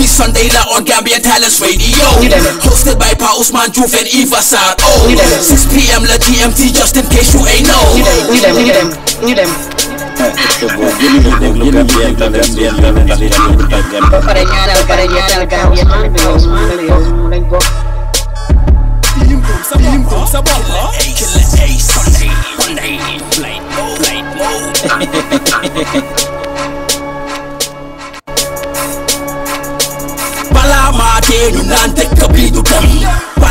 every Sunday night on Gambian Talents Radio. Hosted by Pa Usman Juf and Eva Oh. 6 p.m. La GMT, just in case you ain't know. Need Che non ante capito cammino Qua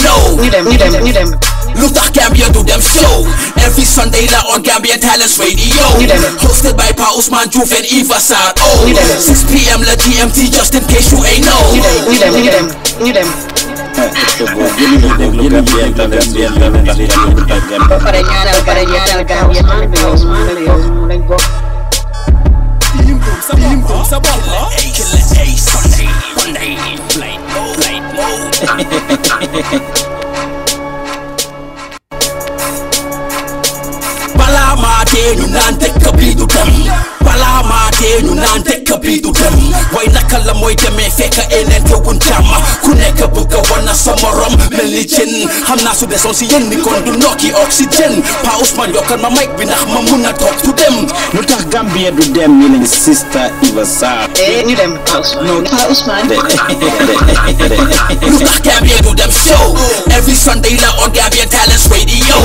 know Luther Gambia do them show Every Sunday la on Gambia Talents Radio Hosted by Pa Usman Juf and Eva Sad Oh 6pm la GMT just in case you ain't know Need them, need them, need them pare ñaanal pare ñaanal Gambia Tilim ko sa bal la Killer A Sunday Bala ma te nun nan te kapi du seenu naan dëkk bi du dem way naka la mooy demee fekk wana sa morom jën xam naa su ni kon du nokki Pa Ousmane yokkal ma mic bi ndax ma mun a toog Gambia du dem ñu leen sista Iva Sarr ñu eh, dem Pa Ousmane Pa Ousmane lu Gambia du dem show every Sunday la on Gambian Talents Radio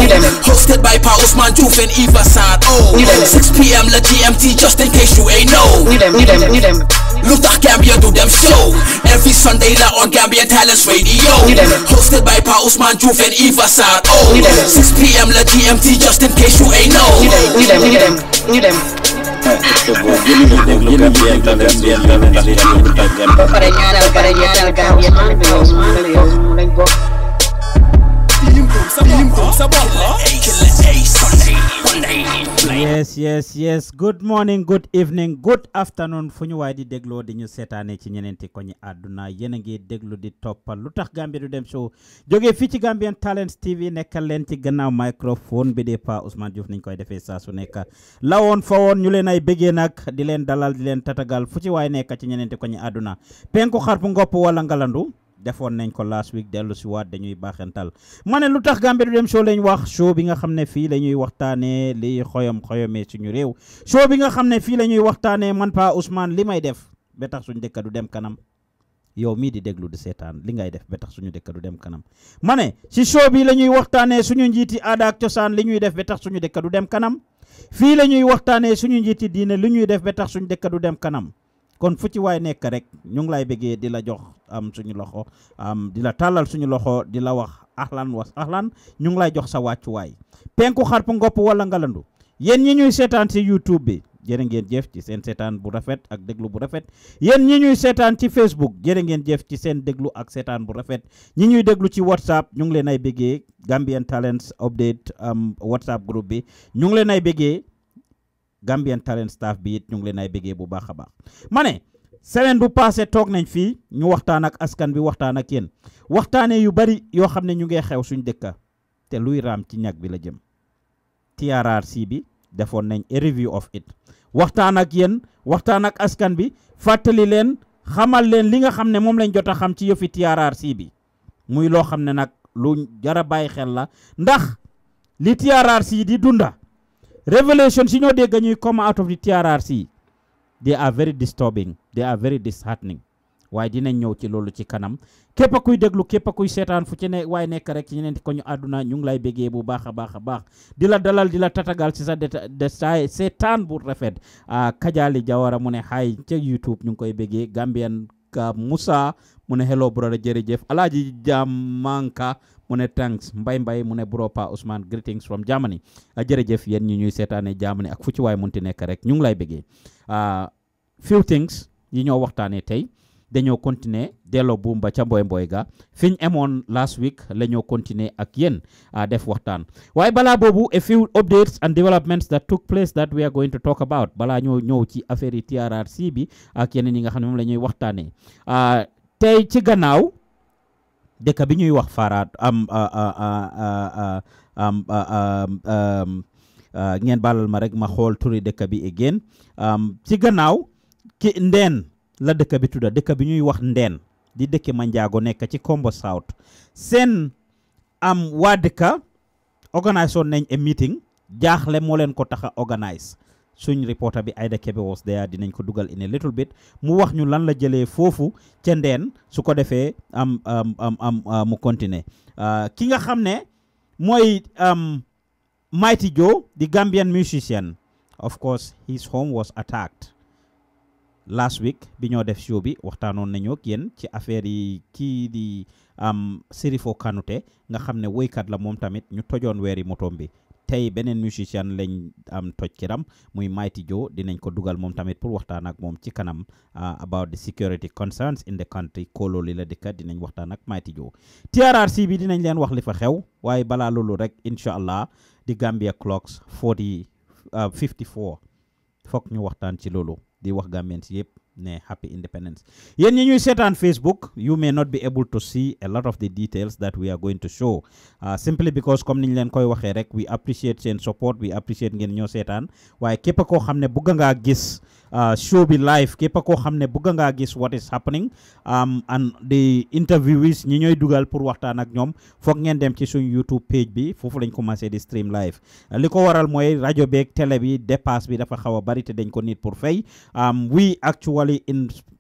hosted by Pa Usman, Diouf Iva oh 6 p.m. la GMT just in case you ain't know Need them, need them, need them Luther Gambia do them show Every Sunday la on Gambia Talent Radio Hosted by Pa Usman Juf and Eva Sard Oh 6pm la GMT just in case you ain't know Need them, need them, need them ba pare sa bopp sa bopp yes yes yes good morning good evening good afternoon fu ñu waay di dégloo di ñu seetaane ci ñeneenti ko ñi àdduna yéen a déglu di toppal lu tax Gambia du dem show jóge fii ci Gambian Talents TV nekkal leen ci gannaaw microphone bi de Pa Ousmane Diouf niñ koy defee saa su nekk lawoon fa woon ñu leen ay bëggee nag di leen dalal di leen tatagal fu ci waay nekk ci ñeneenti ko ñi àdduna penku xar bu ngopp wala ngalandu defon nañ ko last week delu ci wat dañuy baxental mané lutax lu du dem show lañ wax show bi nga xamné ne lañuy waxtané ñuy waxtaanee li xoyom xoyomee suñu show bi nga xamné ne lañuy waxtané man Pa Ousmane limay def be tax suñu dekk du dem kanam yow mi di deglu di setan li ngay def be tax suñu dekk du dem kanam mané ci si show bi lañuy waxtané suñu njiti aada ak cosaan li ñuy def be tax suñu dekk du dem kanam Fi lañuy waxtané suñu njiti diiné li ñuy def be tax suñu dekk du dem kanam kon fu ci waay nekk rek ñu ngi lay bëggee di la jox am suñu loxo am di la tàllal suñu loxo di la wax ahlan was ahlan ñu ngi lay jox sa wàccuwaay penku xarpu ngopp walla ngalandu yéen ñi ñuy seetaan si YouTube bi jërë ngeen jëf ci seen seetaan bu rafet ak déglu bu rafet yéen ñi ñuy seetaan ci Facebook jërë ngeen jëf ci seen déglu ak seetaan bu rafet ñi ñuy déglu ci WhatsApp ñu ngi leen ay bëggee Gambian Talents Update am WhatsApp group bi ñu ngi leen ay bëggee Gambian talent staff bi it ñu ngi leen ay bu baax baax ma semaine bu passé toog nañ fi, ñu waxtaan ak askan bi waxtaan ak yéen waxtaanee yu bari yoo xam ne ñu ngee xew suñ bilajem. te luy raam ci ñag bi la jëm TRRC bi nañ a review of it waxtaan ak yéen waxtaan ak askan bi fàttali leen xamal leen li nga xam ne moom lañ jot a xam ci yëfi TRRC bi muy loo xam ne nag lu jar a xel la ndax li TRRC di dunda Revelation si ñoo dégg ñuy come out of the TRRC they are very disturbing they are very disheartening waaye dinañ ñëw ci loolu ci kanam képp kuy déglu képp kuy seetaan fu ci ne waaye nekk rek ci ñeneen ko ñu àdduna ñu ngi lay bégee bu baax a baax a baax di la dalal di la tatagal ci sa de sa seetaan bu rafet Kajali Jawara mu ne xaay ca YouTube ñu ngi koy bëggee bégee Gambian Moussa mu ne hello brother jërëjëf Alaaji Jamanka mu ne thanks mbay mbay mu ne Buropa Ousmane greetings from Germany ah, jërëjëf yéen ñi ñuy seetaane Germany ak fu ci waay munti nekk rek ñu ngi lay bëggee ah, few things yi ñoo waxtaanee tey dañoo continuer delloo buum ba ca mbooy mbooy gaa fi ñu emoon last week la ñoo continuer ak yéen ah, def waxtaan waaye balaa boobu a few updates and developments that took place that we are going to talk about balaa ñoo ñëw ci affaire TRRC bi ak yeneen yi nga xam ne moom la ñuy waxtaanee tey ci gannaaw. dëkk bi ñuy wax Faraat am ngeen baalal ma rek ma xool turi dëkk bi again ci gannaaw ki ndeen la dëkk bi tudda dëkk bi ñuy wax ndeen di dëkk Manjaago nekk ci Kombo South seen am waa dëkka organise woon nañ a meeting jaaxle moo leen ko tax a organise suñ reporter bi Aida Kebe was there dinañ ko dugal in a little bit mu wax ñu lan la jëlee foofu ca ndeen su ko defee am am am mu continuer euh, ki nga xam ne mooy Mighty Joe di Gambian musician of course his home was attacked last week bi ñoo def show bi waxtaanoon nañoo ak ci affaire yi kii di Serifo Kanute nga xam ne woykat la moom tamit ñu tojoon weeri motoom bi tey beneen musicien lañ am toj kiram muy Mighty Joe dinañ ko dugal moom tamit pour waxtaan ak moom ci kanam uh, about the security concerns in the country kooloo li la dëkka dinañ waxtaan ak Mighty Joe TRRC bi dinañ leen wax li fa xew waaye balaa loolu rek incha allah di Gambia clocks 40 54 foog ñu waxtaan ci loolu di wax si yëpp. ne happy independence yéen ñi ñuy seetaan facebook you may not be able to see a lot of the details that we are going to show ah, simply because comme niñ leen koy waxee rek we appreciate seen support we appreciate ngeen ñoo seetaan waaye képp koo xam ne bëgg ngaa gis Uh, show bi live képp koo xam ne bëgg ngaa gis what is happening um, and the interviewees ñi ñooy dugal pour waxtaan ak ñoom foog ngeen dem ci suñ YouTube page bi foofu lañ commencé di stream live uh, li ko waral mooy rajo beeg tele bi dépasse bi dafa xaw a bari te dañ ko niit pour fay um, we actually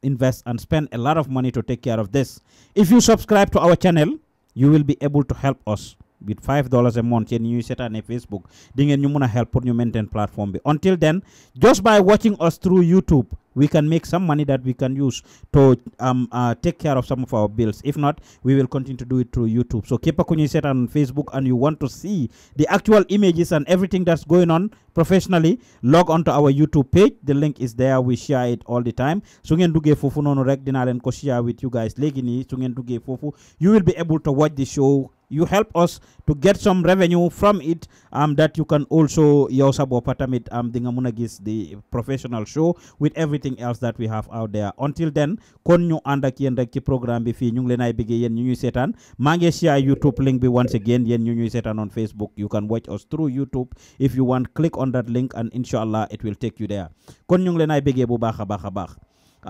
invest and spend a lot of money to take care of this if you subscribe to our channel you will be able to help us with five dollars a month yéen ñuy seetaanee Facebook di ngeen ñu mun a help pour ñu maintain platform bi until then just by watching us through YouTube we can make some money that we can use to um, uh, take care of some of our bills if not we will continue to do it through YouTube so keep a ñuy set on Facebook and you want to see the actual images and everything that's going on professionally log on to our YouTube page the link is there we share it all the time su ngeen duggee foofu noonu rek dinaa leen ko share with you guys léegi nii su ngeen duggee foofu you will be able to watch the show. you help us to get some revenue from it um, that you can also yow sa bopp tamit am um, di nga mun a gis the professional show with everything else that we have out there until then kon ñu ànd ak yéen rek ci programme bi fii ñu ngi leen ay bëggee yéen ñu ñuy seetaan maa ngi share youtube link bi once again yéen ñu ñuy seetaan on facebook you can watch us through youtube if you want click on that link and inshallah it will take you there kon ñu ngi leen ay bëggee bu baax a baax a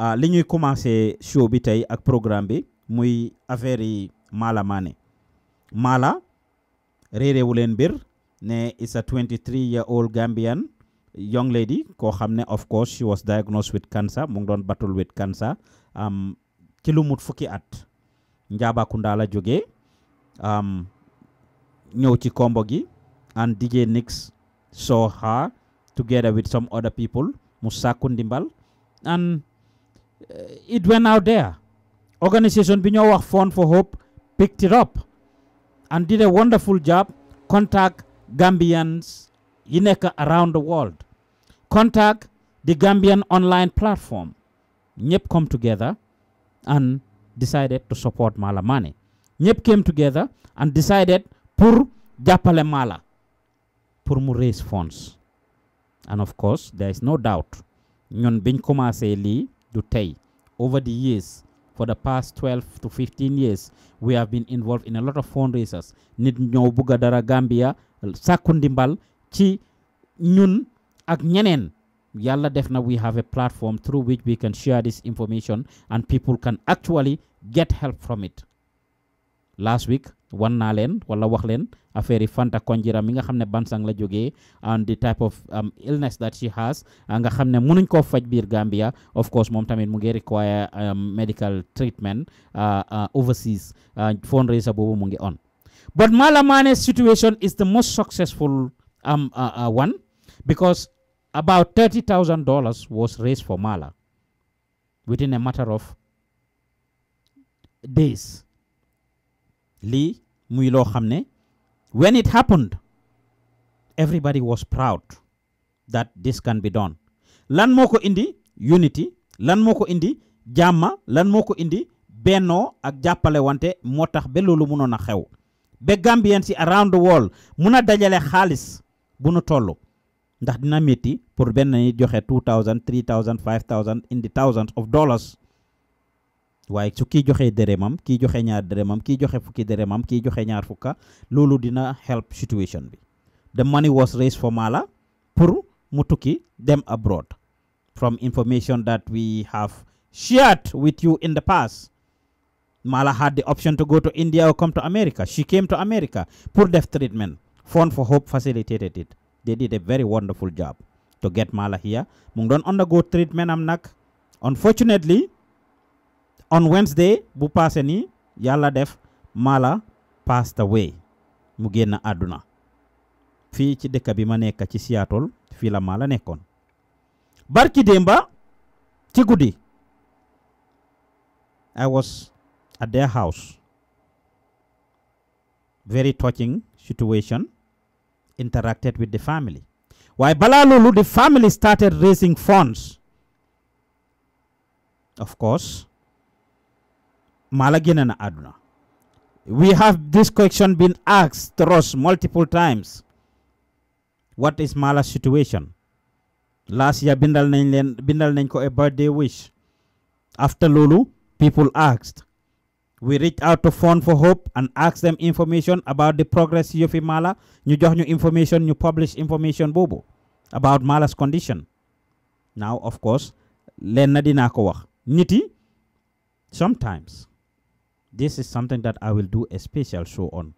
ah, li ñuy commencé show bi tey ak programme bi muy affaire yi Mala mala wulen bir ne is a 23 year old Gambian young lady Ko xamne of course she was diagnosed with cancer mu ngi don battle with cancer ci lu mut fukki at ndala joge jógee ñew ci combo gi and DJ Nix saw her together with some other people musa kundimbal, ndimbal and eh, it went out there Organization bi ñoo wax fond for Hope picked it up and did a wonderful job contact Gambians Yineka around the world. Contact the Gambian online platform. Nyep come together and decided to support Mala Mane. Nyep came together and decided pour Japale Mala, pour mu raise funds. And of course, there is no doubt, Nyon biñ commencé li du tay over the years for the past 12 to 15 years, we have been involved in a lot of fundraisers. nit bugadara Gambia Sakundimbal, Chi, ñun ak yàlla def we have a platform through which we can share this information and people can actually get help from it. Last week, wan naa leen wala wax leen affaire yi Fanta Konjira mi nga xam Sangla Bansang la jógee and the type of um, illness that she has ah, nga xam munuñ faj Gambia of course mom tamit mu ngi require um, medical treatment ah, ah, overseas fundraiser boobu mu ngi on but Mala Mane's situation is the most successful um, uh, uh, one because about thirty thousand dollars was raised for Mala within a matter of days. lii muy loo xam ne when it happened everybody was proud that this can be done lan moo ko indi unity lan moo ko indi jàmma lan moo ko indi bennoo ak jàppale wante moo tax be loolu munoon a xew ba Gambien si around the mun a dajale xaalis bu nu toll ndax dina métti pour benn nit joxe two thousand three thousand five thousand in the thousands of dollars waye su ki joxe deremam ki joxe ñaar deremam ki joxe fukki deremam ki joxe ñaar fukka lolu dina help situation bi the money was raised for Mala pour mu tukki dem abroad from information that we have shared with you in the past Mala had the option to go to India or come to America. She came to America. Poor deaf treatment. Fund for Hope facilitated it. They did a very wonderful job to get Mala here. Mung don undergo treatment am nak. Unfortunately, on Wednesday bu paase ni yàlla def Mala passed away mu génn àdduna fii ci dëkk bi ma nekk ci Seattle fii la la nekkoon barki démba ci guddi I was at their house very touching situation interacted with the family waaye balaa loolu the family started raising funds Malagin and Aduna. We have this question been asked to us multiple times. What is Mala's situation? Last year, bindal nañ bindal a birthday wish. After Lulu, people asked. We reached out to Phone for Hope and asked them information about the progress of Mala. You jox new information, you publish information Bobo, about Mala's condition. Now, of course, Leonardina na Niti, sometimes this is something that I will do a show on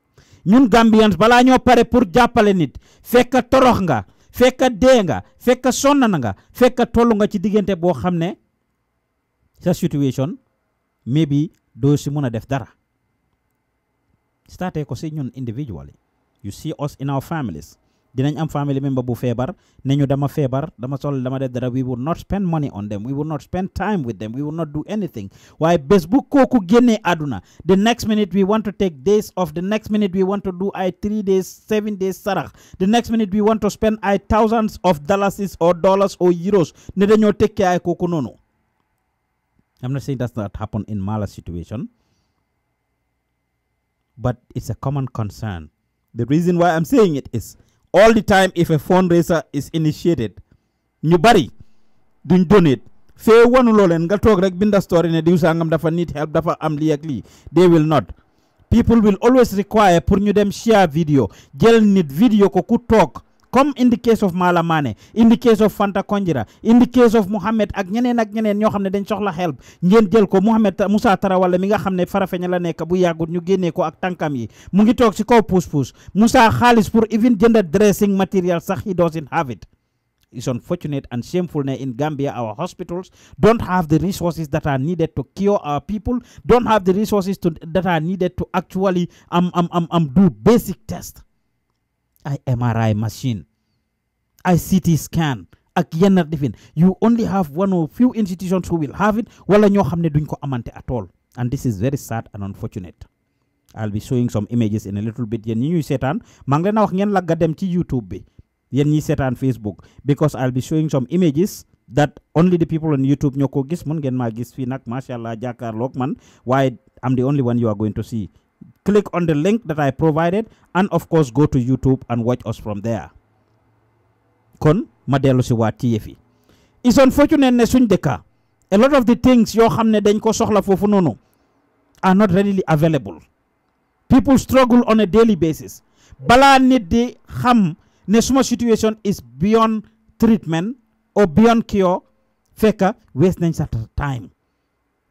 ñun Gambians balaa ñoo pare pour jàppale nit fekk torox nga fekk dee nga fekk sonn na nga fekka toll nga ci diggante boo xam ne sa situation bi doo si mën a def dara startee ko si ñun individually you see us in our families dinañ am family member bu feebar ne dama feebar dama sol dama def dara we will not spend money on them we will not spend time with them we will not do anything Why? bés bu kooku génnee the next minute we want to take days off the next minute we want to do ay three days seven days sarax the next minute we want to spend ay thousands of dollars or dollars or euros ne dañoo take ay kooku noonu I'm not saying that's not happen in Mala's situation, but it's a common concern. The reason why I'm saying it is all the time if a fundraiser is initiated ñu bari duñ donate fee wanuloo leen nga toog rek binda story ne diw sangam dafa need help dafa am lii ak lii they will not people will always require pour ñu dem share video jël nit video ko ku toog comme in the case of Mala Mane in the case of Fanta Konjira in the case of Mohamed ak ñeneen ak ñeneen ñoo xam ne dañ soxla help ngeen jël ko Mohamed Moussa Tarawale mi nga xam ne Farafeña la nekk bu yàggut ñu génnee ko ak tànkam yi mu ngi toog si kaw puus-puus Moussa xaalis pour even jënd dressing material sax he doesn't have it It's unfortunate and shameful that in Gambia our hospitals don't have the resources that are needed to cure our people, don't have the resources to, that are needed to actually um, um, um, um, do basic tests. ay MRI machine ay CT scan ak yenn defin yu only have one or few institutions who will have it wala ñoo xam ne duñ ko amante at all and this is very sad and unfortunate I'll be showing some images in a little bit yéen ñi ñuy seetaan maa ngi leen a wax ngeen lagga dem ci YouTube bi yéen ñi seetaan Facebook because I'll be showing some images that only the people on YouTube ñoo ko gis mun ngeen maa gis fii nag macha allah jàkkaarloog man waaye am the only one you are click on the link that I provided and of course go to YouTube and watch us from there kon ma siwa TFE. it's unfortunate ne a lot of the things you xam ne dañ ko are not readily available people struggle on a daily basis balaa nit di xam ne situation is beyond treatment or beyond cure fekka waste nañ time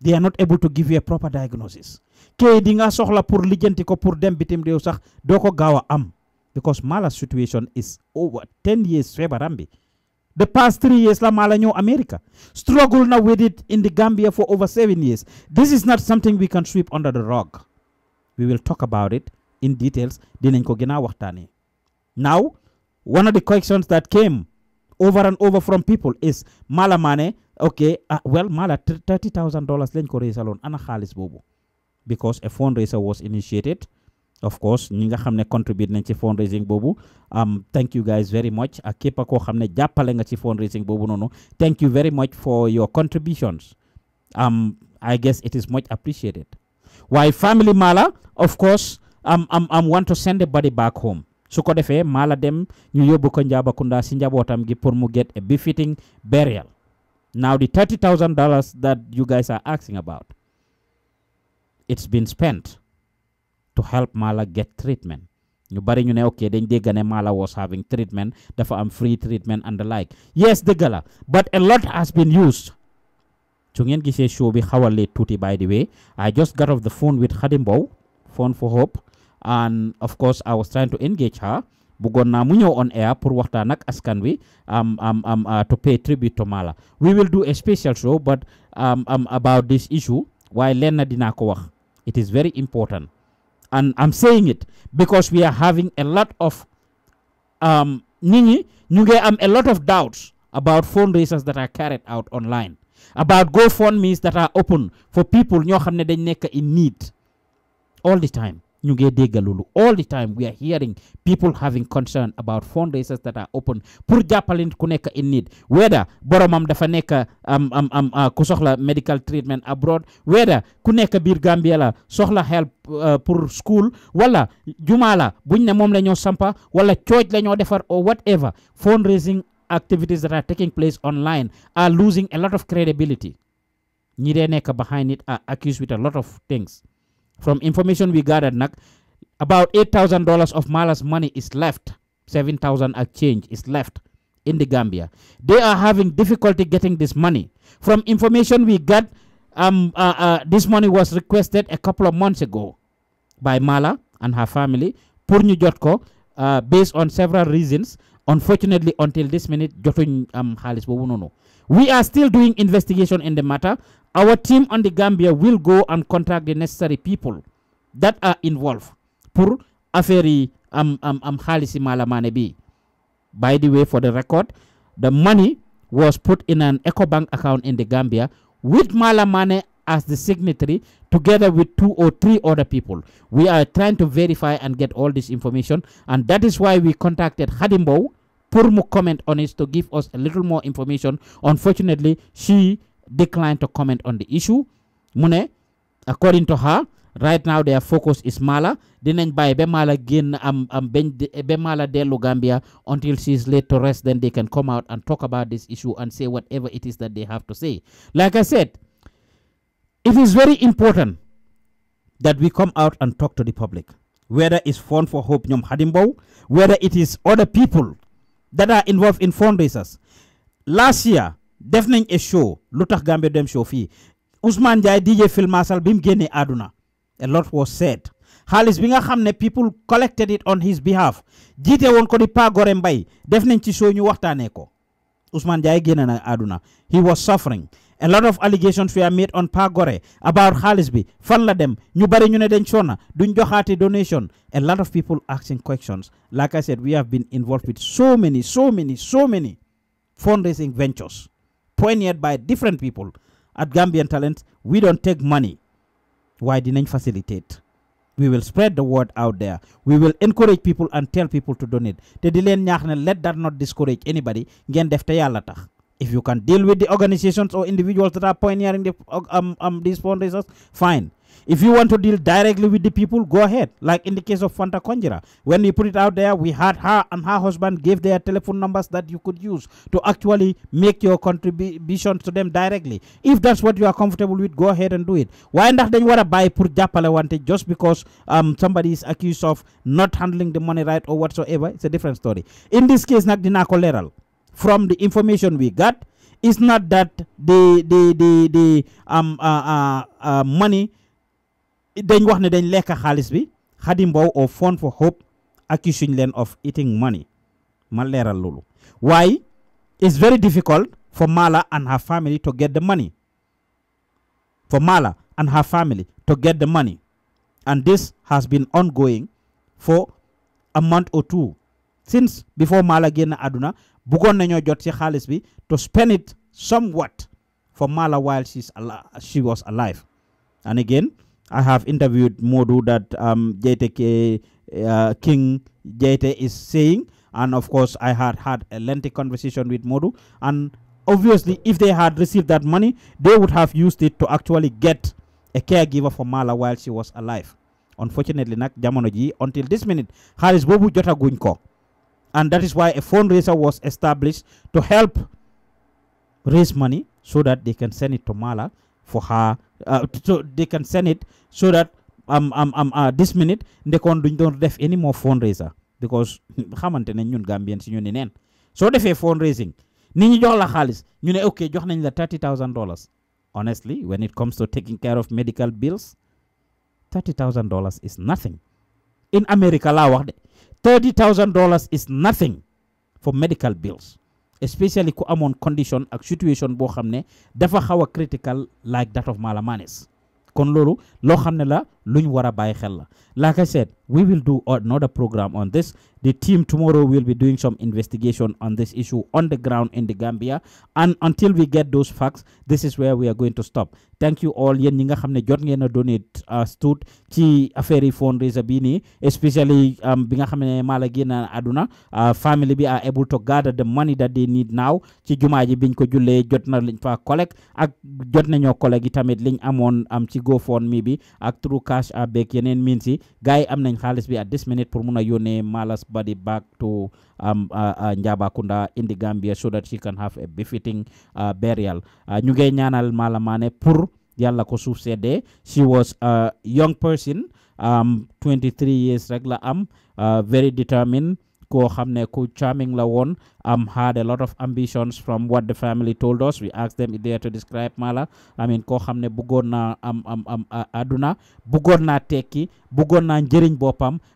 they are not able to give you a proper diagnosis kayit yi nga soxla pour lijjanti ko pour dem bitim réew sax doo ko gaaw am because Mala's situation is over years feebaram bi the past three years la Mala ñëw America struggle na with it in the Gambia for over seven years this is not something we can sweep under the rug we will talk about it in details dinañ ko gën a waxtaanee now one of the questions that came over and over from people is Mala Mane okay ah, well Mala thirty thousand dollars lañ ko réesaloon ana xaalis boobu because a fundraiser was initiated of course ñi nga xam contribute nañ ci fundraising Bobu. Um, thank you guys very much ak képp koo xam ne jàppale nga ci fundraising No, no. thank you very much for your contributions Um, I guess it is much appreciated Why family Mala of course am um, am um, am um, want to send the body back home su ko defee Mala dem ñu yóbbu ko kunda si njabootam gi pour mu get a befitting burial now the thirty thousand dollars that you guys are asking about it's been spent to help Mala get treatment You bari ñu ne ok dañ dégg ne Mala was having treatment dafa am free treatment and the like yes the gala, but a lot has been used su ngeen gisee show bi xaw a late tuuti by the way I just got off the phone with Khady phone for hope and of course I was trying to engage her bëggoon naa mu ñëw on air pour waxtaan ak askan wi am am am uh, to pay tribute to Mala we will do a special show but um, um, about this issue waaye lenn dinaa ko wax It is very important. And I'm saying it because we are having a lot of um nini, am a lot of doubts about fundraisers that are carried out online. About GoFundMe's that are open for people in need all the time. ñu ngee dégga loolu all the time we are hearing people having concern about fundraisers that are open pour jàppale ku nekk in need whether boromam dafa nekk am am am ah, ku soxla medical treatment abroad whether ku nekk biir Gambia la soxla help ah, pour school wala jumaa la buñ ne moom la sampa wala church la defar or whatever fundraising activities that are taking place online are losing a lot of credibility ñi dee nekk behind it are accused with a lot of things From information we gathered, Nak, about $8,000 of Mala's money is left. 7,000 a change is left in the Gambia. They are having difficulty getting this money. From information we got, um, uh, uh, this money was requested a couple of months ago by Mala and her family. Purnyu Jotko, uh, based on several reasons, unfortunately until this minute jotuñ um, we are still doing investigation in the matter our team on the Gambia will go and contact the necessary people that are involved for affaire yi am um, am um, am xaalisi malamaane by the way for the record the money was put in an Ecobank account in the Gambia with Malamane as the signatory together with two or three other people. We are trying to verify and get all this information and that is why we contacted Hadimbo Purmu comment on it to give us a little more information. Unfortunately, she declined to comment on the issue. Mune, according to her, right now their focus is Mala. Dinañ bay be Mala gin am am ben be Mala Gambia until she's laid to rest then they can come out and talk about this issue and say whatever it is that they have to say. Like I said, it is very important that we come out and talk to the public. Whether it's Fund for Hope Nyom Hadimbo, whether it is other people that are involved in fundraisers last year definitely a show Lutak tax Gambia Dem show Usman Ousmane Ndiaye DJ Phil Marshall bi mu Aduna. a lot was said Halis binga nga ne people collected it on his behalf Jite woon ko di Pa Gore Mbay def nañ show ñu waxtaanee ko Ousmane Ndiaye génne na he was suffering a lot of allegations were made on Pagore about Halisby, Falladem, ñu bari ñu ne dañ doing your joxati donation a lot of people asking questions like i said we have been involved with so many so many so many fundraising ventures pioneered by different people at Gambian Talent we don't take money why didn't facilitate we will spread the word out there we will encourage people and tell people to donate let that not discourage anybody if you can deal with the organizations or individuals that are pioneering the, um, um, um, these fundraisers, fine. If you want to deal directly with the people, go ahead. Like in the case of Fanta Conjura, when we put it out there, we had her and her husband gave their telephone numbers that you could use to actually make your contribution to them directly. If that's what you are comfortable with, go ahead and do it. Why not then you want to buy put wanted just because um somebody is accused of not handling the money right or whatsoever? It's a different story. In this case, not the collateral from the information we got is not that the the the the um uh, uh, uh, money dañ wax ne dañ lekk xaalis bi Xadim Mbow or Fund for Hope accusing len of eating money ma Lulu. Why? it's very difficult for Mala and her family to get the money for Mala and her family to get the money and this has been ongoing for a month or two since before Mala génn àdduna bëggoon nañoo jot ci bi to spend it somewhat for Mala while she's she was alive and again I have interviewed Modu that um, JTK uh, King Jete is saying and of course I had had a lengthy conversation with Modu and obviously if they had received that money they would have used it to actually get a caregiver for Mala while she was alive unfortunately Nak jamono ji until this minute xaalis boobu jotaguñ ko and that is why a fundraiser was established to help raise money so that they can send it to Mala for her. Uh, so they can send it so that um, um, um, uh, this minute they can don't do any more fundraiser because xamante ne ñun Gambians ñu ni neen soo defee fundraising nit ñi jox la xaalis you know, ok jox nañ la thirty thousand dollars honestly when it comes to taking care of medical bills thirty thousand dollars is nothing in America la wax $30,000 is nothing for medical bills especially ku amoon condition ak situation boo xam ne dafa xaw a critical like that of Malam Manes kon loolu loo xam ne la luñ wara bay xel like i said we will do another program on this the team tomorrow will be doing some investigation on this issue on the ground in the gambia and until we get those facts this is where we are going to stop thank you all yeen ñi nga xamne jot ngeen a donate uh, stout ci affaire fundraiser bi ni especially um, bi nga xamne mala gina aduna uh, family bi are able to gather the money that they need now ci jumaa ji biñ ko julle jot na liñ fa collect ak jot nañu collect tamit liñ amone am um, ci gofundme bi ak through cash app beeg yeneen miin si gars yi am nañ xaalis bi at this minute pour mun a yónnee Mala's body back to um, uh, uh, Njabakunda in the Gambia so that she can have a befitting uh, burial ñu ngi ñaanal Mala Mane pour yàlla ko suuf seddee she was a young person 23 um, years rek am very determined Ko xam ne ku charming la um, had a lot of ambitions from what the family told us we asked them if they had to describe Mala I mean koo xam ne bëggoon naa um, um, um, am am am àdduna bëggoon naa tekki bëggoon naa njëriñ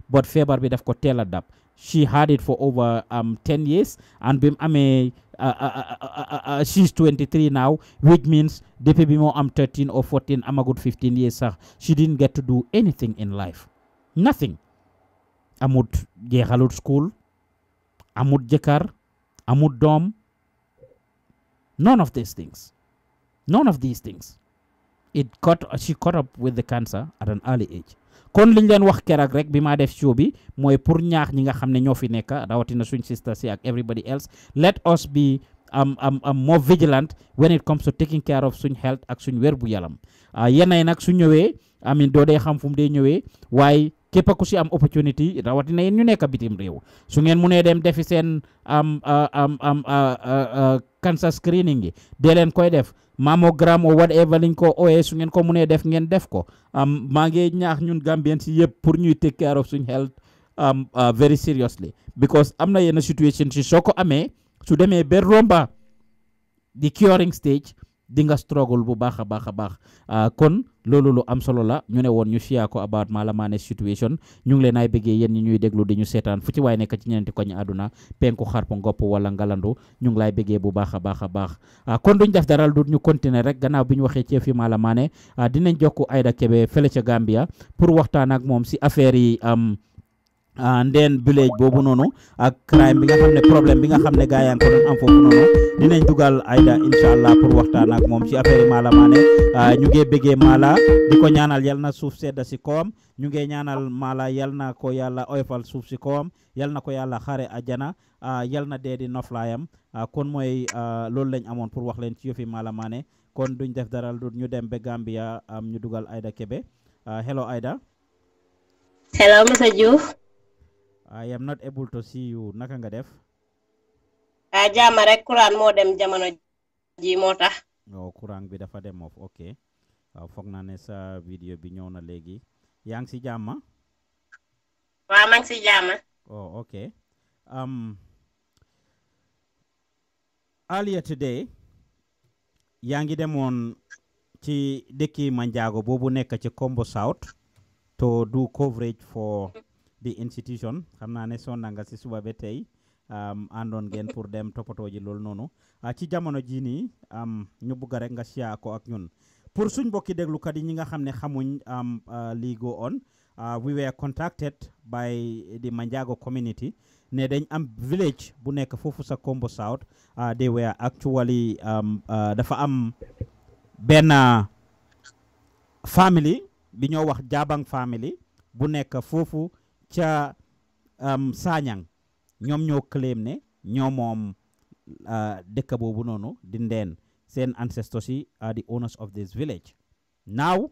but feebar bi daf ko teel dab she had it for over um, 10 years and bim amee uh, uh, uh, she's 23 now which means depuis more. i am 13 or 14 I'm a good 15 years sax she didn't get to do anything in life nothing amut jeexalut school amut jekar, amut dom, none of these things none of these things it caught she caught up with the cancer at an early age kon liñ leen wax keroog rek bima def show bi moy pour ñaax ñi nga xam ne fi nekk suñ sister si ak everybody else let us be am um, am um, am um, more vigilant when it comes to taking care of suñ health ak suñ wér bu yalam ah, yenn yenay nak su ñëwé I do doo xam fu mu dee ñëwé waye képp ku si am opportunité rawatina yéen ñu nekk bitim réew su ngeen munee dem defi seen am am am cancer screening yi dee leen koy def mammogram o whatever liñ ko ooyee su ngeen ko munee def ngeen def ko am maa ngi ñaax ñun Gambien si yëpp pour ñuy take care of suñ health am very seriously because am na yenn situation si soo ko amee su demee ba romba di curing stage di nga struggle bu baax a baax a baax ah, kon loolu lu am solo la ñu ne woon ñu fiyaa ko about Mala Mane situation ñu ngi leen ay bëggee yéen ñi ñuy déglu di ñu seetaan fu ci waaye nekk ci ñeenti koñ àdduna penku xarpa ngopp wala ngalandu ñu ngi lay bëggee bu baax a baax a baax ah, kon duñ def dara du ñu continuer rek gannaaw bi ñu waxee ci fi Mala Mane ah, dinañ jokku Aida Kebe fële ca Gambia pour waxtaan ak moom si affaire yi am and ah, then village boobu noonu ak crime bi nga xam ne problème bi nga xam ne gars yaa ngi am foofu noonu dinañ dugal Aida incha allah pour waxtaan ak moom ci affaire Mala Mané ah, ñu ngi bëggee Mala di ñaanal yal na suuf sedda si kawam ñu ngi ñaanal Mala yal na ko yàlla oyofal suuf si kawam yal na ko yàlla xare àjjana ah, yal na dee di noflaayam kon mooy loolu lañ amoon pour wax leen ci yofi Mala maane kon duñ def dara du ñu dem ba Gambia am ñu dugal Aida Kebe hello Aida. hello Mr I am not able to see you naka nga def. ah jaama rek courant moo dem jamono ji moo tax. Oh, bi dafa dem ok waaw foog naa ne sa vidéo bi ñëw na léegi yaa ngi si jaama. waaw maa ngi si jaama. oh ok um today yaa demoon ci dëkki Manjaago boobu nekk ci Kombo South to do coverage for. the institution xamna ne sonna nga ci suba ba um, andon gen pour dem topato ji nonu uh, ah, ci jamono am um, ñu bugg rek nga ko ak ñun pour suñ deglu kat yi xamne xamuñ am ne uh, ah, li go on ah, we were contacted by the Manjago community ne dañ am village bu nek fofu sa Kombo South they were actually dafa am benn family bi ñoo wax Jabang family bu nek foofu ca um, Sagnang ñom ñoo claim ne nyomom uh, dekk bobu nonu di ndeen sen ancestors yi are the owners of this village now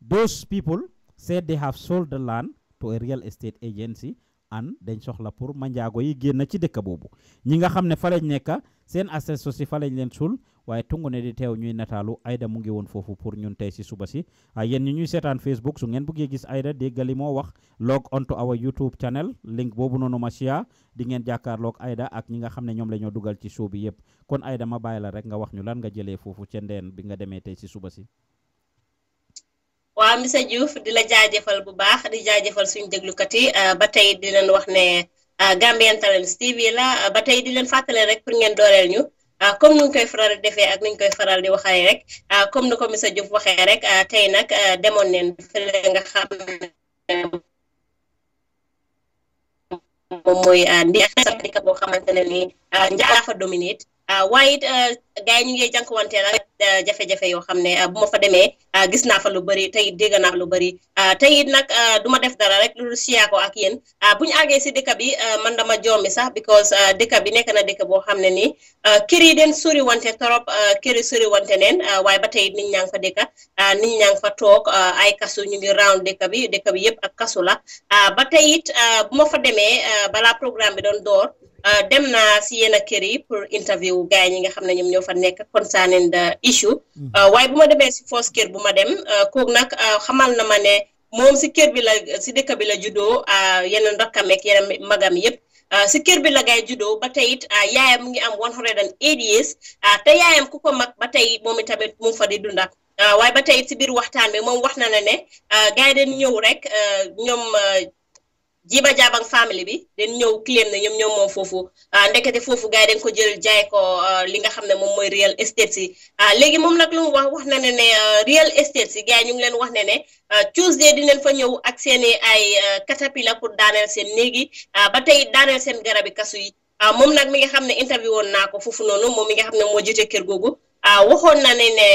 those people said they have sold the land to a real estate agency and dañ soxla pour manjaago yi genn ci dekk bobu ñi nga xamne ne fa lañ nekk sen ancestors yi fa lañ len sul waye tungu ne di tew ñuy natalu Aida mu ngi won fofu pour ñun tay si suba ci yeen ñuy seetaan Facebook su ngeen bëggee gis Aida dégg gali mo wax log on to our YouTube channel link bobu nonu ma xia di ngeen jàkkaarloog Aida ak ñi nga xam ñom lañu duggal ci show bi yëpp kon Aida ma bayila rek nga wax ñu lan nga jëlé fofu ci ndeen bi nga démé tay si suba ci waaw misa Diouf di la jaajeufal bu baax di jaajeufal suñu kat yi ah, ba tay di leen wax ne ah, Gambian talent TV la ah, ba tay di leen fàttale rek pour ngeen dooleel ñu. Ah, comme nu koy faral di defee ak nu ñu koy faral di waxee rek ah, comme nu ko monsieur Diouf waxee rek ah, tey nag demoon neen fële nga xam moom mooy ndi ak sa boo xamante ne nii njaalaa fa dominate Ah, waaye it ah, gars yi ñu ngi jànkuwanteel ak ah, jafe-jafe yoo xam ne bu ma fa demee gis naa fa lu bëri tey dégg naa lu bëri tey it nag duma def dara rek lu siyaa ak yéen bu ñu àggee si dëkk bi man dama joomi sax because dëkk bi nekk na dëkk boo xam ne nii kër yi den sori wante trop kër yi sori wante neen waaye ba tey nit ñaa ngi fa dëkk ni ñaa ngi fa toog ay kasu ñu ngi round dëkk bi dëkk bi yëpp ak kasu la ba tey it bu ma fa demee balaa programme bi doon door. Euh, dem naa si yenn kër yi pour interview gars yi nga xam ne ñoom ñoo fa nekk concerning da issue mm. euh, waaye bu ma demee si foos kër bu ma dem euh, kook nag xamal na ma ne moom si kër bi la si dëkk bi la juddoo yeneen rakkam ak yeneen magam yëpp si kër bi la gaay juddoo ba tey it yaayam mu ngi am 108 years te yaayam ku ko mag ba tey moom itamit mu fa di dunda waaye ba tey si biir waxtaan bi moom wax na ne ne gars yi ñëw rek ñoom. jiba jaabang family bi den ñëw claim na ñoom ñoom moom foofu ah, ndekete foofu gars yi ko jël jaay ko ah, li nga xam ne moom mooy real estate si ah, léegi moom nag lu mu wax na ne ne real estate si gars ñu ngi leen wax ne ne Tuesday dinañ fa ñëw ak seeni ay katapila pour daaneel seen néegi ba tey daaneel seen garabi kasu yi moom nag mi nga xam ne interview woon naa ko foofu noonu moom mi nga xam ne moo jiite kër googu waxoon na ne ne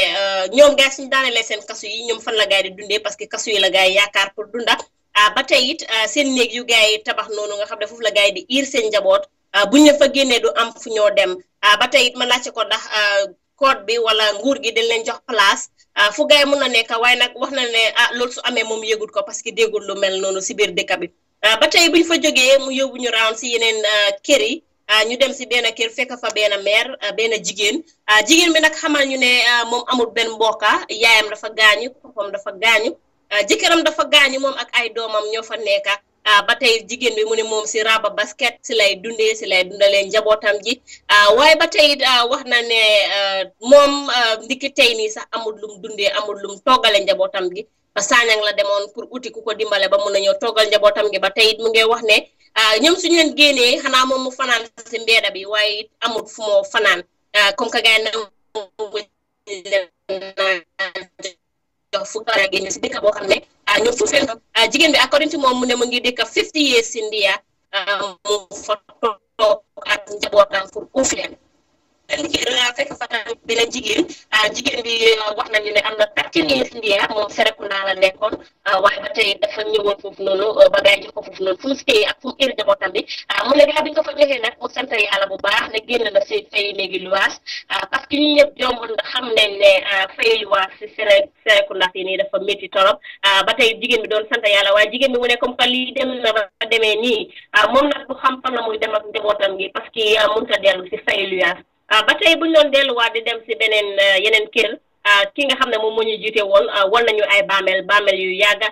ñoom gars yi suñu daanelee seen kasu yi ñoom fan la gars yi di dundee que kasu yi la yaakaar pour dunda Ah, ba tey it ah, seen néeg yu gars yi tabax noonu nga xam ne foofu la gars yi di iir seen njaboot ah, buñ la génnee du am fu ñoo dem ba tey it ma laajte ko ndax code bi wala nguur gi dañ leen jox place fu gars yi mun nekk waaye nag wax na ne ah loolu su amee moom yëgut ko parce que déggul lu mel noonu si biir dëkk bi ba tey buñ fa jógee mu yóbbu ñu round si yeneen kër yi ñu dem si benn kër fekk fa benn mère benn jigéen jigéen bi nag xamaa ñu ne moom amul benn mbokka yaayam dafa gaañu papaam dafa gaañu. Ah, jëkkëram dafa gaañu moom ak ay doomam ñoo fa nekka ah, ba tey jigéen bi mu ne moom si raba basket si lay dundee si lay dundalee njabootam ji ah, waaye ba tey wax na ne moom ndiki tey nii sax amul lum dundee amul lum toggale njabootam gi ba saañang la demoon pour uti ku ko dimbale ba mun a ñëw toggal njabootam gi ba tey it mu ngi wax ne ñëw suñu leen génnee xanaa moom mu fanaan si mbeeda bi waaye it amul fu moo fanaan comme que gars yi fukara génn si dëkk boo xam ne a ñu fuufeel jigéen bi according to moom mu ne mu ngi dëkk fifty years India ah, mu fa toog ak njabootam pour uuf leen danaa fekk fa tamit beneen jigéen jigéen bi ah, euh, wax nañu ne am na partenaire India moom Serekunda la nekkoon ah, waaye ba tey dafa ñëwoon foofu noonu euh, ba jox ko foofu noonu fu mu téye ak fu mu iri njabootam ah, ne gaa nga ko fa bu baax ne génn na si fay néegi luwaas parce que ñu xam nañ ne fay luwaas si yi nii dafa métti torop ba tey jigéen bi doon sant yàlla waaye jigéen bi mu ne comme que lii dem na ba demee nii moom nag du xam fan la muy dem ak njabootam gi parce que mënut a dellu si fay luwaas Ah, batayi bunyon del wadidem se benen eh, yenen ker, ah, kinge hamne moun moun ah, yu jute wan, wan nan yu ay bamel, bamel yu yaga,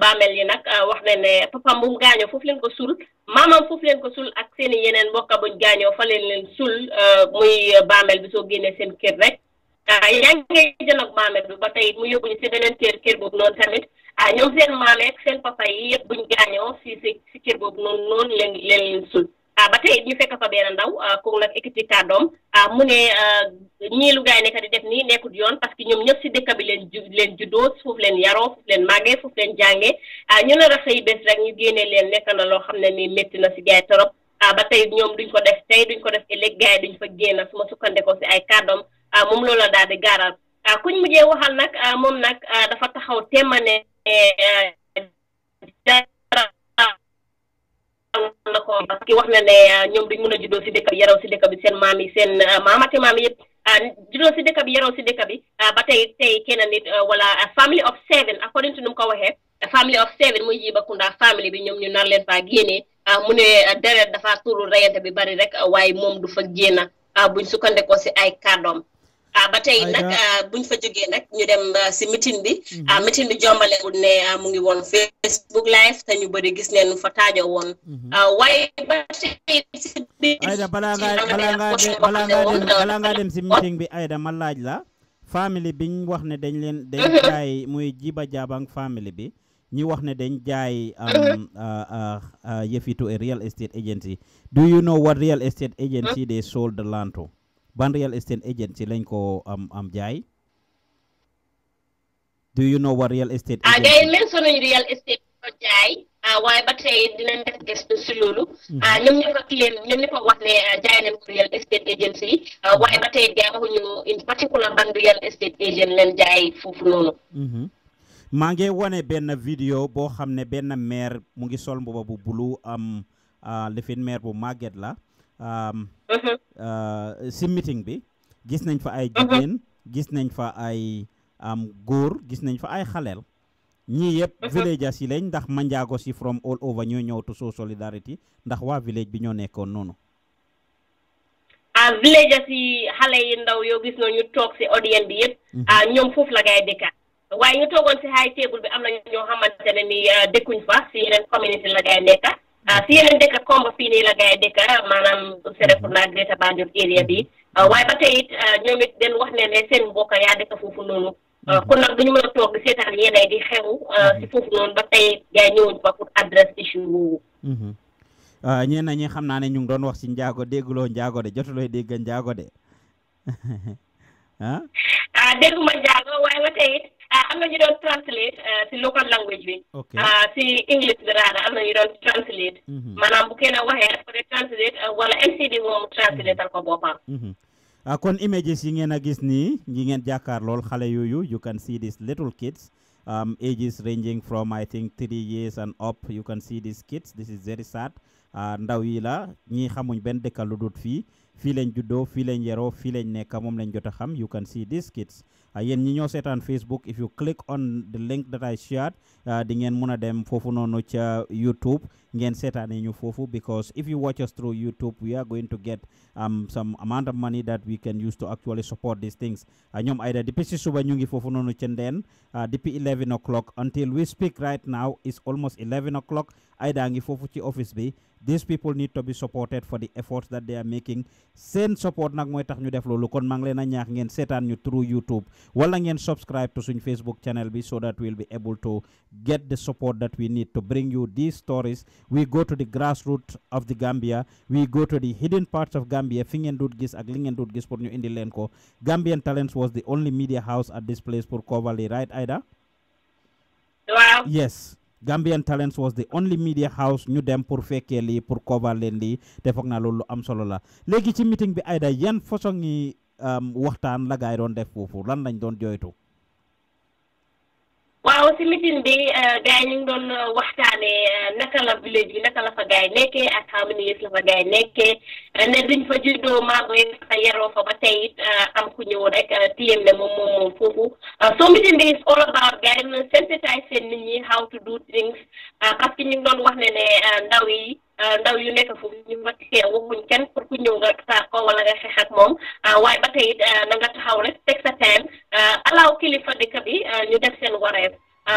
bamel yenak, waknen papa moun ganyo fuflen kousoul, mama moun fuflen kousoul akse ni yenen mwaka buny ganyo falen len kousoul eh, mweny bamel biso genye sen kere. Yan genye jenak bamel, batayi moun yu kwenye se benen ker bobnon samit, a yonzen mamek sen papayi yonk buny ganyo si se ker bobnon non len kousoul. Ah, ba tey ñu fekk fa benn ndaw ah, kook nag ekkiti kàddoom ah, mu ne ñii lu gaay nekk di def nii nekkut yoon parce que ñoom ñëpp si dëkk bi leen ju leen juddoo foofu leen yaroo foofu leen màggee foofu leen jàngee ñu ne rax yi bés rek ñu génnee leen nekk na loo xam ne nii métti na si gaay torop ba tey ñoom duñ ko def tey duñ ko def ëllëg gaay duñ fa génn suma ma sukkandekoo si ay kàddoom moom loola daal di gaaral kuñ mujjee waxal nag moom nag dafa taxaw temma ne eh, na ko que wax na ne euh, ñoom duñ mën a juddoo si dëkk bi yaraw si dëkk bi seen maam yi seen euh, maamati maam yëpp euh, juddoo si dëkk bi yaraw si dëkk bi ba tey tey kenn nit wala family of seven according to nu mu ko waxee family of seven muy jiiba kunda family bi ñoom ñu nar leen faa génnee mu ne deret dafa tuuru reyante bi bari rek waaye moom du a génna buñ sukkandekoo si ay kàddoom ah ba tey nag ah, buñ fa jógee nag ñu dem ah, si meeting bi mhm. ah meeting bi jombalewul ne ah, mu ngi woon Facebook live te ñu bëri gis neen fa taajo woon mhm. waaye ba tey balaa ngaa dem si meeting bi ayda ma laaj la family biñ wax ne dañ leen dañ mhm. jaay muy jiba jaabang family bi ñu wax ne dañ jaay yëfitu a real estate agency do you know what real estate agency they sold the ban real estate agency lañ ko am jaay do you know what real estate ah, ah waaye ba tey dinañ def gëstu si loolu mhm. ah, ñoom ñoo ko claim ñoom ñoo ko wax ne ah, jaay nañ real estate agency waaye ba tey gars waxuñu in particular ban real estate agent leen jaay foofu noonu mhm. maa ngi wane benn vidéo boo xam ne benn maire mu ngi sol mbuba bu bulu am lifin maire bu màgget la Um, mm-hmm. uh, si meeting bi gis nañ fa ay mm-hmm. jigéen gis nañ fa ay um, góor gis nañ fa ay xaleel ñii yëpp mm-hmm. villagers yi lañ ndax manjaago si from all over ñoo ñëw to show solidarity ndax waa village bi ñoo nekkoon noonu ah villagers yi xale yi ndaw yoo gis noonu ñu toog si audience bi yëpp ah ñoom foofu la gaay dëkkaat waaye ñu toogoon si high table bi am na ñoo xamante ne ni ah, dëkkuñ fa si yeneen community la gaay nekkaat ah fii lañ dëkk fii nii la gars yi dëkk ah, maanaam Serekunda Greater Banjul area bi ah, waaye ba tey it ah, den wax ne ne seen mbokk yaa dëkk foofu noonu mhm. kon nag duñu mën a toog di seetaan yéenay di xew mhm. si foofu noonu ba tey gars yi ñëwuñ pour adresse issue boobu mhm. ñeen ñi xam naa ne ñu ngi doon wax si njaago dégguloo njaago de jotuloo dégg njaago de dégguma njaago waaye ba tey Ah, am na ñu doon translate eh, si local language bi ah, si english bi raada am na ñu doon translate mhm. maanaam bu kenn waxee dafa de translate eh, wala mcd moom translate al ko boppam mhm. Mhm. Ah, kon images yi ngeen a gis nii ñi ngeen jàkkaar lool xale yooyu you can see these little kids um, ages ranging from I think three years and up you can see these kids this is very sad ndaw yi la ñi xamuñ benn fi lu dut fii fii lañ juddoo fii lañ yaroo fii lañ nekk moom lañ jot a xam you can see these kids Ah, yéen ñi ñoo seetaan Facebook if you click on the link that I shared ah, di ngeen mun a dem foofu noonu ca YouTube ngeen seetaanee ñu foofu because if you watch us through YouTube we are going to get um, some amount of money that we can use to actually support these things ah, ñoom ayda depuis si suba ñu ngi foofu noonu ca ndeen depuis 11 o'clock until we speak right now is almost 11 o'clock ayda ngi foofu ci office bi these people need to be supported for the efforts that they are making seen support nag mooy tax ñu def loolu kon maa ngi leen a ñaax ngeen seetaan ñu through YouTube wala ngeen subscribe to suñ Facebook channel bi so that we'll be able to get the support that we need to bring you these stories we go to the grassroots of the Gambia we go to the hidden parts of Gambia fi ngeen dut gis ak li ngeen dut gis pour ñu indi leen ko Gambian Talents was the only media house at this place pour cover right Aida Wow. yes Gambian Talents was the only media house ñu dem pour fekkee lii pour cover leen lii te foog naa loolu lu am solo la léegi ci meeting bi ayda yan façon yi euh, waxtaan la gaay doon def foofu lan lañ doon jooytu waaw si meeting bi euh, gars yi doon euh, waxtaanee euh, naka la village bi naka la fa gars yi nekkee ak how many years la fa gars yi nekkee ne duñ fa juddoo màggee fa yaroo fa ba tey it am ku ñëw rek tiyam ne moom moom foofu so meeting bi is all about gars yi sensitize seen nit ñi how to do things parce que doon wax ne ne ndaw yi Euh, ndaw yu nekk foofu ñu fa teew waxuñ kenn pour ku ñëw nga saako wala nga xeex ak moom euh, waaye ba tey euh, na taxaw rek teg sa time alaaw kilifa dëkk bi ñu def seen wareef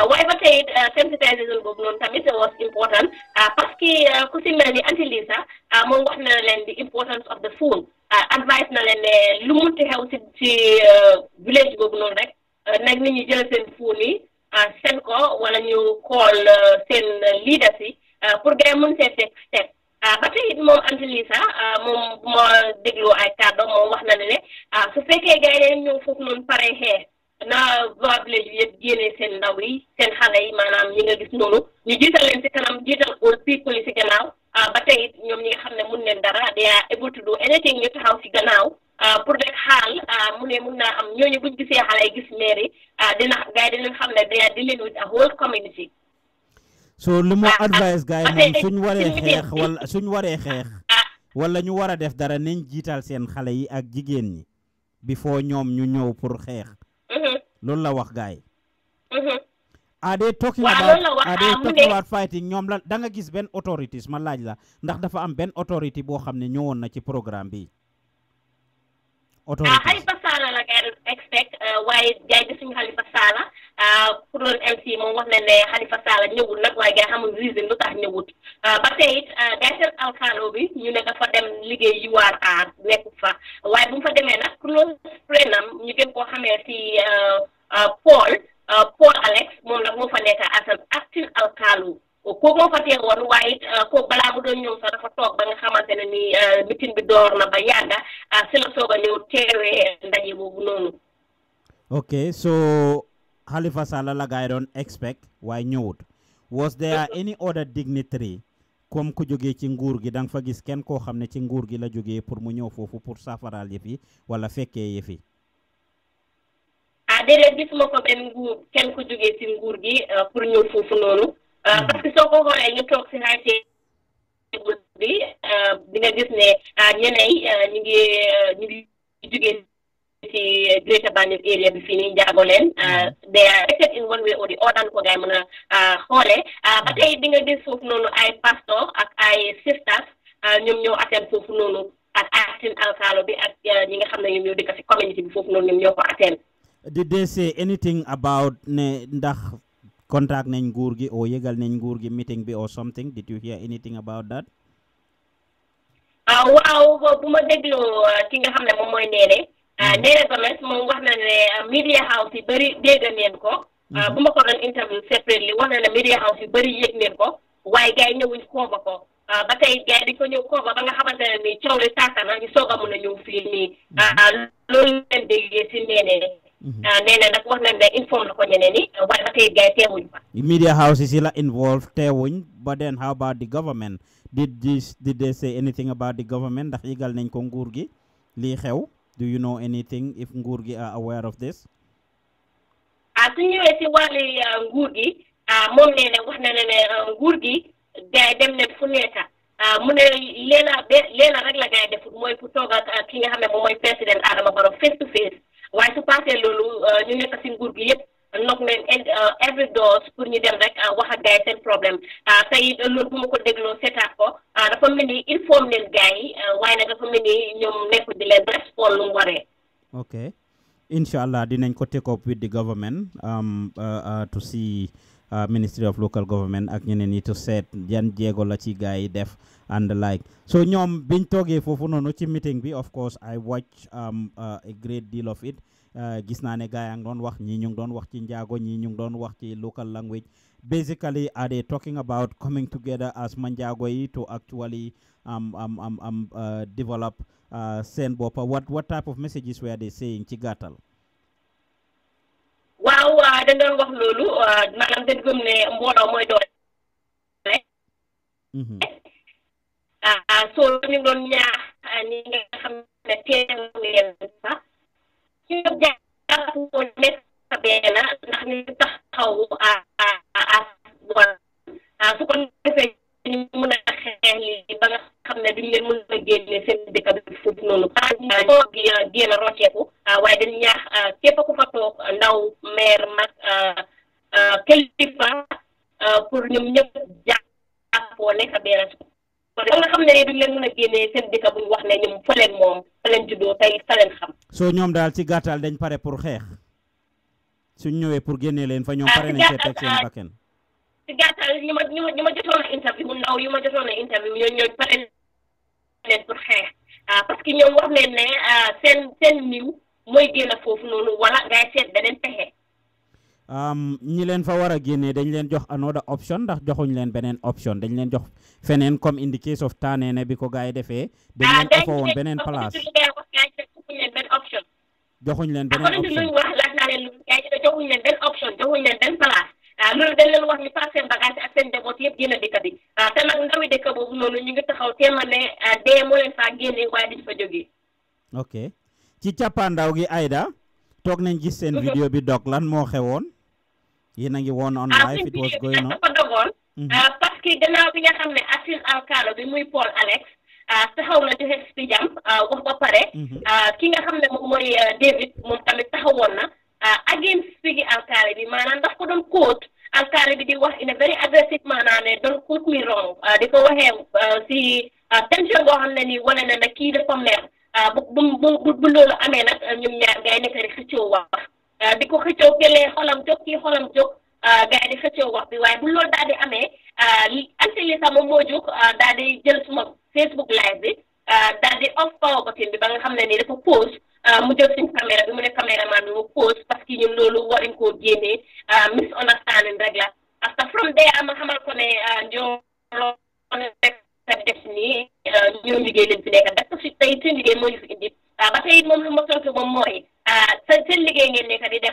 waaye ba tey sensitisation boobu noonu tamit was important parce que ku si ni anti moom wax na leen di importance of the phone advice na leen ne lu munti xew si ci village boobu noonu rek nag nit ñi jël seen phone yi seen ko wala ñu call seen leaders yi Euh, pour gars yi mën see teg teg euh, ba tey it moom Antilisa euh, moom bu ma dégloo ay kàddo moom wax na ne ne su fekkee gars yi dañu ñëw foofu noonu pare xee na waa village yëpp génne seen ndaw yi seen xale yi maanaam ñi nga gis noonu ñu jiital leen si kanam jiital all people yi gannaaw ba tey ñoom ñi nga xam ne mun leen dara they are able to do anything ñu taxaw si gannaaw pour rek xaal mu ne mun naa am ñooñu buñ gisee xale yi gis mairie dina gars yi dinañ xam ne they are dealing with a whole so lu ah, ah. advice gay yi suñ waré xex wala suñ waré xex ah. wala ñu wara def dara nañ jital seen xalé yi ak jigen ñi before ñom ñu ñew pour xex mhm. lool la wax gay mhm. are they talking about are they talking about fighting ñom la da nga gis ben authorities ma laaj la ndax dafa am ben authority bo xamné ne ñëwoon na ci programme bi authorities ay passala la ngeen expect euh, waaye jaay gisuñu Halifa Sallah ku doon MC moom wax na ne Halifa Sallah ñëwul nag waaye gars xamul reason lu tax ñëwut ah, ba tey it ah, Alkalo bi ñu ne dafa dem liggéey URR nekkul fa waaye bu mu fa demee nag close friend am ñu gën koo xamee si ah, Paul Paul Alex moom nag moo fa nekk as an acting alkalo kooku moo fa teewoon waaye it kooku balaa mu doon ñëw sax dafa toog ba nga xamante ne ni meeting bi door na ba yàgga si la soog a ñëw teewee ndaje boobu noonu. ok Khalifa Sala la gay don expect way ñewut was there any other dignitary comme ku joge ci nguur gi dang fa gis ken ko xamne ci nguur gi la joge pour mu ñew fofu pour safaral yefi wala fekke yefi yi ah déedéet gisuma ko benn nguur ken ku joge ci nguur gi euh, pour ñew fofu nonu euh, hmm. parce que soko ko ñu tok ci high bi euh, di nga gis ne ah, ñeneen ñi ngi ñi ngi ci Greater ni area bi fii nii njaago leen mm-hmm. ah, they in one way or the other ko ngay mën a ah, xoole ah, ba mm-hmm. tey di nga foofu noonu ay pastor ak ay sisters ñoom ñoo attend foofu noonu ak actin alkaalo bi ak ñi nga xam ne ñoom ñoo dëkk si community bi foofu noonu ñoom ñoo ko attend did they anything about ne ndax contact nañ nguur gi oo yëgal nañ nguur gi meeting bi or something did you hear anything about that waaw bu ma dégloo ki nga xam ne moom mooy Ah, Data Thomas moom wax na ne ah, media house yi bëri dégg neen ko ah, mhm. bu ma ko doon interview separately wax na ne media house yu bëri yëg neen ko waaye gars yi ñëwuñ kooba ko ba tey gars yi dañ ko ñëw kooba ba nga xamante ne nii coow li taatana ñu soog a mun a ñëw fii nii mhm. loolu leen déggee ci neenee nee na mhm. wax nañ ne inform na ko ñeneen ni ba tey gaa yi teewuñ fa media house yi si la involve teewuñ but then how about the government did this did they say anything nañ ko nguur gi lii xew Do you know anything if Ngurgi are aware of this? as ñëwee si wàllu uh, nguur gi uh, moom nee na wax ne ne uh, nguur dem ne fu Ah, mu ne leena leena rek la gars yi defut mooy pour toog ak ki nga xam ne moom mooy président Adama Barrow face to face waaye su paasee loolu ñu nekk si nguur yëpp knock leen euh, every doors pour ñu dem rek euh, wax ak gars seen problème euh, tey loolu bu ma ko dégloo seetaat ko dafa mel ni inform leen gars yi waaye nag dafa mel ni ñoom nekkul di leen respond lu mu waree. ok incha allah dinañ ko take up with the government um, uh, uh, to see uh, ministry of local government ak ñeneen yi to seet yan jéego la ci gars yi def and like so ñoom biñ toogee foofu noonu ci meeting bi of course I watch um, a great deal of it. Euh, gis naa ne gars doon wax ñii ñu ngi doon wax ci njaago ñii ñu ngi doon wax ci local language basically are they talking about coming together as Manjagoi to actually um, um, um, um, uh, develop uh, Senbopa? What what type of messages were they saying, Chigatal? waaw uh, dañ doon wax loolu maanaam uh, dañ gëm ne mbooloo mooy doole ah ñu doon ñaax ñoom ñaar ko nekk benn leen mën a génne seen noonu par exemple ñu génn ku fa toog ndaw pour ñoom ñëpp jàppoo nekk benn da nga xam ne duñ leen mën a génnee seen dëkk buñ wax ne ñoom fa leen moom fa leen juddoo tey fa leen xam. soo ñoom daal ci gàttal dañ pare pour xeex suñ ñëwee pour génnee leen fa ñoom ah, pare nañ ma ñu ma ñu ma jotoon a interview ndaw yu ma a interview ñooñu ñooñu pour xeex ah, parce que ñoom wax nañ ne ah, seen seen niw mooy génn foofu noonu wala ngay seet beneen pexe. ñi leen fa war a génnee dañ leen jox another option ndax joxuñ leen beneen option dañ leen jox feneen comme in the case of bi ko gars yi defee dañ ah, leen offer woon beneen place joxuñ leen beneen ci cappaandaw gi Aida toog nañ gis seen mhm. vidéo bi dog lan moo xewoon yéen a ngi woon on ah, live it was going on parce que mm-hmm. ah, gannaaw bi nga xam ne Assis Alcalo bi muy Paul Alex ah, taxaw na joxe si jam wax ba pare mm-hmm. ki nga xam ne moom mooy David moom tamit taxawoon na against Sigi Alcalo bi maanaam daf ko doon quote Alcalo bi di wax in a very aggressive maanaam ne don't quote me wrong di ko waxee si tension boo xam ne ni wane na ne kii dafa mer bu bu bu loolu amee nag ñoom ñaar ngay nekk rek xëccoo wax Euh, di ko xëccoo gëlee xolam jóg kii xolam jóg euh, gars yi di xëccoo wax bi waaye bu loolu daal di amee euh, anti Lisa moom moo jóg daal di jël suma Facebook live bi daal di off power button bi ba nga xam ne nii dafa pause mu jël suñ caméra bi mu ne caméraman bi mu pause parce que ñun loolu waruñ koo génnee misunderstanding rek la parce que from there ama a ko ne ñoo def nii ñoo liggéey leen fi nekk def ko si tey suñ liggéey moo ñu fi indi ba tey it moom lu ma tontu moom mooy seen seen liggéey bi.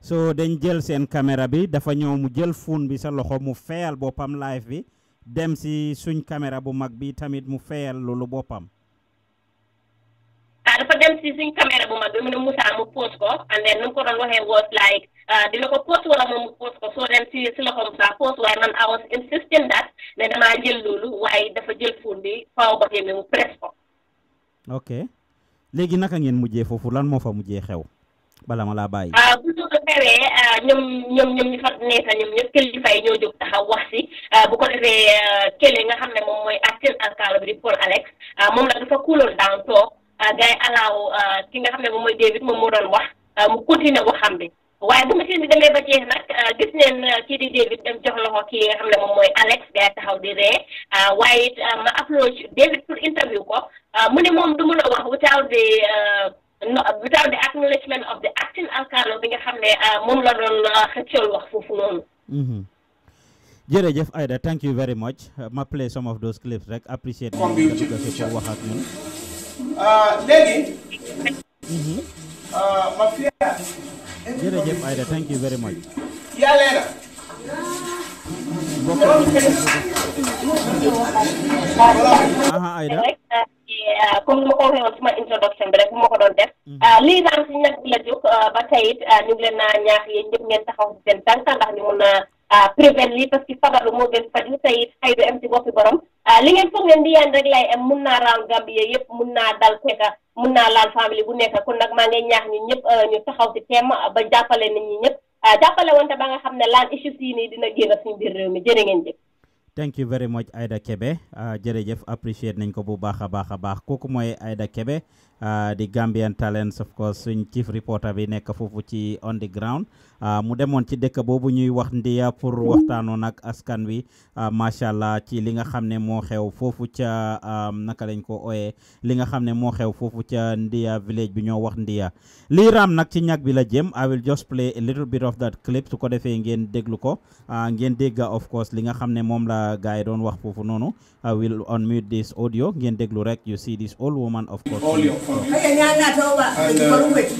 so dañ jël seen caméra bi dafa ñëw mu jël phone bi sa loxo mu fayal boppam live bi dem si suñ caméra bu mag bi tamit mu fayal loolu boppam. Moussa dafa dem si suñ caméra bu mag bi mu ne Moussa mu post ko and then nu mu ko doon waxee was like uh, dina ko post wala moom mu post ko soo dem si si loxo Moussa post waaye man I was insisting that ne damaa jël loolu waaye dafa jël foofu lan fa uh, uh, wax ko defee kële nga xam ne moom mooy acteur alkaalo bi di Paul Alex moom la dafa cool down Euh, gars yi alaaw euh, ki nga xam ne moom mooy David moom moo doon wax euh, mu continuer waxam bi waaye bu machine bi demee ba jeex nag gis neen kii di David dem jox loxo kii nga xam ne moom mooy Alex gars yi taxaw di ree waaye ma approche David pour interview ko mu ne moom du mun a wax without the without the acting Alcalo bi nga xam ne moom la doon xëccool wax foofu noonu. Mm-hmm. jërëjëf Aida thank you very much ma play some of those clips rek appreciate. comme Euh, léegi. Euh, ma fiya. jërëjëf Aïda thank you very much. yaa leera. bokk aha Aïda. Euh, comme ma ko waxee woon introduction bi rek bu ma ko doon def mhm. lii daan si nag la jóg ba tey it ñu ngi leen naa ñaax yéen ñëpp ngeen taxaw si seen tànk ndax prévenir parce que fagaru moo gën faju te it xëy du am ci boppi borom li ngeen foog ngeen di yaan rek lay am mun naa raal Gambie yëpp mun naa dal fekka mun naa laal famille bu nekk kon nag maa ngi ñaax ñi ñëpp euh, ñu taxaw ci teem ba jàppale nit ñi jàppale wante ba nga xam ne laan issues yi nii dina génn suñu biir réew mi jërë ngeen jëf. thank you very much Aida Kebe jërëjëf appreciate nañ ko bu baax a baax a baax kooku mooy Aida Kebe Ah, di Gambian Talents of course suñ chief reporter bi nek fofu ci on the ground ah, mu demone ci dekk bobu ñuy wax ndiya pour waxtano nak askan wi uh, ah, machallah ci li nga xamne mo xew fofu ci um, naka lañ ko oyé li nga xamne mo xew fofu ci Ndia village bi ñoo wax ndiya li ram nak ci ñak bi la jëm I will just play a little bit of that clip su ko defé ngeen déglu ko ngeen dégg of course li nga xamne mom la gaay doon wax fofu nonu I will unmute this audio ngeen déglu rek you see this old woman of course And uh, if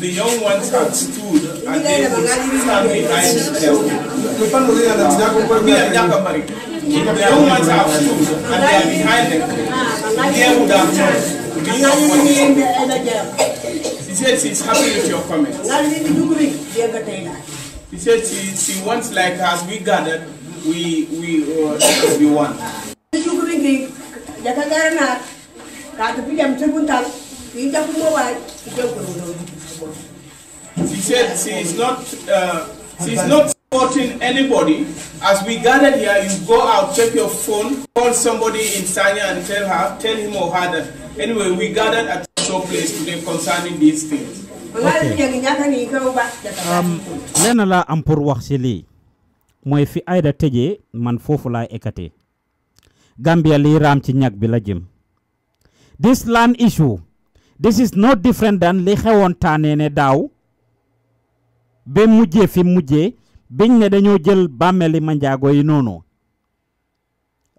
the young ones had stood and they would stand behind them, we are Yakamarika. If the young ones have stood and they are behind them, ah, they would have turned. He says she's happy with your comments. He said she, she wants like as we gathered, we we uh, we won. She said she is not uh, she is not supporting anybody. As we gathered here, you go out, check your phone, call somebody in Sanya and tell her, tell him or her that. Anyway, we gathered at your place today concerning these things. Okay. Um, lenn laa am pour wax ci li moy fi Aida teje man fofu laay ekkatee Gambia li ram ci ñak bi la jëm this land issue this is no different than li xewoon taanee ne daaw ba mujjee fi mujjee biñ ne dañoo jël bàmmeeli njaago yi noonu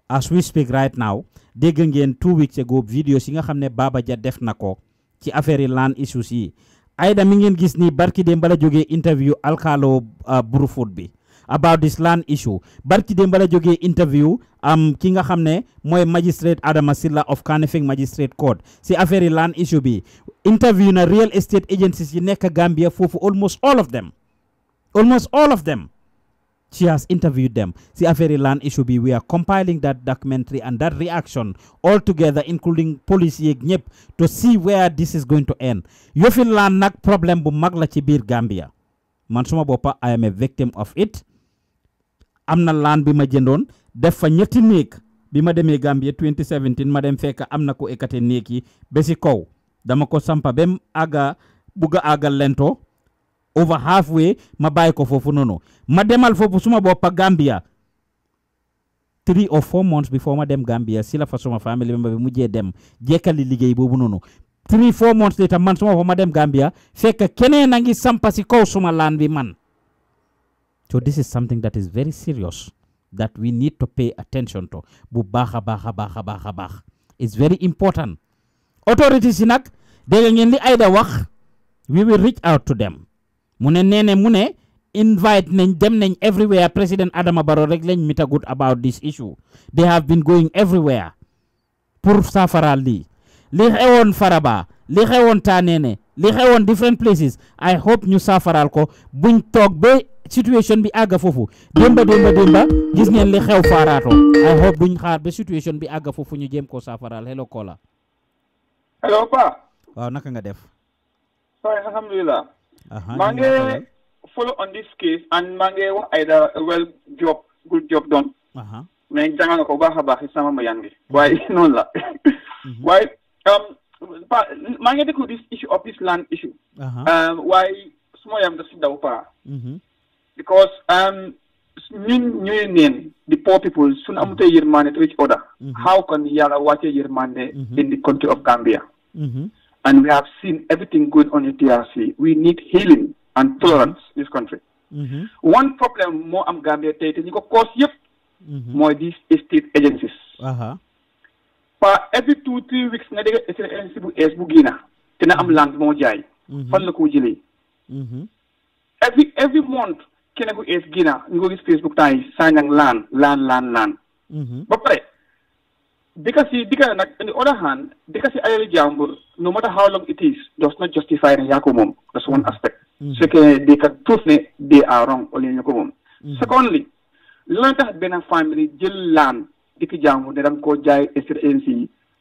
as we speak right now dégg ngeen two weeks ago videos yi nga xam ne Baba Jah def na ko ci affaire yi land issues yi ayda mi ngeen gis ni barki de mbala jógee interview alkaalo euh, Brufut bi about this land issue barki démb la jógee interview am um, ki nga xam ne mooy magistrate Adama Silla of Kanefeng magistrate court si affaire yi land issue bi interview na real estate agencies in nekk Gambia for almost all of them almost all of them she has interviewed them. See, Aferi Land issue be we are compiling that documentary and that reaction all together, including policy yep, to see where this is going to end. You feel land nak problem bu magla bir Gambia. Man bopa I am a victim of it. amna land laan bi ma jëndoon def fa ñetti néeg bi ma demee Gambie 2017 ma dem fekk amna ko ékate néeg yi ba si kaw dama ko sampa bem aga àgga bugg a lento over halfway ma bay ko fofu nono ma demal fofu suma boppa Gambia 3 or 4 months before ma dem Gambia si la fa suma family member bi mujjé dem jekkali liggéey bobu nono 3 4 months later man suma fa ma dem Gambia fekk keneen nangi sampa si kaw suma land bi man So this is something that is very serious that we need to pay attention to. Bu baaxa baaxa baaxa baaxa It's very important. Authorities yi nag dégg ngeen li Aida wax we will reach out to them Mune ne mune ne invite nañ dem everywhere President Adama Baro rek lañ mitagut about this issue they have been going everywhere pour saafara lii li Faraba li xewoon Tanene li xewoon different places I hope ñu saafaraal ko buñ toog be. situation bi àgg foofu démba démba démba gis ngeen li xew faaraato ay xob duñ xaar ba situation bi àgg foofu ñu jëm ko saafaraal hello Kola. hello Pa. waaw naka nga def. waaye alhamdulilah. maa ngi follow on this case and maa ngi baax a baax si sama mbayaan gi mhm. waaye noonu la mhm. waaye um, pa maa ngi déglu this issue of this land issue. Um, waaye su ma yam da si daw pa mhm. because um, new ñuy the poor people soon suñu your money to each other mhm. how can yàlla wàccee yërmande mhm. in the country of Gambia mhm. and we have seen everything good on in DRC we need healing and tolerance in this country one problem moo am Gambia tey You go, cause yep, more these state agencies But every two three weeks nga dégg state agency bu bugina. bu génna am land more jai. fan la every every month kene ko es gina ngo gis facebook tay sañang lan lan lan lan mhm. ba pare dika si dika nak on the other hand si he no matter how long it is does not justify yang yako mom that's one mhm. aspect mm -hmm. so ke they ne they are wrong only yako mom secondly lan tax ben family jël lan dika jambur ne dang ko jaay SRNC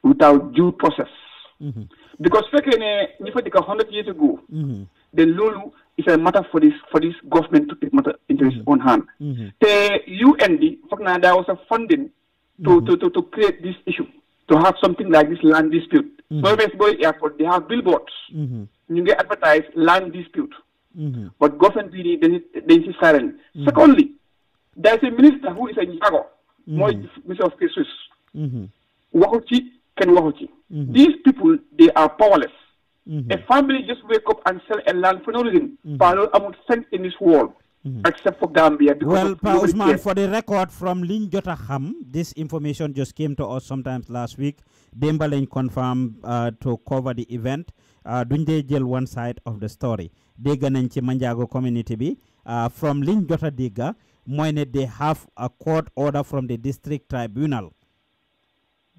without due process mhm. because because fekene ni fa dika 100 years ago Then Lulu is a matter for this for this government to take matter into its mm-hmm. own hand. Mm-hmm. The UND, bi foog naa was a funding. to mm-hmm. to to to create this issue. to have something like this land dispute. booy wees airport they have billboards. you ngi advertise land dispute. but government bi they dañuy dañ si secondly there is a minister who is a Njago. Mr. of justice. waxu ci kenn these people they are powerless. Mm-hmm. A family just wake up and sell a land for no reason. Mm-hmm. Palo among in this world. Mm-hmm. Except for Gambia. Well, Pa Usman, for the record, from Lin Jotaham, this information just came to us sometimes last week. Dembalen confirmed uh, to cover the event. Uh, duñ dee jël one side of the story Diga nañ Manjago community bi uh, from liñ jot a they have a court order from the district tribunal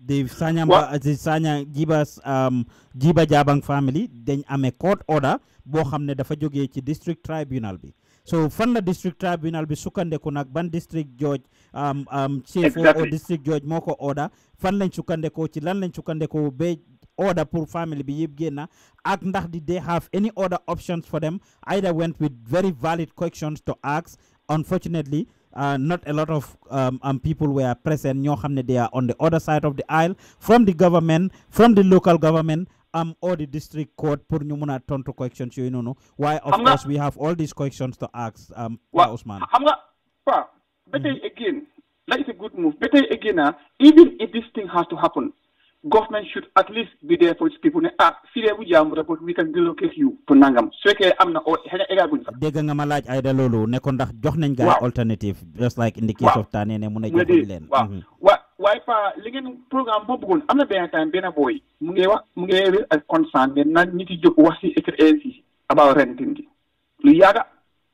the Sanyamba, the Sanya Jiba's um, Jiba Jabang family dañ amee court order boo xam ne dafa jóge ci district tribunal bi so fan la district tribunal bi sukkandeku nag ban district judge um, um, chief district judge moo ko order fan lañ sukkandekoo ci lan lañ sukkandekoo ba order pour family bi yëpp génn ak ndax di they have any other options for them either went with very valid questions to ask unfortunately Uh, not a lot of um, um, people were present. They are on the other side of the aisle from the government, from the local government, um, or the district court. put you mën a tontu questions You know, Why of course we have all these questions to ask. Um, well, Usman. xam nga mm-hmm. again that is a good move. But again ah even if this thing has to happen government should at least be there for its people ne ah fii dee bu jàmbur we can relocate you to nangam su fekkee am na xëy na eggaguñ sax. nga ma laaj ay da loolu ne ko ndax jox nañ. waaw alternative just like in the case of Tane ne mun a jox leen. waaw mhm. wa pa li ngeen programme boo bëggoon am na time benn booy mu ngi wax mu ngi ak concern ne na ñi ci jóg wax si ANC about renting gi lu yàgga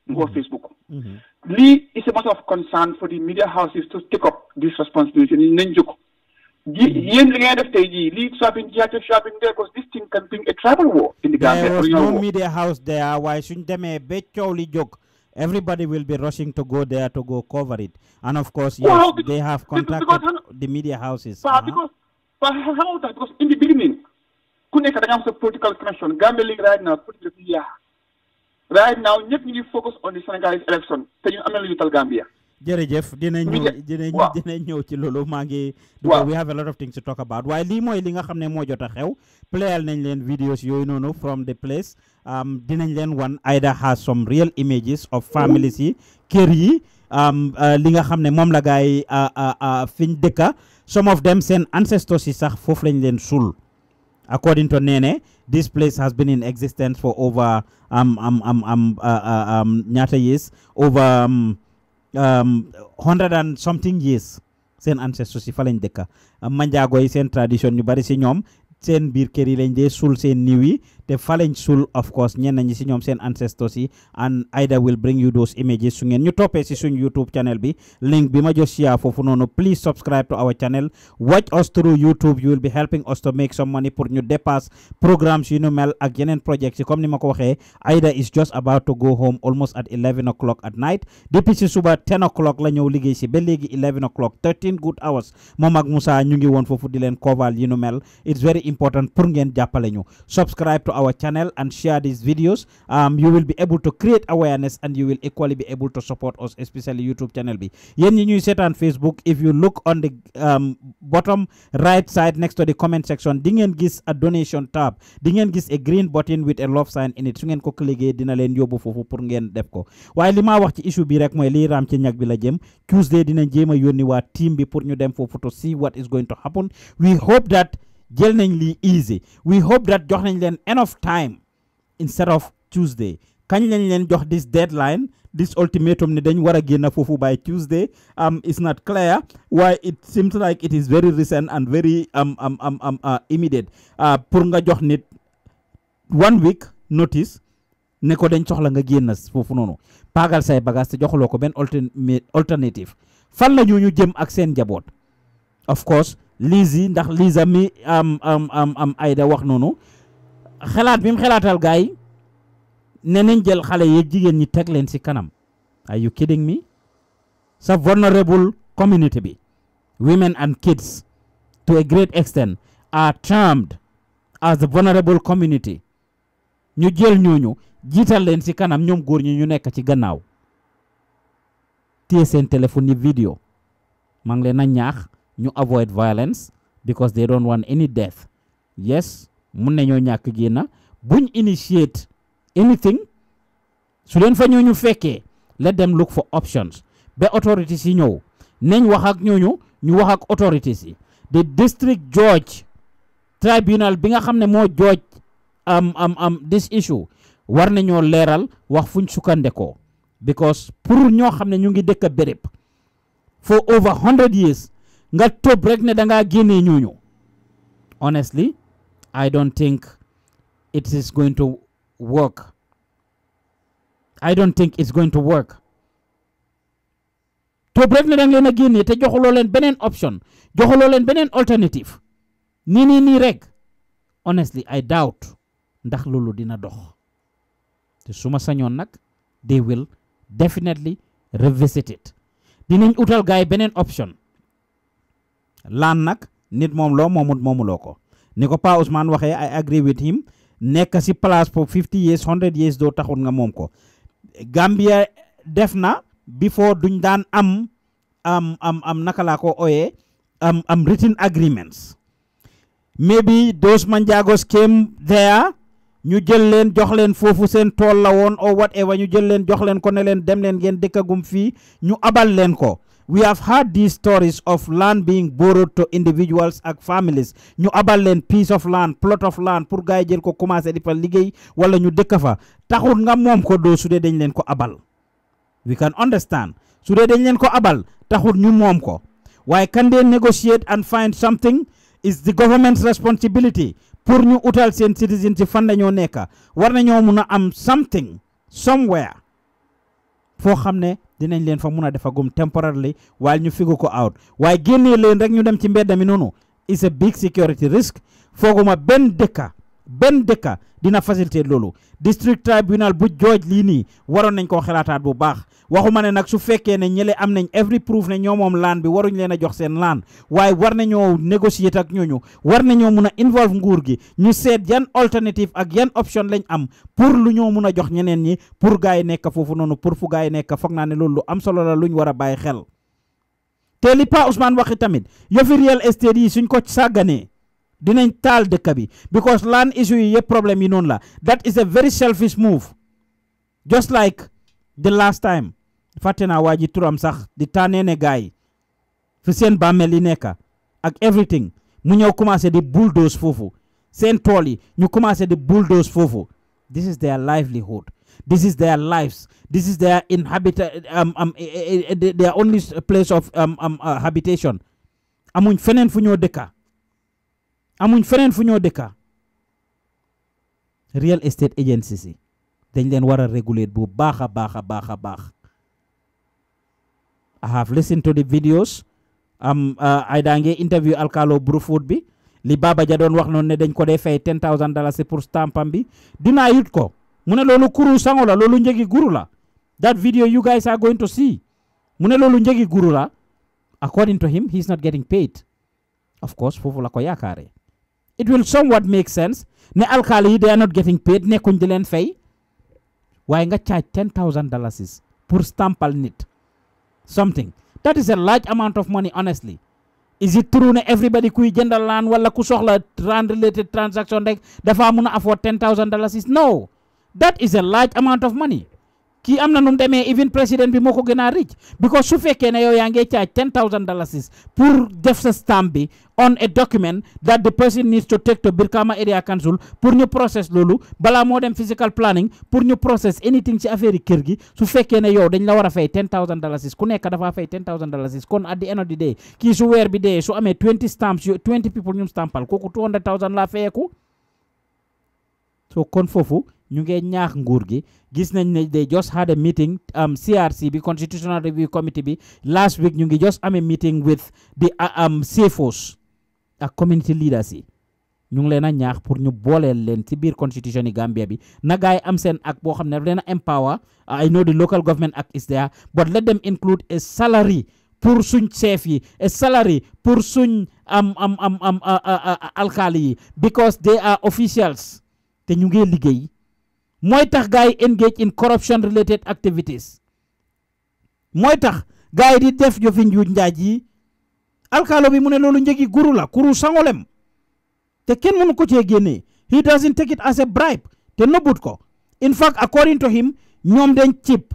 mu mhm. Facebook. Mhm. lii is a matter of concern for the media houses to take up this responsibility nañ jóg shopping shopping there because this thing can bring a war in the Gambia. There was no media house there waaye they demee a bit li joke. everybody will be rushing to go there to go cover it and of course yes well, because, they have contacted because, the media houses. uh -huh. because, how that? because in the beginning ku nekk da political connection Gambia League right now politique yaa right now ñëpp focus on the Senegalese election te ñun am Gambia. jërëjëf dinañ ñëw dinañ ñëw ci loolu maa ngi we have a lot of things to talk about waaye lii mooy li nga xam ne moo jot a xew playal nañ leen videos yooyu noonu from the place um, dinañ leen wan Aida has some real images of families yi kër yi um, uh, li nga xam ne moom la gaay yi uh, uh, fiñ dëkka some of them seen ancestors yi sax foofu lañ leen suul according to Nene this place has been in existence for over um um um um, um ñaata years over Um, hundred and something years seen ancestors yi fa lañ dëkka manjaago yi seen tradition ñu bari si ñoom seen biir kër yi lañ dee suul seen niiw yi te faleñ sul of course ñen ñi ci ñom seen ancestors yi and Aida will bring you those images su ngeen ñu topé ci suñu YouTube channel bi link bi ma jox siyaa fofu nonu please subscribe to our channel watch us through YouTube you will be helping us to make some money pour ñu dépasse programmes yu ñu mel ak yeneen projects You comme ni mako waxé Aida is just about to go home almost at 11 o'clock at night depuis ci suba 10 o'clock la ñew liggéey ci ba légui 11 o'clock 13 good hours mom ak Moussa ñu ngi won fofu di leen koval yu ñu mel it's very important pour ngeen jappalé ñu subscribe to our channel and share these videos um, you will be able to create awareness and you will equally be able to support us especially youtube channel bi yen you set on facebook if you look on the um, bottom right side next to the comment section di gis a donation tab di gis a green button with a love sign in it su ngeen ko cliquer dina depko. yóbbu foofu pour ngeen def ko waaye li wax ci issue bi rek mooy lii ci bi la jëm tuesday dina jéem a yónni team bi pour ñu dem to see what is going to happen we hope that jël nañ lii easy we hope that jox nañ leen enough time instead of Tuesday kañ lañ leen jox this deadline this ultimatum ne dañ war a génn foofu by Tuesday um is not clear why it seems like it is very recent and very um um um, um uh, immediate uh, pour nga jox nit one week notice ne ko dañ soxla nga génn foofu noonu paagal say bagage te joxuloo ko benn alternative fan la ñu ñu jëm ak seen njaboot lizi ndax lisa mi am am am am ayda wax noonu xalaat bim mu gay ne nañ jël xale yeeg jigéen ñi teg leen si kanam are you kidding me sa vulnerable community bi women and kids to a great extent are termed as the vulnerable community ñu jël ñoñu jiital leen si kanam ñoom góor ñi ñu nekk ci gannaaw téye seen téléphone yi vidéo mang ngi leen na ñaax ñu avoid violence because they don't want any death yes mun nañoo ñàkk génna buñ initiate anything su leen fa ñu fekkee let them look for options ba authorities yi ñëw nañ wax ak ñooñu ñu wax ak authorities yi the district judge tribunal bi nga xam ne moo jooj am am am this issue war nañoo leeral wax fuñ sukkandekoo because pour ñoo xam ne ñu ngi dëkka béréb for over hundred years nga top rek ne dangaa génnee ñooñu honestly I don't think it is going to work I don't think ne danga leen a génnee te joxuloo leen beneen option joxuloo leen beneen alternative nii nii nii rek honestly I doubt ndax loolu dina dox te suma sañoon nag they will definitely revisit it dinañ utal gaay beneen option laan nag nit moom loo moomut moomuloo ko ni ko Pa Ousmane waxee ay agree with him nekk si place pour fifty years hundred years doo taxul nga moom ko Gambia def na before duñ daan am am am am naka laa ko ooyee am am written agreements maybe those manjagos came there ñu jël leen jox leen foofu seen tool la woon or whatever ñu jël leen jox leen ko ne leen dem leen ngeen dëkkagum fii ñu abal leen ko we have heard these stories of land being borrowed to individuals ak families ñu abal leen piece of land plot of land pour gars yi jël ko commencé di fa liggéey wala ñu dëkk fa taxul nga moom ko doo sudee dee dañ leen ko abal we can understand su dee dañ leen ko abal taxul ñu moom ko waaye can they negotiate and find something is the government's responsibility pour ñu utal seen citizen ci fan lañoo nekk war nañoo mun a am something somewhere foo xam ne dinañ leen fa mun a defagum temporarily while ñu figure ko out waaye génnee leen rek ñu dem ci mbedda mi noonu is a big security risk fooguma benn dëkka Bendeka dëkka dina facilité loolu district tribunal bu jooj lii nii waroon nañ koo xalaataat bu baax waxuma ne nak su fekkee ne ñële am nañ every proof ne ñoo lan laan bi waruñ leen jox seen laan waaye war nañoo négocier ak ñooñu war nañoo mun involve nguur gi ñu seet yan alternative ak yan option lañ am pour lu ñoo mun a jox ñeneen ñi pour gars yi nekk foofu noonu pour fu nekk ne am solo la luñ war a xel te li Pa Ousmane waxi tamit yofi real estate yi suñ ko sàgganee dinañ taal dëkk bi because land issue yi yëpp problème yi noonu la that is a very selfish move just like the last time fàtte naa waa ji turam sax di tànnee ne gars yi fi seen bàmmeel yi nekka ak everything mu ñëw commencé di bulldoze foofu seen tool yi ñu commencé di bulldoze foofu this is their livelihood this is their lives this is their inhabit um, um, eh, eh, eh, their only place of um, um, uh, habitation amuñ feneen fu ñoo dëkka amuñ fenen fu ñoo dëkka real estate agency si dañ leen war a bu baax a baax a baax a baax I have listened to the videos am uh, ay daange interview alkalo Brufut bi li Baba Ja doon wax noonu ne dañ ko dee fay ten thousand dollars pour stampam bi dinaa yut ko mu ne loolu kuru sango la loolu njëgi guru la that video you guys are going to see mu ne loolu njëgi guru la according to him he is not getting paid of course foofu la ko yaakaare it will somewhat make sense ne alkali they are not getting paid Ne di leen fay waaye nga charge ten thousand dollars pour stampal nit something that is a large amount of money honestly is it true ne everybody kuy jëndal lan wala ku soxla land related transaction rek dafa mun afford ten thousand dollars no that is a large amount of money kii am na nu mu demee even président bi moo ko gën a rich because su fekkee ne yow yaa ngi charge pour def sa stamp bi on a document that the person needs to take to Brikama Area Council pour ñu process loolu balaa moo dem physical planning pour ñu process anything ci affaire kër gi su fekkee ne yow dañ la war a fay ten thousand dollars ku nekk dafa fay ten thousand dollars kon at the end of the day kii su weer bi dee su amee twenty stamps twenty people ñu stampal kooku laa fayeeku so kon foofu ñu ngee ñaax nguur gi gis nañ ne they just had a meeting um, CRC bi Constitutional Review Committee bi last week ñu ngi just amee meeting with the uh, um, CFOs ak community leaders yi ñu ngi leen a ñaax pour ñu booleel leen ci biir constitution yi Gambia bi na gaay am seen ak boo xam ne daf leen a empower uh, I know the local government act is there but let them include a salary pour suñ chef yi a salary pour suñ am um, am um, am um, am uh, alkaali yi because they are officials te ñu ngee liggéey moy tax gaay engage in corruption related activities moy tax gaay di def jo njuuj njaaj yi bi mune ne loolu guru la kuru sangolem te ken mënu ko ci génnee he doesn't take it as a bribe te but ko in fact according to him ñom den chip,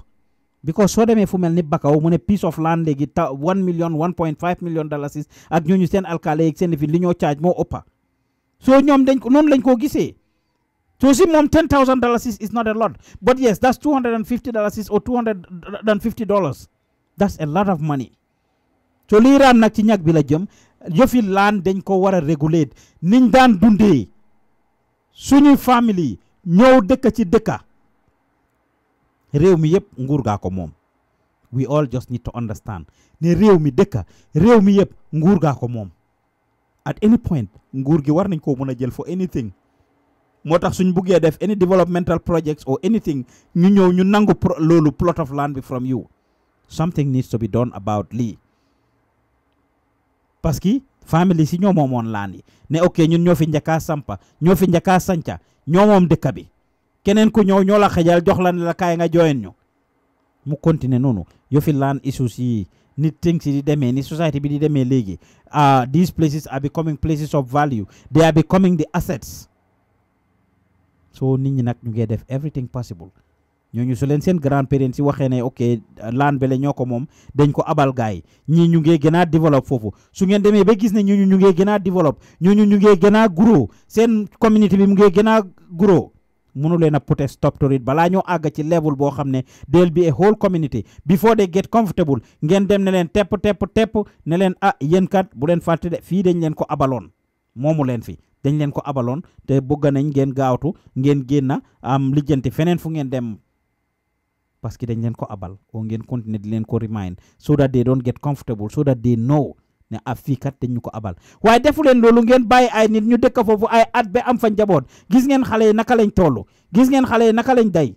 because so demé fu melni Bakaw mune piece of land legi 1 million 1.5 million dollars ak ñu sen alkaale ak sen fi li charge mo opa So ñom den non lañ ko gisee To see mom $10,000 is, is not a lot, but yes, that's $250 hundred or $250. dollars. That's a lot of money. so lira raan nag ci ñag bi la jëm yëfi laan dañ ko war a réguler niñ daan dundee suñu famille ñëw dëkk ci dëkka réew mi yëpp nguur gaa ko moom we all just need to understand ne réew mi dëkka réew mi yëpp nguur gaa ko moom at any point nguur gi war nañ koo mën a jël for anything motax suñ buggé def any developmental projects or anything ñu ñëw ñu nangu lolu plot of land be from you something needs to be done about li parce que family si ñoo momon land yi ne ok ñun ñoo fi ñaka sampa ñoo fi ñaka sanca ñoo mom dekk bi keneen ku ñew ñoo la xajal jox la la kay nga joyen ñu mu continuer nonu yo fi land issues yi ni things di demee ni society bi di demee léegi uh, these places are becoming places of value they are becoming the assets soo nit ñi nag ñu ngee def everything possible ñooñu su leen seen grand parents si waxee ne ok laan bele ñoo ko moom dañ ko abal gaay ñii ñu ngee gën a développe foofu su ngeen demee ba gis ne ñu ñu ngee gën a développe ñooñu ñu ngee gën a grow seen community bi mu ngee gën a grow mënu leen a put a stop balaa ñoo àgg ci level boo xam ne del bi a whole community before they get comfortable ngeen dem ne leen tepp tepp tepp ne leen a ah, yéen kat bu leen fàtte fii dañ leen ko abaloon moomu leen fi dañ leen ko abaloon te bëgg nañ ngeen gaawtu ngeen génn am lijjanti feneen fu ngeen dem parce que dañ leen ko abal oo ngeen continuer di leen ko remind so that they don't get comfortable so that they know ne ah fii dañ ñu ko abal waaye defu leen loolu ngeen bàyyi ay nit ñu dëkk foofu ay at ba am fa njaboot gis ngeen xale yi naka lañ toll gis ngeen xale yi naka lañ day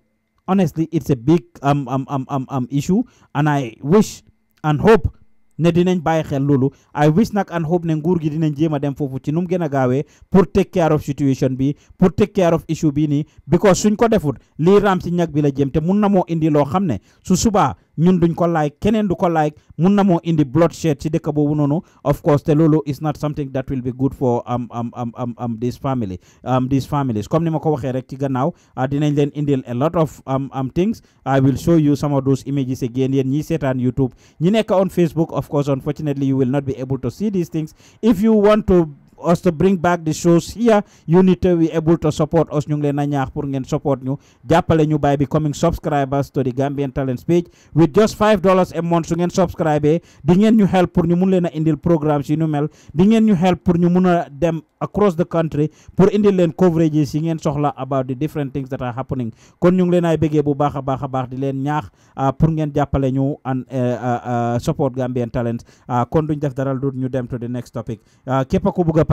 honestly it's a big am um, am um, am um, am issue and I wish and hope ne dinañ bàyyi xel loolu I wish nag and hope ne nguur gi dinañ jéem a dem foofu ci nu mu gën a gaawee pour take care of situation bi pour take care of issue bii nii because suñ ko defut lii raam si ñag bi la jëm te mun na moo indi loo xam ne su subaa ñun duñ ko like keneen du ko like mun na moo indi bloodshed ci dëkk boobu noonu of course te loolu is not something that will be good for am um, am um, am um, am this family am these families comme ni ma ko waxee rek ci gannaaw ah, dinañ leen indil a lot of am am things I will show you some of those images again yéen ñi seetaan YouTube ñi nekk on Facebook of course unfortunately you will not be able to see these things if you want to us to bring back the shows here you need to be able to support us ñu ngi leen a ñaax pour ngeen support ñu jàppale ñu by becoming subscribers to the Gambian Talent Speech with just 5 dollars a month su ngeen subscribe di ngeen ñu help pour ñu mën leen indil programme ci ñu mel di ngeen ñu help pour ñu mëna dem across the country pour indil leen coverage yi ngeen soxla about the different things that are happening kon ñu ngi leen ay bëggee bu baaxa baaxa baax di leen ñaax ah, pour ngeen jàppale ñu and eh, ah, ah, support Gambian Talents kon duñ def daral dur ñu dem to the next topic képp ko bëgg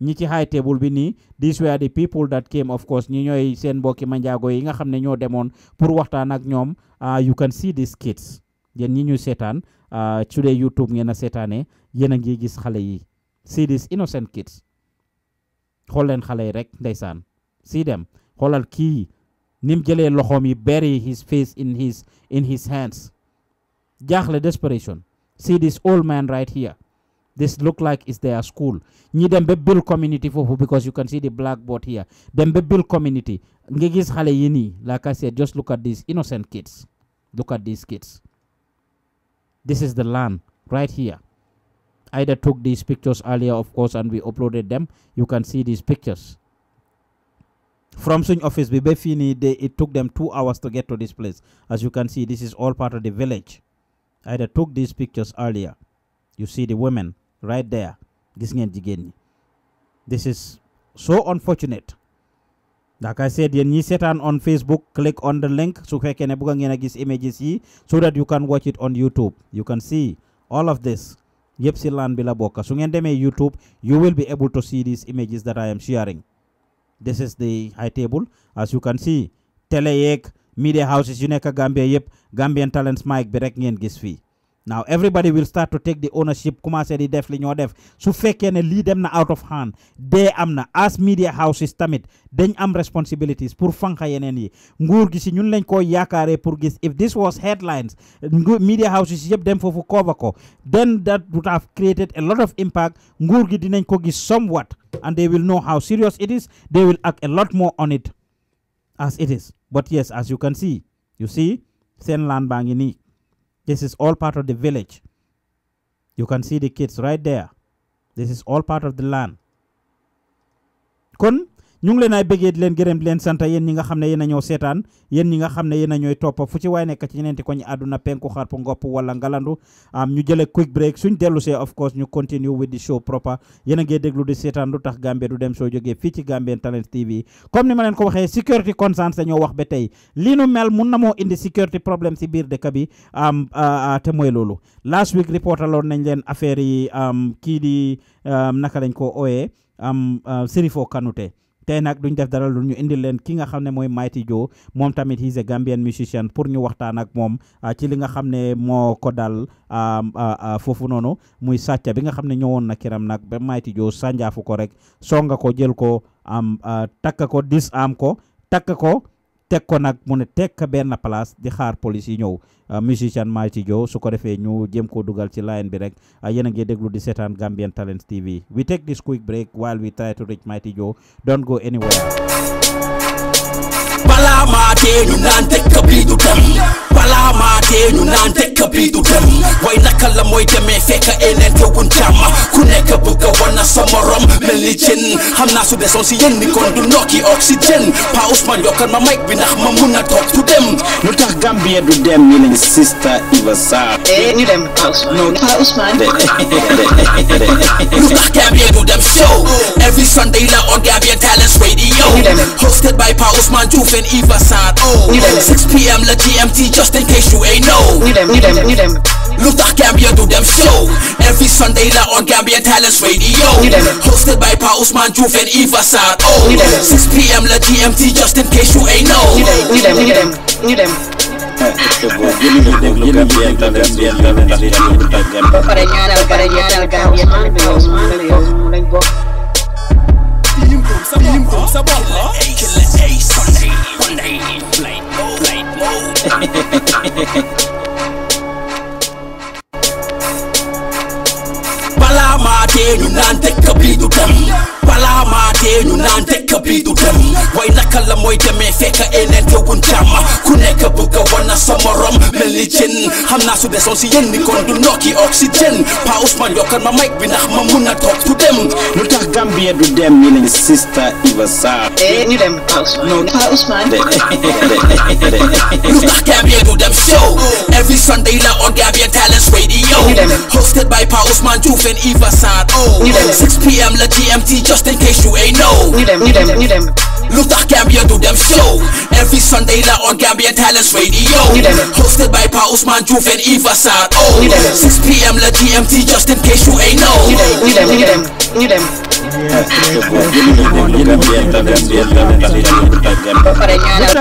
ñi ci high table bi nii these were the people that came of course ñi ñooy seen mbokki manjaago yi nga xam ne ñoo demoon pour waxtaan ak ñoom ah, you can see these kids yéen ñi ñu seetaan su ah, dee YouTube ngeen a seetaanee yéen a ngi gis xale yi see these innocent kids xool leen xale yi rek ndeysaan see them xoolal kii nim jëlee loxoom yi bury his face in his in his hands jaaxle desperation see this old man right here this look like is their school ñi dem be build community for who because you can see the blackboard here dem be build community nga hale yini. like I said just look at these innocent kids look at these kids this is the land right here Ida took these pictures earlier of course and we uploaded them you can see these pictures from Swing office we Fini, they, it took them two hours to get to this place as you can see this is all part of the village Ida took these pictures earlier you see the women right there gis ngeen jigéen ñi this is so unfortunate like I said yéen ñi seetaan on Facebook click on the link su fekkee ne bëgg ngeen a gis images yi so that you can watch it on YouTube you can see all of this yep si laan bi la bokk su ngeen demee YouTube you will be able to see these images that I am sharing this is the high table as you can see télé yeeg media houses yu nekk Gambia yëpp Gambian Talents Mike bi rek ngeen gis fii now everybody will start to take the ownership commencé di def li ñoo def su fekkee ne lii dem na out of hand dee am na as media houses tamit dañ am responsibilities pour fanqa yeneen yi nguur gi si ñun lañ koo yaakaaree pour gis if this was headlines media houses yëpp dem foofu cover ko then that would have created a lot of impact nguur gi dinañ ko gis somewhat and they will know how serious it is they will act a lot more on it as it is but yes as you can see you see seen laan baa ngi nii this is all part of the village. You can see the kids right there. This is all part of the land. Kun ñu ngi leen ay bëggee di leen gërëm di leen sant yéen ñi nga xam ne yéen a seetaan yéen ñi nga xam ne yéen a ñooy topp fu ci waay nekk ci ñeneenti koñ àdduna penku xarpu ngopp wala ngalandu ñu jële quick break suñ dellu see of course ñu continue with the show proper yéen a ngee déglu di seetaan lu tax Gambia du dem soo jógee fii ci Gambian Talents TV comme ni ma leen ko waxee security concerns dañoo wax ba tey lii nu mel mun na moo indi security problème si biir dëkk bi am te mooy loolu last week reportaloon nañ leen affaire yi kii di naka lañ ko ooyee am Sirifo Kanute tey nag duñ def dara lu ñu indil leen ki nga xam ne mooy Mighty Joe moom tamit he's a Gambian musician pour ñu waxtaan ak moom ah, ci li nga xam ne moo ko dal foofu noonu muy sàcca bi nga xam ne ñëwoon na kiram nag ba mayti Joe sànjaafu ko rek songa ko jël ko am ah, takk ko dis am ko takk ko tekko nak mu ne tek ben place di xaar police yi euh, musician ma Mighty Joe su ko defé ñu jëm ko dugal ci line bi rek euh, yéen deglu di setan Gambian talent TV we take this quick break while we try to reach Mighty Joe don't go anywhere. pala ñu du pala dama te nu nan deka bidu dem wai nakala moy deme feka enen to gun jama ku nekk bëgg wana sama rom jën xam naa su desoon si yéen ni kon du nokki oxygène pa Ousmane yokkal ma mic bi ndax ma mun a toog dem lu tax Gambia du dem ñu leen sister Iva Sarr eh ñu dem pa Ousmane pa Ousmane lu tax Gambia du dem show every Sunday la on Gambia Talents Radio hosted by Pa Ousmane Diouf and Iva oh 6 p.m. la GMT Justin case you ain't know. Need them, need them, need them. Luther Gambia do them show Every Sunday night on Gambia Talents Radio Hosted by Pa Usman Juf and Eva Sado 6pm la GMT just in case you ain't know Need them, need them, need them ba pare Palama te nunan te kabidu kam palama te ñu naan dëkk bi du dem way naka la mooy demee fekk eneen teewuñ jàmm ku a wan na sa morom mel ni su desoon si yéen ni du nokki oxygen. Pa Ousmane yokkal ma mic bi ndax ma mun a toog dem lu tax Gambia du dem ñu ne Sister Eva Sarr ñu dem Pa Ousmane Pa Ousmane lu tax Gambia du dem show every Sunday la on Gambia Talent Radio hosted by Pa Ousmane Diouf and oh 6 p.m. la GMT just just in case you ain't know. Need them, need them, need them. Luther Gambia do them show Every Sunday night on Gambia Talents Radio Hosted by Pa Usman Juf and Eva Sado 6pm la GMT just in case you ain't know Need them, need them, need them, knew them lu tax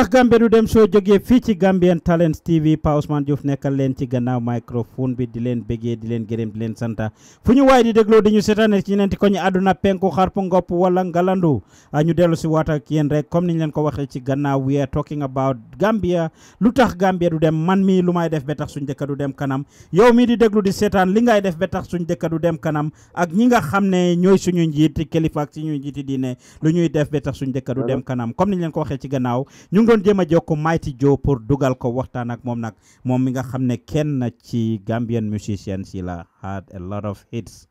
Gambian du dem soo jógee fii ci Gambian Talents TV Pa Ousmane Diouf nekkal leen ci gannaaw microphone bi di leen bëggee di leen gërëm di leen santa fu ñu waay di dégloo di ñu seetaane ci ñeenti koñ àdduna penku xarpu ngopp wala ngalandu ah, ñu dellu si waat ak rek comme niñ leen ko waxee ci gannaaw we are talking about Gambia lu tax Gambia du dem man mii lu may def be tax suñ dëkk du dem kanam yow mii di déglu di seetaan li ngay def ba tax suñ dëkk dem kanam ak ñi nga xam ne ñooy suñu njiit njiiti kilifa ak si ñuy njiiti diine lu ñuy def ba tax suñ dëkk du dem kanam comme niñ leen ko waxee ci gannaaw ñu ngi doon jéem a jokk Mighty Joe pour dugal ko waxtaan ak moom nag moom mi nga xam ne kenn ci Gambian musicians yi la had a lot of hits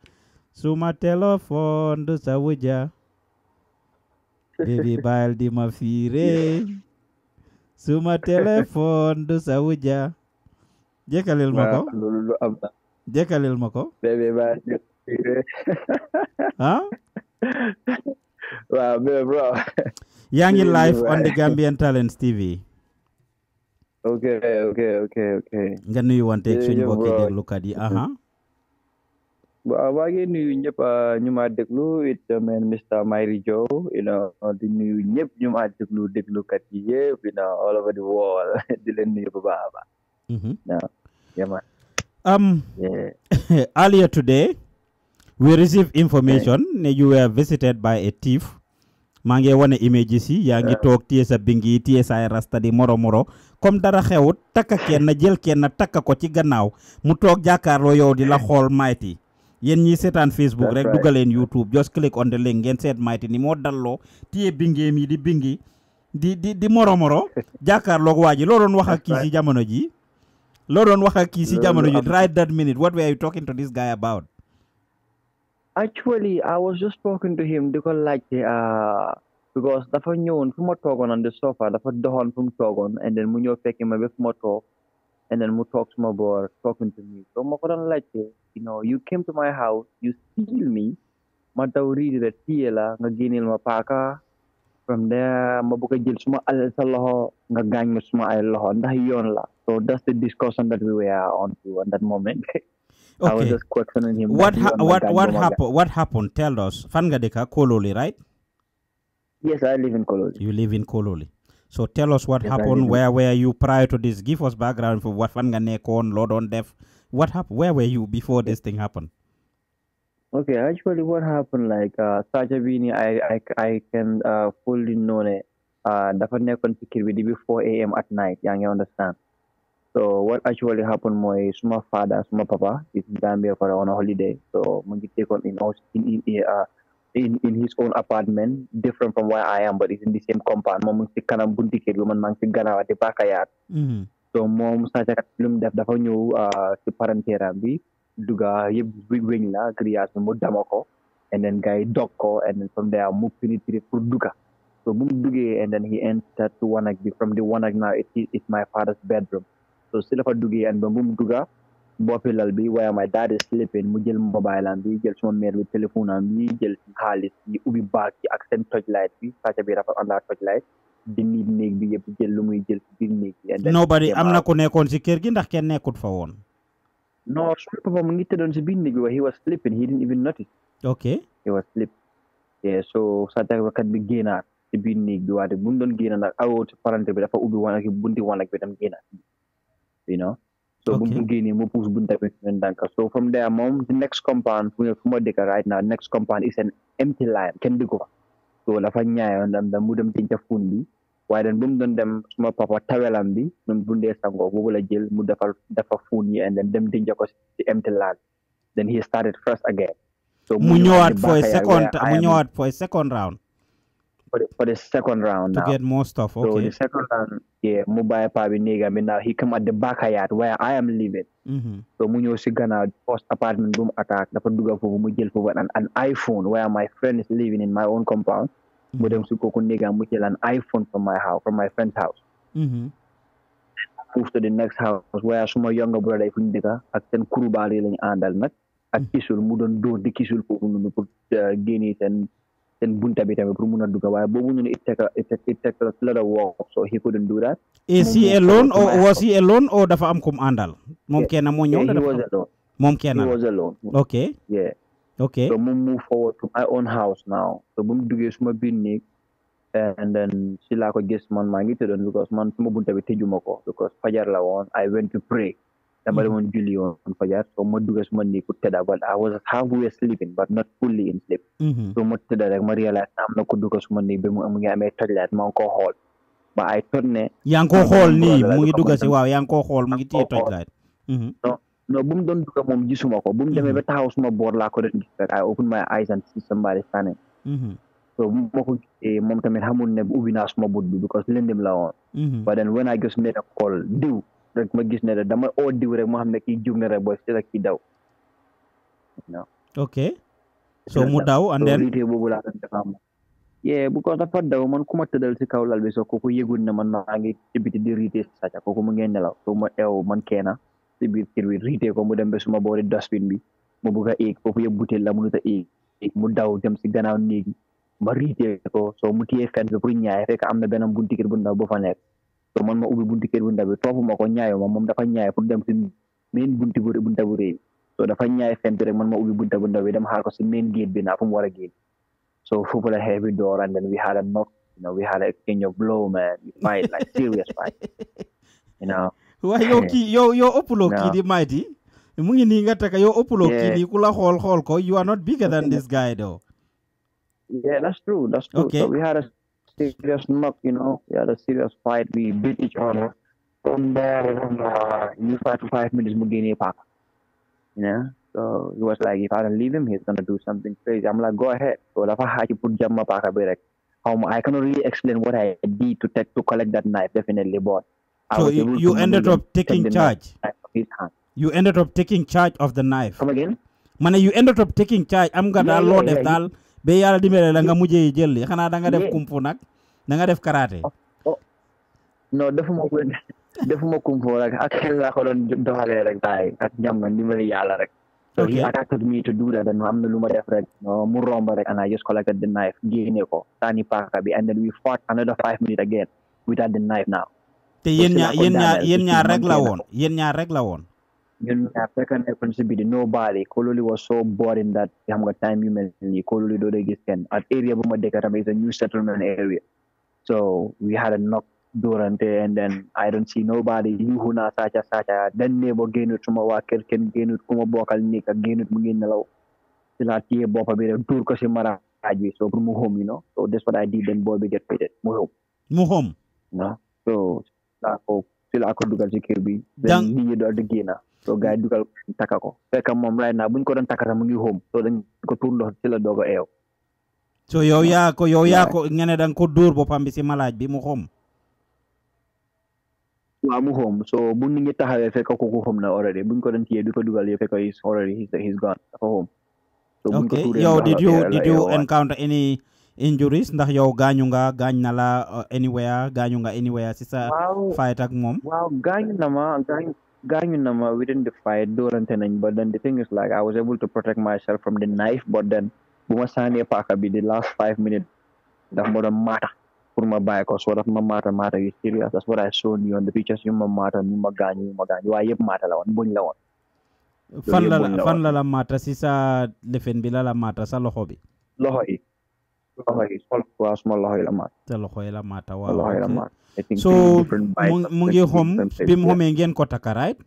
suma téléphone du sa wuja baby bayal di ma fiire suma téléphone du sa wuja jëkkalil ma ko jëkkalil ma ko ah waaw mais bro yaa ngi live on the Gambian Talents TV ok ok ok ok nga nuyu wante ak suñu mbokki déglukat yi aha waaw maa nuyu ñëpp ah, ñu ma déglu it uh, man Mr Mayri Jow you nuyu ñëpp ñu ma déglu déglukat yi yëpp you nuyu bu baax mhm. um, earlier today we received information ne you were visited by a thief maa ngi wane images yi yaa ngi toog téye sa bingi téye sa rasta di moro moro comme dara xewut takk kenn jël kenn takka ko ci gannaaw mu toog jàkkaarloo yow di la xool Mighty yéen ñii seetaan Facebook rek dugaleen YouTube just click on the link ngeen seet Mighty ni moo dalloo téye bingeem yi di bingi di di di moro moro jàkkaarloog waa ji loo doon wax a kii si jamono ji loo doon wax ak kii si jamono ji right that minute what were you talking Actually, I was just talking to him because like uh, because dafa for noon, from toogoon on the sofa dafa for fu from toogoon and then mu ñëw fekki ma ba fu ma and then mu toog suma boor talking to me so ma ko like, you know you came to my house you steal me ma daw riidi la téye la nga from there ma jil suma alal sa loxo nga gaañ ma suma ay loxo ndax la so that's the discussion that we were on to at that moment Okay. I was just questioning him. What ha- what what happened? What happened? Tell us. Fangadeka, Kololi, right? Yes, I live in Kololi. You live in Kololi. So tell us what yes, happened. Where were you prior to this? Give us background for what Fanganekon, Lord on death. What happened? Where were you before this thing happened? Okay, actually, what happened? Like uh, Sajabini, I I I can uh, fully know it. Uh, dapat nekon fikir with before 4 a.m. at night. Yeah, you understand? So what actually happened, my small father, small papa is in Gambia for on a holiday. So Mungi take on in in in, uh, in in his own apartment, different from where I am, but it's in the same compound. Mom si kanam bunti kid, man mang si ganawa pakayat. Mm-hmm. So mom sa sa katlum daf dafa ñew uh, ci parentera bi duga uh, yeb wing la grillage mo damako and then guy dog and then from there mu penetrate pour duga. So mum duge and then he entered to one like from the one like now it is my father's bedroom. so si la fa duggee an ba mu dugga boppi lal bi waya my dad is mu jël mobile am bi jël suma mère bi téléphone am bi jël xaalis yi ubbi baag ci ak seen torchlight bi sàcc bi dafa ànd ak torchlight di niit néeg bi yëpp jël lu muy jël biir néeg bi. nobody am na ku nekkoon si kër gi ndax kenn nekkut fa woon. non suma papa mu ngi tëddoon si biir néeg bi waaye he was di he didn't even notice. ok he was sleeping. yeah so bi génnaat si biir néeg bi waate bu mu doon génnaat nag awoo si bi dafa ubbi woon ak bunti bi tam génnaat. you know. So okay. Bumugini, Mupus Buntabendanka. So from there, mom, the next compound, we have Modica right now, the next compound is an empty land, Kendigo. So Lafanya and them, the Mudam Tinchafundi. mu dem suma papa tawelam bi ñun bundee sango boobu la jël mu defar dafa fuun yi and then dem dinja ko ci empty land then he started first again mu ñëwaat a second for a second round for the, for the second round to now. get more stuff. Okay. So the second round, yeah, Mobile I mean, now he come at the back yard where I am living. Mm-hmm. So Munyo Sigana, first apartment boom attack, the Paduga for Mujil for an, an iPhone where my friend is living in my own compound. But them mm-hmm. Sukoko Nega an iPhone from my house, from my friend's house. Mm-hmm. Move to the next house where some younger brother if Nega, at then Kurubali and Andal, not at mm-hmm. Kisul, Mudon, do the Kisul for it and seen bunta bi tamit pour mun a dugga waaye boobu ñu ne it take it take so he couldn't do that is alone or was alone or dafa am kum àndal moom kenn moo ñëw he was moom kenn he was alone ok yeah ok so mu move forward to my own house now so bu mu duggee suma biir néeg and then si laa ko gis man maa ngi tëddoon because man suma bunta bi juma ko because fajar la woon I went to pray Mhm. ma dugg suma nii ku tëdda but I was halfway sleeping but not fully in sleep mhm. so ma tëdda rek ma realize am na ku dugg suma nii bi mu ngi amee tojlaat ma ngi ko xool ba ay toj ne yaa ngi ko xool nii mu ngi dugg si waaw yaa ngi ko xool mu ngi mhm. demee ba taxaw suma boor laa rek I open my eyes and see somebody standing ma ko gisee tamit xamul ne suma bët bi because lëndëm la woon but then when I just made a call diw rek ma gis ne dama oo rek ma xam ne kii jub na rek booy si la kii daw. ok so mu daw and boobu laa doon defar moom. yee bu ko dafa daw man ku ma tëddal si kaw lal bi soo ku yëgul ne man maa ngi ci biti di riite si sàcca kooku mu ngeen nelaw soo ma eew man keena si biir kër bi ko mu dem ba suma boori dosbin bi mu bugg yëpp butéel la mu daw dem si gannaaw néegi ma riite ko soo mu téye fenn bi pour ñaay fekk am na benn buntikir bu ndaw bu fa nekk. to man ma ubi bunti kër bunta bi ma ko ñaayo ma mom dafa ñaay pour dem ci min bunti bu bunta bu so dafa ñaay fent rek man ma ubi bunta bunta bi dem xaar ko ci main gate bi na fu wara so foofu la heavy door and then we had a knock you know we had a king of blow man you fight like serious fight you know wa yo ki yo yo opulo ki di maay mu ngi ni nga taka yo opulo ki di kula la ko you are not bigger than this guy though yeah that's true that's true okay. so we had a serious knock, you know. We had a serious fight. We beat each other. From there, even uh, in five to five minutes, Mugini Pak. You know? So he was like, if I don't leave him, he's going to do something crazy. I'm like, go ahead. So Lafaha, you put Jamma Pak I cannot really explain what I did to take to collect that knife, definitely, but so you, ended up taking charge. You ended up taking charge of the knife. Come again? Man, you ended up taking charge. I'm gonna yeah, load yeah, yeah, be yàlla dimbale la nga mujjee jël li xanaa danga nga def kumpu nag danga def karaté. Oh, oh. non defuma ko defuma kumpu rek ak xel ko doon doxalee rek taay ak jàmm dimbali yàlla rek. ok so he attacked am na lu ma def mu romb rek and I just collected the knife génne ko sànni paaka bi and then we fought another five minutes again te yéen ñaar yéen ñaar yéen ñaar rek la woon yéen ñaar rek la woon. ñun ñaar fekk na nekkoon si biti nobody Kololi was so boring that xam nga time yu doo dee gis kenn at area bu ma dëkk tamit is a new settlement area so we had a knock doorante and then I don't see nobody yuuxu naa saaca saaca den nee bo génnut suma waa kër kenn génnut ku ma bokkal nekk ak génnut mu ngi nelaw si laa téye boppa bi rek duur ko si maraaj bi so pour mu home you know so that's what I did then boy bi get paid mu home mu home so si laa ko si laa ko dugal si kër bi then nit ñi dool di so gars yi dugal takka ko fekk moom right now buñ ko doon takka mu ko tuur ndox ci la doog a so yow yaa yow yaa ko ngeen da ko dóor boppam bi si malaaj bi mu home waaw mu home so bu nit ñi taxawee fekk kooku home na already buñ ko doon tiyee dugal so buñ ko tuuree yow did you did you encounter any injuries ndax yow gaañu nga gaañ na la uh, anywhere gaañu anywhere si sa fight ak moom waaw na ma gañu na ma we didn't the fight doorante nañ but then the thing is like I was able to protect myself from the knife but then bu ma saanee paaka bi the last five minutes daf ma doon maata pour ma bàyyi ko so daf ma maata maata yu serious that's what I saw you on the pictures yu ma maata yu ma gaañu yu ma gaañu waaye yëpp maata la woon buñ la woon fan la la fan la la maata si sa defen bi la la maata sa loxo bi loxo yi loxo yi sol waaw suma loxo yi la maata sa loxo yi la maata waaw loxo yi la maata I think so mu ngi xom bi mu ngeen ko takka right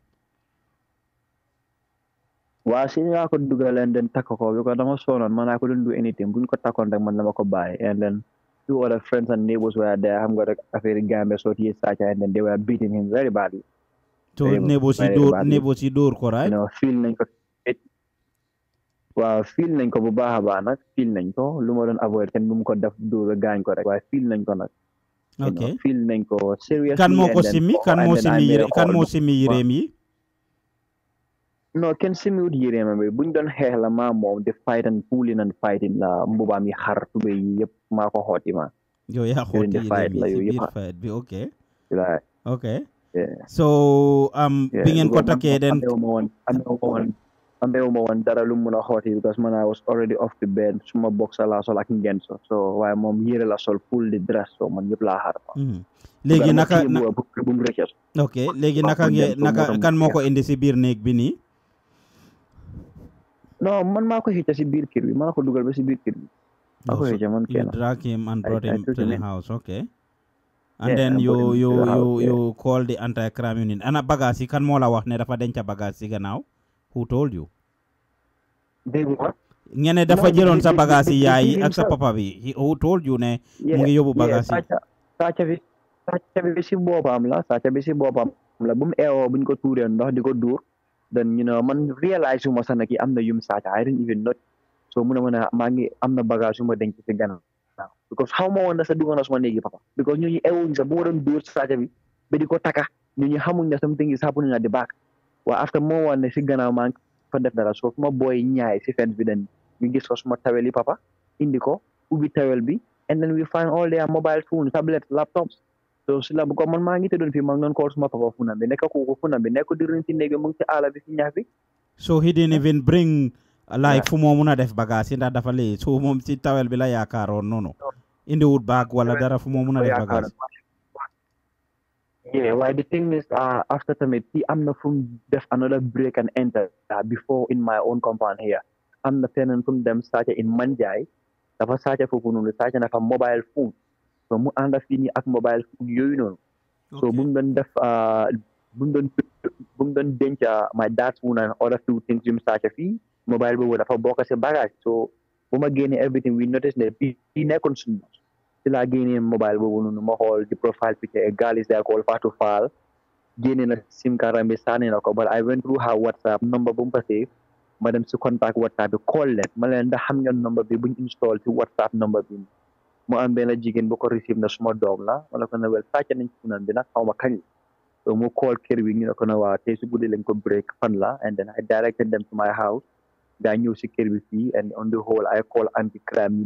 waaw si laa ko dugaleen den takk ko because dama ma man I couldn't do anything buñ ko takon rek man dama ko bàyyi and then two other friends and neighbors were there xam nga rek affaire Gambia soo tiye saaca and then beating him very badly so neighbors yi dóor neighbors yi ko right no nañ ko waaw feel nañ ko bu baax nag feel nañ ko lu ma doon avoid kenn bu ko def dóor gaañ ko rek waaye feel nañ ko nag ok feel nañ ko serious kan moo ko simmi kan moo simmi yére kan moo simmi yéreem yi non kenn simiwut yéreemam bi buñ doon xeex la moom di fight and pulling la mbubaam yi xar tubéy yi yëpp maa ko xooti ma yow yaa xooti yéreem yi ok ok so am bi ngeen ko den ambewuma woon dara lu mun a xooti because man I was already off the bed suma box la sol ak ngeen so so waaye moom la sol full di dress so man yëpp laa xaar legi naka bu mu ok legi naka ngeen naka kan moko indi si bir néeg bi nii man maa ko xëcca si biir kër bi maa ko dugal ba si bir kër bi maa ko xëcca man ya, drag him and brought him to the house ok and then you you you you call the anti crime unit ana bagage kan mau la wax ne dafa kanau? bagage gannaaw who told you ñene dafa jëloon sa bagage yi yaay ak sa papa bi who told you ne mu ngi yobu bagage yi ca bi sàcca bi ci bopam la ca bi ci bopam la bu mu eh, éwo oh, buñ ko touré ndox di dur Dan ñu you know man realize uma sana ki am na yum sàcca I didn't even know so mu ne ma ne ngi amna bagage yu ma denc ci gannaaw because how mo wonna sa dugg na suma neegi papa because ñooñu eewuñ sa bu ma dur sa ca bi be diko taka ah. ñu ñooñu xamuñ ne something is happening at the back waaw after moo woon ne si gannaaw maa ngi fa def dara soo ma booy ñaay si fence bi dañ ñu gis ko suma tawel yi papa indi ko ubbi tawel bi and then we find all their mobile phones tablets laptops so si la bu ko man maa ngi doon fii maa ngi doon call suma papa funam bi nekk ko funam bi nekk di rin si néeg bi mu ngi si àll bi si ñax bi so he didn't even fu moo mun a def bagage yi ndax dafa lii so moom si tawel bi la yaakaaroon noonu indiwut baag wala dara fu moo mun a def Yeah, well, the thing is, uh, after Tamiti, I'm not from just another break and enter uh, before in my own compound here. I'm the tenant from them started in Manjai. dafa saaca foofu noonu saaca na fa mobile phone so I'm fii nii at mobile phone yooyu noonu so bu mu doon def uh, bu uh, my dad's phone and other two things yu mu saaca fii mobile boobu dafa bokk si bagage so bu ma getting everything we notice ne fii nekkoon suñu ci laa génnee mobile boobu noonu ma xool di profile picture a girl is there called Fatou Fall génne na sim card am bi sànni na ko but I went through her WhatsApp number bu mu fa save ma dem si contact WhatsApp bi call leen ma leen ndax xam ngeen number bi buñ install si WhatsApp number bi mu am benn jigéen bu ko receive na suma doom la ma ne ko ne wel sàcce ma kañ so mu call kër bi ñu ne ko ne waa si guddi lañ ko break fan la and then I directed them to my house gaa ñëw si kër bi fii and on the whole I call anti crime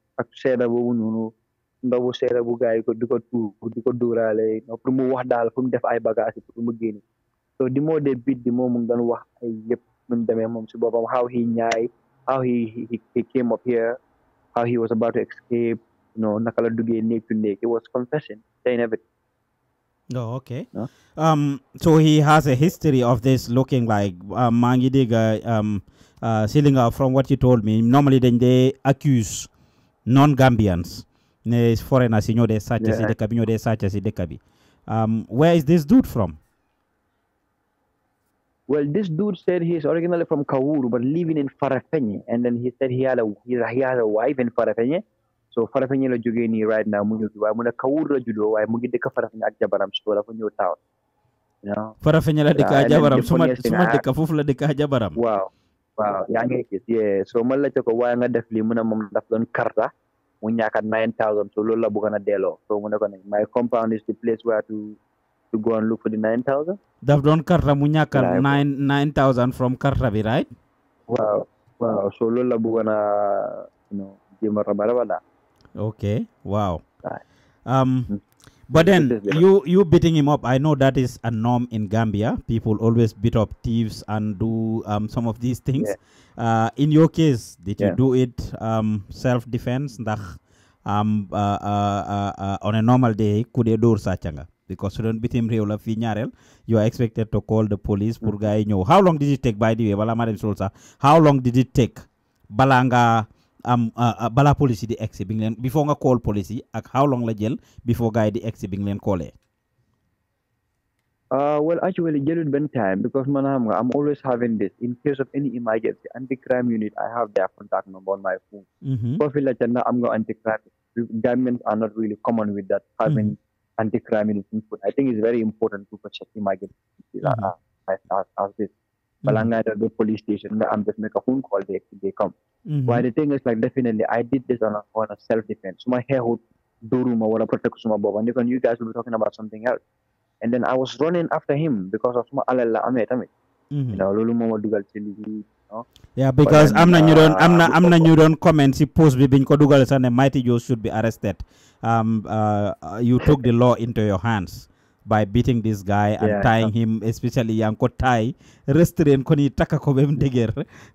ak seeda boobu noonu ndawu seeda bu yi ko di ko tuur di ko duuraale pour mu wax daal pour mu def ay bagage pour mu génn so the more they beat the more mu doon wax ay yëpp nu demee moom si boppam how he ñaay how he, he he came up here how he was about to escape you know naka la duggee néeg to néeg it was confession saying everything Oh, okay. No? Um, so he has a history of this looking like um, um, uh, Silinga, from what you told me. Normally, then they accuse non-Gambians, foreigners in your such as Idekabi, such as Idekabi. Um, where is this dude from? Well, this dude said he's originally from Kawuru, but living in Farafenye. And then he said he had a, he, he had a wife in Farafenye. So Farafenye la jógee nii right now mu ñëw waaye mu ne Kawuru la juddoo waaye mu ngi dëkk Farafenye ak jabaram so dafa ñëw town. Farafenye la dëkk ak jabaram su dëkk foofu la dëkk ak jabaram. waaw yaa ngi gis yee soo ma laajte ko waaye nga def lii mu ne moom daf doon karta mu ñaakaat nine thousand so loolu la bëggoon a delloo so mu ne ko ne my compound is the place where to go and look for the nine thousand daf doon karta mu ñaakaat nine nine thousand from karta bi right waaw waaw so loolu la bëggoon a you a raba raba daal ok waaw um, hmm. But then you you beating him up. I know that is a norm in Gambia. People always beat up thieves and do um, some of these things. Yeah. Uh, in your case, did yeah. you do it um, self defense? Um, uh uh, uh, uh, on a normal day, could you do such a because you don't beat him real you are expected to call the police pour mm. gaay how long did it take by the way bala how long did it take balanga am uh, uh, a police di egsi bi before nga call police ak how long la jël before guy the di egsi call nga leen callee. Uh, well actually jëlul benn time because I'm always having this in case of any emergency anti crime unit I have their contact number on my phone. koo feel like ca na am nga anti crime governments are not really common with that mm-hmm. having anti crime unit input I think it's very important to protect emergency mm-hmm. as as as this. balaa ngaa dem ba nga am def make a phone call they they come hmm. waaye the thing is like definitely I did this on a, on suma wala protect suma booba ni kon you guys will be talking about something else and then I was running after him because of suma alal la amee tamit hmm. loolu moo ma dugal ci lii because am na ñu doon am na ah, am na ñu doon comment si post bi biñ ko dugal sax ne Mighty Joe should be arrested um, uh, uh, you took the law into your hands by beating this guy and yeah, tying him, especially Yanko Tai, restrain koni taka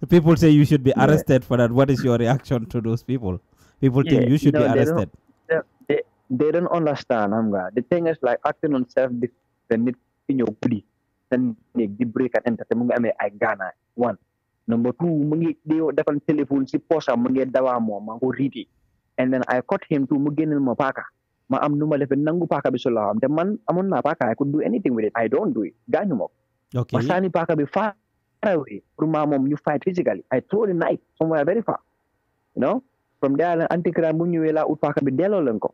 People say you should be arrested yeah. for that. What is your reaction to those people? People yeah, think you should no, be arrested. They don't, they, they don't understand, Amga. The thing is like acting on self defense in your body. Then you break and enter the munga I Ghana. Ah, one. Number two, mungi deo defan telephone si posa mungi dawa mo mango riti. And then I caught him to mugin in mapaka. ma am nu ma defee nangu paaka bi su la am te man amoon naa paaka I could do anything with it I don't do it gaañu ma ma sànni paaka bi far away pour ma moom ñu fight physically I throw the knife somewhere very far you know from there la anti crime bu ñëwee laa ut paaka bi delloo leen ko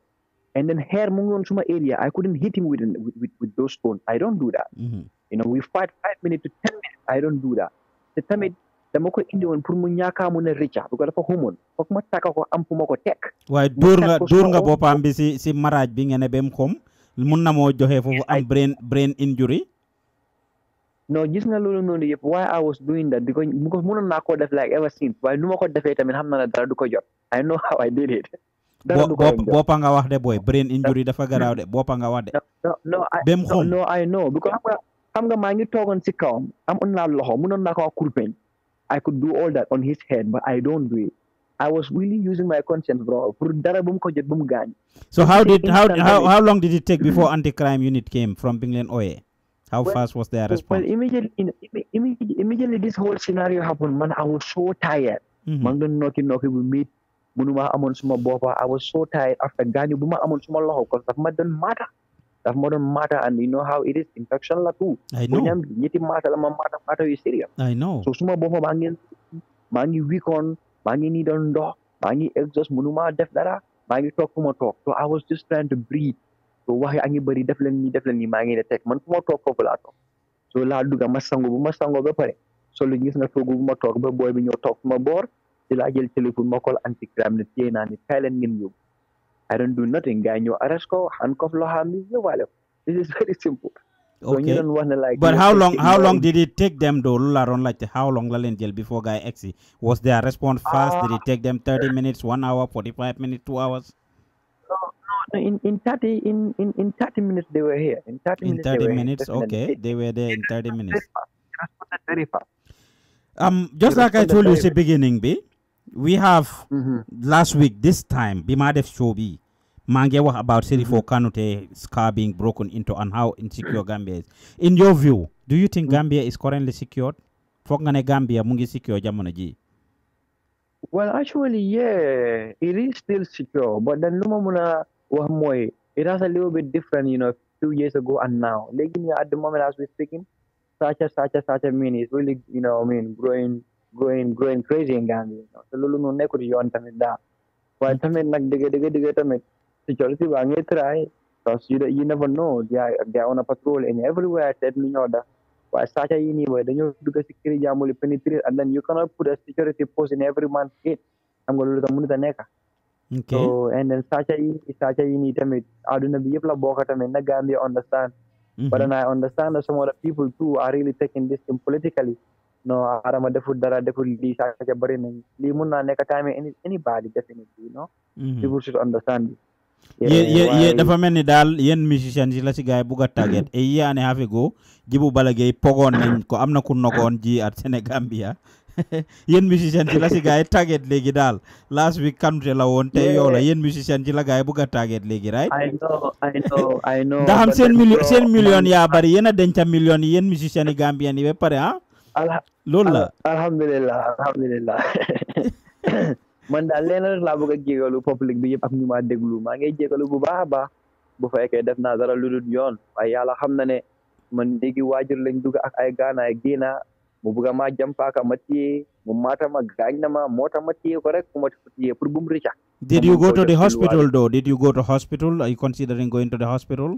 and then hair mu ngi woon suma area I couldn't hit him with those stones I don't do that. Mm-hmm. you know we fight five minutes to ten minutes I don't do that te tamit. dama ko indi woon pour mu ñaaka mun a rëcca bu ko dafa xumoon foog ma takka ko am fu ko tekk waaye dóor nga dóor nga bi si si maraaj bi ngeen ne bem mun na moo joxe foofu am brain brain injury non gis nga loolu noonu yëpp waaye I was doing that because mënoon def like ever since waaye nu ma ko defee tamit xam na ne dara du ko jot I know how I did it boppa nga wax de boy brain injury dafa garaaw de boppa nga wax de bem xom no I xam nga maa ngi toogoon ci kaw am un naa loxo mënoon naa ko wax kurpeñ I could do all that on his head, but I don't do it. I was really using my conscience, bro. So how did how how, how long did it take before anti-crime unit came from Binglen Oye? How well, fast was their response? Well, immediately, immediately, immediately, this whole scenario happened, man. I was so tired. Mm-hmm. Man, don't knock We meet. Munuma amon suma I was so tired after Gani. Buma amon suma loho. Cause that man don't matter. daf modern mata, and you know how it is infection la tu. I know ñam ñetti mata la ma mata yu serious I know so suma bopp maa ngi maa ngi weak on maa ngi exhaust menumpah def dara maa talk toog talk so I was just trying to breathe so wahai angin bari def leen ni def leen ni maa ngi ne man fu so lalu dugga kan, masang sango bu ma apa? pare so lu gis nga toogu bu ma toog ba booy bi ñëw toog fu ma boor ci jël téléphone ma call anti crime ni kaay ngeen I don't do nothing guy. yi ñëw arrest ko handcuff loxaam yi yóbbaale this is very simple. so don't wanna like. but how long how long did it take them though loolu laa like how long la before guy yi was their response fast did it ah. take them thirty minutes one hour forty five minutes two hours. in, in 30 in, in, in 30 minutes they were here in 30 minutes, in 30 minutes here, okay they were there in 30 minutes very fast. um just like i told you at the beginning b we have mm -hmm. last week this time Bimadef def Mangewa about city for mm-hmm. Kanute scar being broken into and how insecure Gambia is. In your view, do you think mm-hmm. Gambia is currently secured? Fogane Gambia mungi secure jamonaji. Well, actually, yeah, it is still secure, but then Lumamuna Wahmoy, it has a little bit different, you know, two years ago and now. Like at the moment as we're speaking, such a such a such a mean is really, you know, I mean, growing growing growing crazy in Gambia. So Lulu no nekuri yon But tamit nag dige dige tamit security baa ngi try because you, you never know they are, they a patrol and everywhere that ñu ñoo da waaye saaca yi nii mooy dañoo dugg si kër jàmbur yi penetrate and then you cannot put a security post in every man's gate xam nga loolu tam nekk so and then yi saaca tamit àdduna bi yëpp la bokk tamit na Gambia understand mhm. but then I understand that some other people too are really taking this thing politically no Adama deful dara deful lii saaca bëri lii mun naa nekk time anybody definitely you know mhm. people should understand yéen dafa mel ni daal yéen musiciens yi la si gars yi bugg a tàgget mm. et eh, yi yaa ne pogoon nañ ko am na ku nokoon ji at Sénégambia yéen musiciens yi la si gars yi léegi daal last week kanute la woon tey yow la yéen musiciens yi la gars yi bugg tàgget léegi right I seen million seen million yaa bari yéen a denca million yi yéen musiciens yi Gambien yi ba pare ah loolu la alhamdulilah man daal leen rek laa bëgg a jégalu public bi yëpp ak ñu maa déglu maa ngay jégalu bu baax a baax bu fekkee def naa dara lu dul yoon waaye yàlla xam na ne man léegi waajur lañ dugg ak ay gaanaay génna mu bëgg a maa jam paaka ma téye mu maata ma gaañ na ma moo tax ma téye ko rek ku ma téye pour bu mu rëcca Did you go to the hospital though? Did you go to hospital? Are you considering going to the hospital?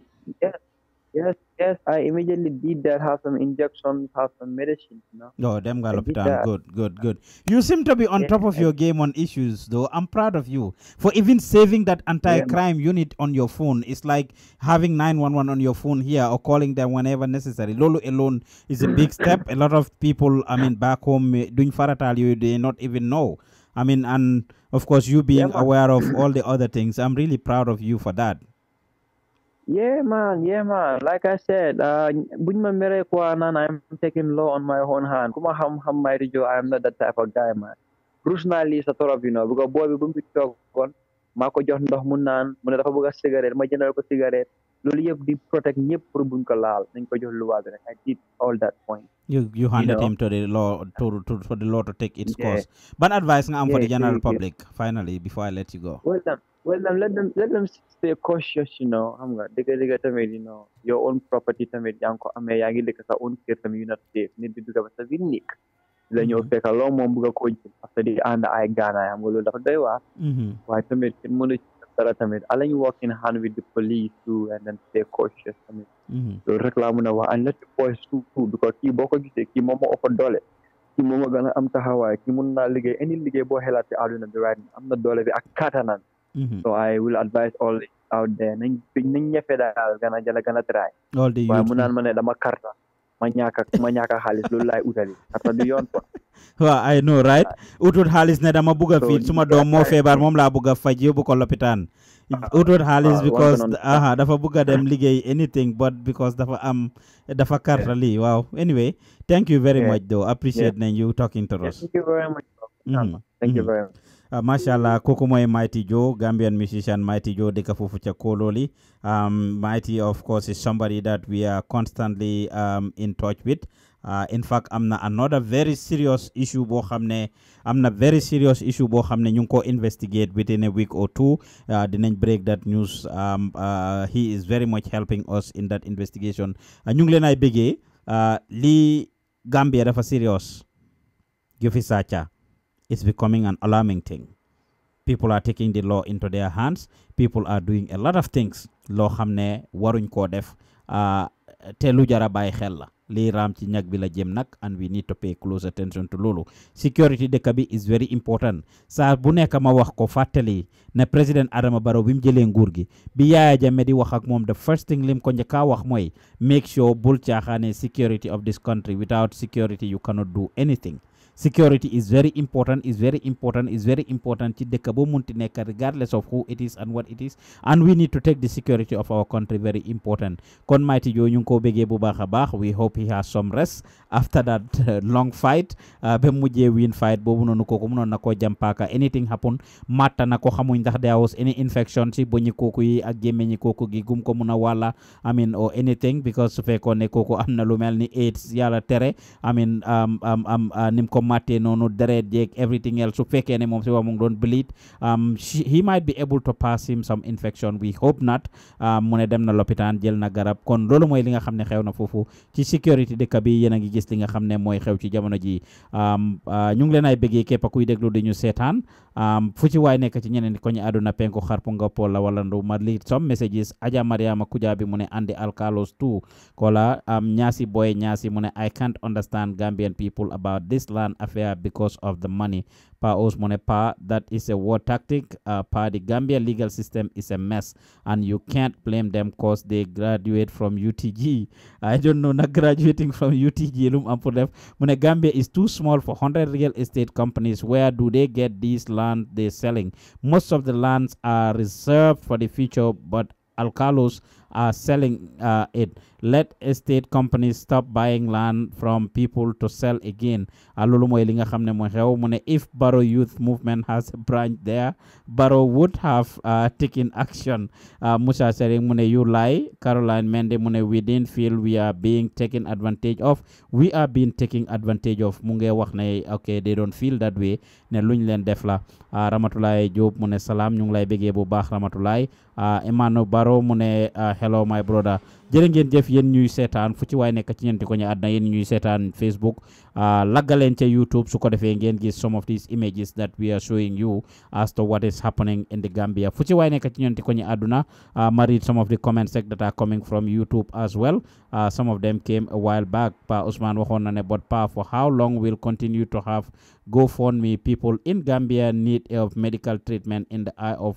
Yes, yes. I immediately did that. Have some injections, have some medicine. No, no. Them got I did Good, good, good. You seem to be on Yeah, top of I- your game on issues, though. I'm proud of you for even saving that anti-crime unit on your phone. It's like having 911 on your phone here or calling them whenever necessary. Lolo alone is a big step. A lot of people, I mean, back home eh, doing faratal, you they not even know. I mean, and of course, you being aware of all the other things. I'm really proud of you for that. Yeah, man. Yeah, man. Like I said, uh, buñ ma mere quoi, I'm taking law on my own hand. Kuma xam xam may rijo, I am not that type of guy, man. Rus naa lii sa torop, you know, because boy bi bu mu fi toogoon, maa ko jox ndox mu naan, mu ne dafa bëgg a cigarette, ma jëndal ko cigarette. loolu yëpp di protect ñëpp pour buñ ko laal nañ ko jox luwaa bi rek I did all that point. you you handed him to the law to to for the law to take its course. ban advice nga am for the general public finally before I let you go. let them let them stay cautious you know yaa ngi ko amee yaa ngi dëkk sa own kër tamit you not safe nit di dugg ba sa biir nekk. la ñëw mm-hmm. fekk loo moom bëgg a ko jël parce que di ay gaana am nga loolu dafa doy waar. Mm-hmm. waaye tamit kenn mënu dara tamit ala ñu work in hand with the police too and then stay cautious tamit mhm. loolu rek laa mun a wax and let the boys too because kii boo ko gisee kii moom moo ëpp doole kii moom moo gën a am taxawaay ki mun naa liggéey any liggéey boo xelaat ci àdduna bi right am na doole bi ak kaatanan mhm. so I will advise all out there nañ nañ daal gën a jëla gën a try waaye mu naan ma ne dama karta ma ñàkk a a xaalis loolu laay utali parce que du I know right utut xaalis ne dama bugg a fii suma doom moo feebar moom laa bugg a faj yóbbu ko lopitaan ah, ah. utut xaalis because aha dafa bugg a dem liggéey anything but because dafa am dafa karta lii waaw anyway thank you very much though appreciate nañ you talking to us Ah, macha allah kooku mooy Mighty Joe Gambian musician Mighty Joe dëkk foofu ca Kololi um, Mighty of course is somebody that we are constantly um, in touch with uh, in fact am na another very serious issue boo xam ne am na very serious issue boo xam ne ñu ngi ko investigate within a week or two ah, dinañ break that news um, uh, he is very much helping us in that investigation ñu ngi leen ay bëggee lii Gambia dafa serious gi fi it's becoming an alarming thing. People are taking the law into their hands. People are doing a lot of things. loo xam ne waruñ koo def ah, te lu jara bàyyi xel la lii raam ci ñag bi la jëm nag and we need to pay close attention to loolu security dëkk bi is very important saa bu nekk ma wax ko fàttali ne président Adama Barrow bi mu jëlee nguur gi bi Yaya Jammeh di wax ak moom the first thing lim ko njëkkaa wax mooy make sure bul caaxaane security of this country without security you cannot do anything security is very important is very important is very important ci dëkk boo munti regardless of who it is and what it is and we need to take the security of our country very important kon Mighty ko bege bu we hope he has some rest after that uh, long fight uh, ba mujjee win fight boobu noonu kooku mënoon anything happen Mata na ko xamuñ ndax was any infection ci boñi kooku yi ak gémmeñi kooku gi gum ko I mean or anything because su fekkoon ne kooku lu mel ni AIDS yàlla tere I mean um um am um, uh, nim ko màttee noonu deret jeeg everything else su fekkee ne moom si wax mu doon bleed um, he might be able to pass him some infection we hope not um, mu ne dem na lopitaan jël na garab kon loolu mooy li nga xam ne xew na foofu ci sécurité dëkk bi yéen a ngi gis li nga xam ne mooy xew ci jamono ji um, uh, ñu ngi leen ay bëggee képp kuy déglu di ñu seetaan fu ci waay nekk ci ñeneen ko ñu àdduna penku xarpu nga pol la wala ndu ma li some messages Aja Mariama Kujabi mu ne andi affair because of the money. Pa money Pa, that is a war tactic. Uh, pa, the Gambia legal system is a mess, and you can't blame them because they graduate from UTG. I don't know, not graduating from UTG. Lum Ampodef. Mune Gambia is too small for 100 real estate companies. Where do they get these land they're selling? Most of the lands are reserved for the future, but Alcalos are selling uh, it. let estate companies stop buying land from people to sell again ah, loolu mooy li nga xam ne mooy xew mu ne if Barrow youth movement has a branch there Barrow would have ah, taken action ah, Musa Sering mu ne you lie Caroline Mende mu ne we didn't feel we are being taken advantage of we are being taken advantage of mu ngi wax ne ok they don't feel that way ne luñ leen def la ah, Ramatulaay Diop mu ne salaam ñu ngi lay bëggee bu baax Ramatulaay ah, Emmanuel Baro mu ne ah, hello my brother jërë ngeen jëf yéen ñuy seetaan fu ci waay nekk ci ñeenti ko ñu àddina yéen ñuy seetaan Facebook Uh, laggaleen ca YouTube su ko ngeen gis some of these images that we are showing you as to what is happening in the Gambia fu ci waay nekk ci ñoom ti ko uh, some of the comments that are coming from YouTube as well uh, some of them came a while back Pa Ousmane waxoon but Pa for how long will continue to have GoFundMe people in Gambia need of medical treatment in the eye of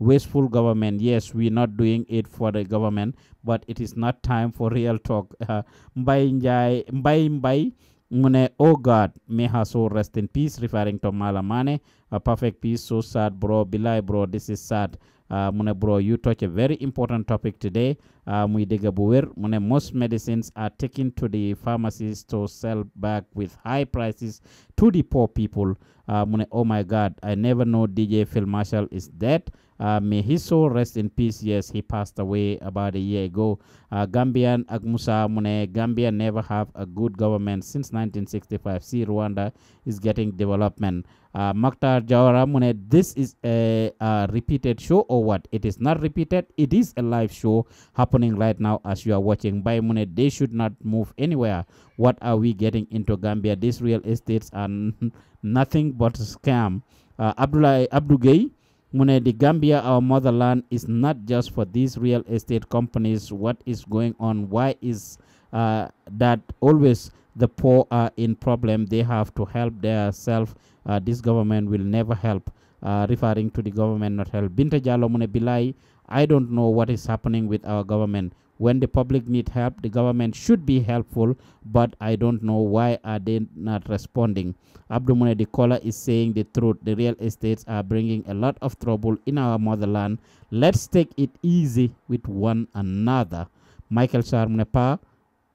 wasteful government yes we are not doing it for the government but it is not time for real talk Bye Ndiaye bye Mbaye Mune, oh God, may her soul rest in peace, referring to Malamane, a perfect peace, so sad, bro, belay, bro, this is sad. Uh, mune, bro, you touch a very important topic today. Uh, mune, most medicines are taken to the pharmacies to sell back with high prices to the poor people. Uh, mune, oh my God, I never know DJ Phil Marshall is dead. Uh, may his soul rest in peace. Yes, he passed away about a year ago. Uh, Gambian Agmusa Mune, Gambia never have a good government since 1965. See, Rwanda is getting development. Uh, Maktar Jawara Mune, this is a, a repeated show or what? It is not repeated. It is a live show happening right now as you are watching. By Mune, they should not move anywhere. What are we getting into Gambia? These real estates are nothing but scam. Uh, Abdullah Abdugay mu ne the Gambia our motherland is not just for these real estate companies what is going on why is uh, that always the poor are in problem they have to help their self uh, this government will never help uh, referring to the government not help Binta Jallow mu ne bilaay I don't know what is happening with our government. When the public need help, the government should be helpful, but I don't know why are they not responding. Abdumune the caller is saying the truth. The real estates are bringing a lot of trouble in our motherland. Let's take it easy with one another. Michael Sharmnepa,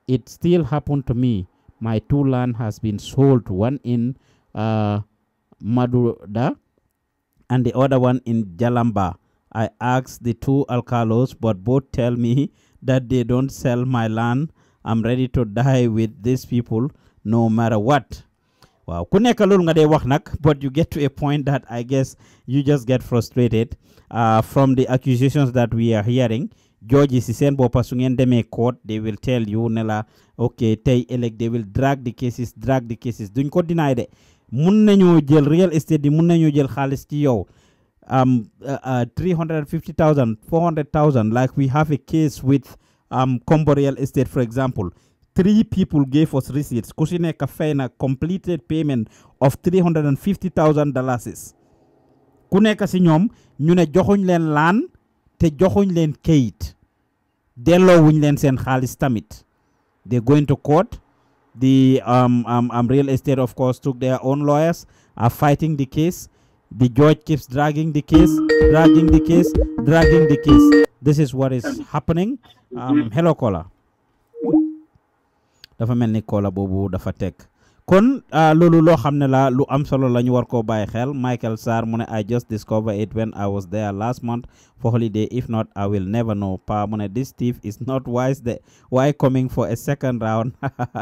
it still happened to me. My two land has been sold, one in uh, and the other one in Jalamba. I asked the two alcalos, but both tell me that they don't sell my land. I'm ready to die with these people no matter what. Wow. But you get to a point that I guess you just get frustrated uh, from the accusations that we are hearing. George is saying, Bopa Sungen Deme court, they will tell you, Nela, okay, Tay elect, they will drag the cases, drag the cases. Don't deny it. Mun nañu jël real estate di mun nañu jël xaalis ci yow um, uh, uh, 350,000, 400,000, like we have a case with um, Combo Real Estate, for example. Three people gave us receipts. Kusine Kafena completed payment of $350,000. ku kasi si ñoom ñu ne te joxuñ leen kayit delloowuñ leen seen tamit they going to court the um, um, um, real estate of course took their own lawyers are fighting the case the judge keeps dragging the case dragging the case dragging the case this is what is happening um, hello caller dafa mel ni caller boobu dafa teg kon ah, loolu loo xam ne la lu am solo war xel Michael Sarr I just discovered it when I was there last month for holiday if not I will never know pa mu this thief is not wise the why coming for a second round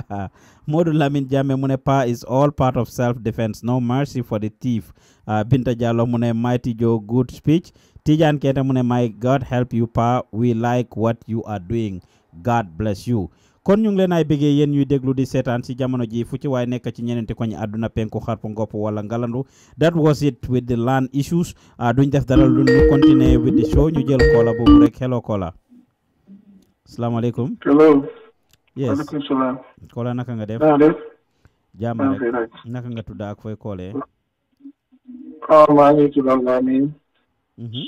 Modou Lamine Jammeh mu pa is all part of self defense no mercy for the thief ah, Binta Jallo mu mighty Joe good speech Tijan Kete mu my God help you pa we like what you are doing God bless you kon ñu ngi leen ay bëggee yeen ñuy déglu di seetaan si jamono ji fu ci waaye nekk ci ñeneenti koñ aduna penku xarpu ngopp wala ngalandu that was it with the land issues ah, duñ def dara lu ñu continuer with the show ñu jël koola boobu rek hello koola asalaamaaleykum hello yes waaleykum koola naka nga def jàmm rek naka nga tudd ak fooy koolee ah maa ngi tudd Lamine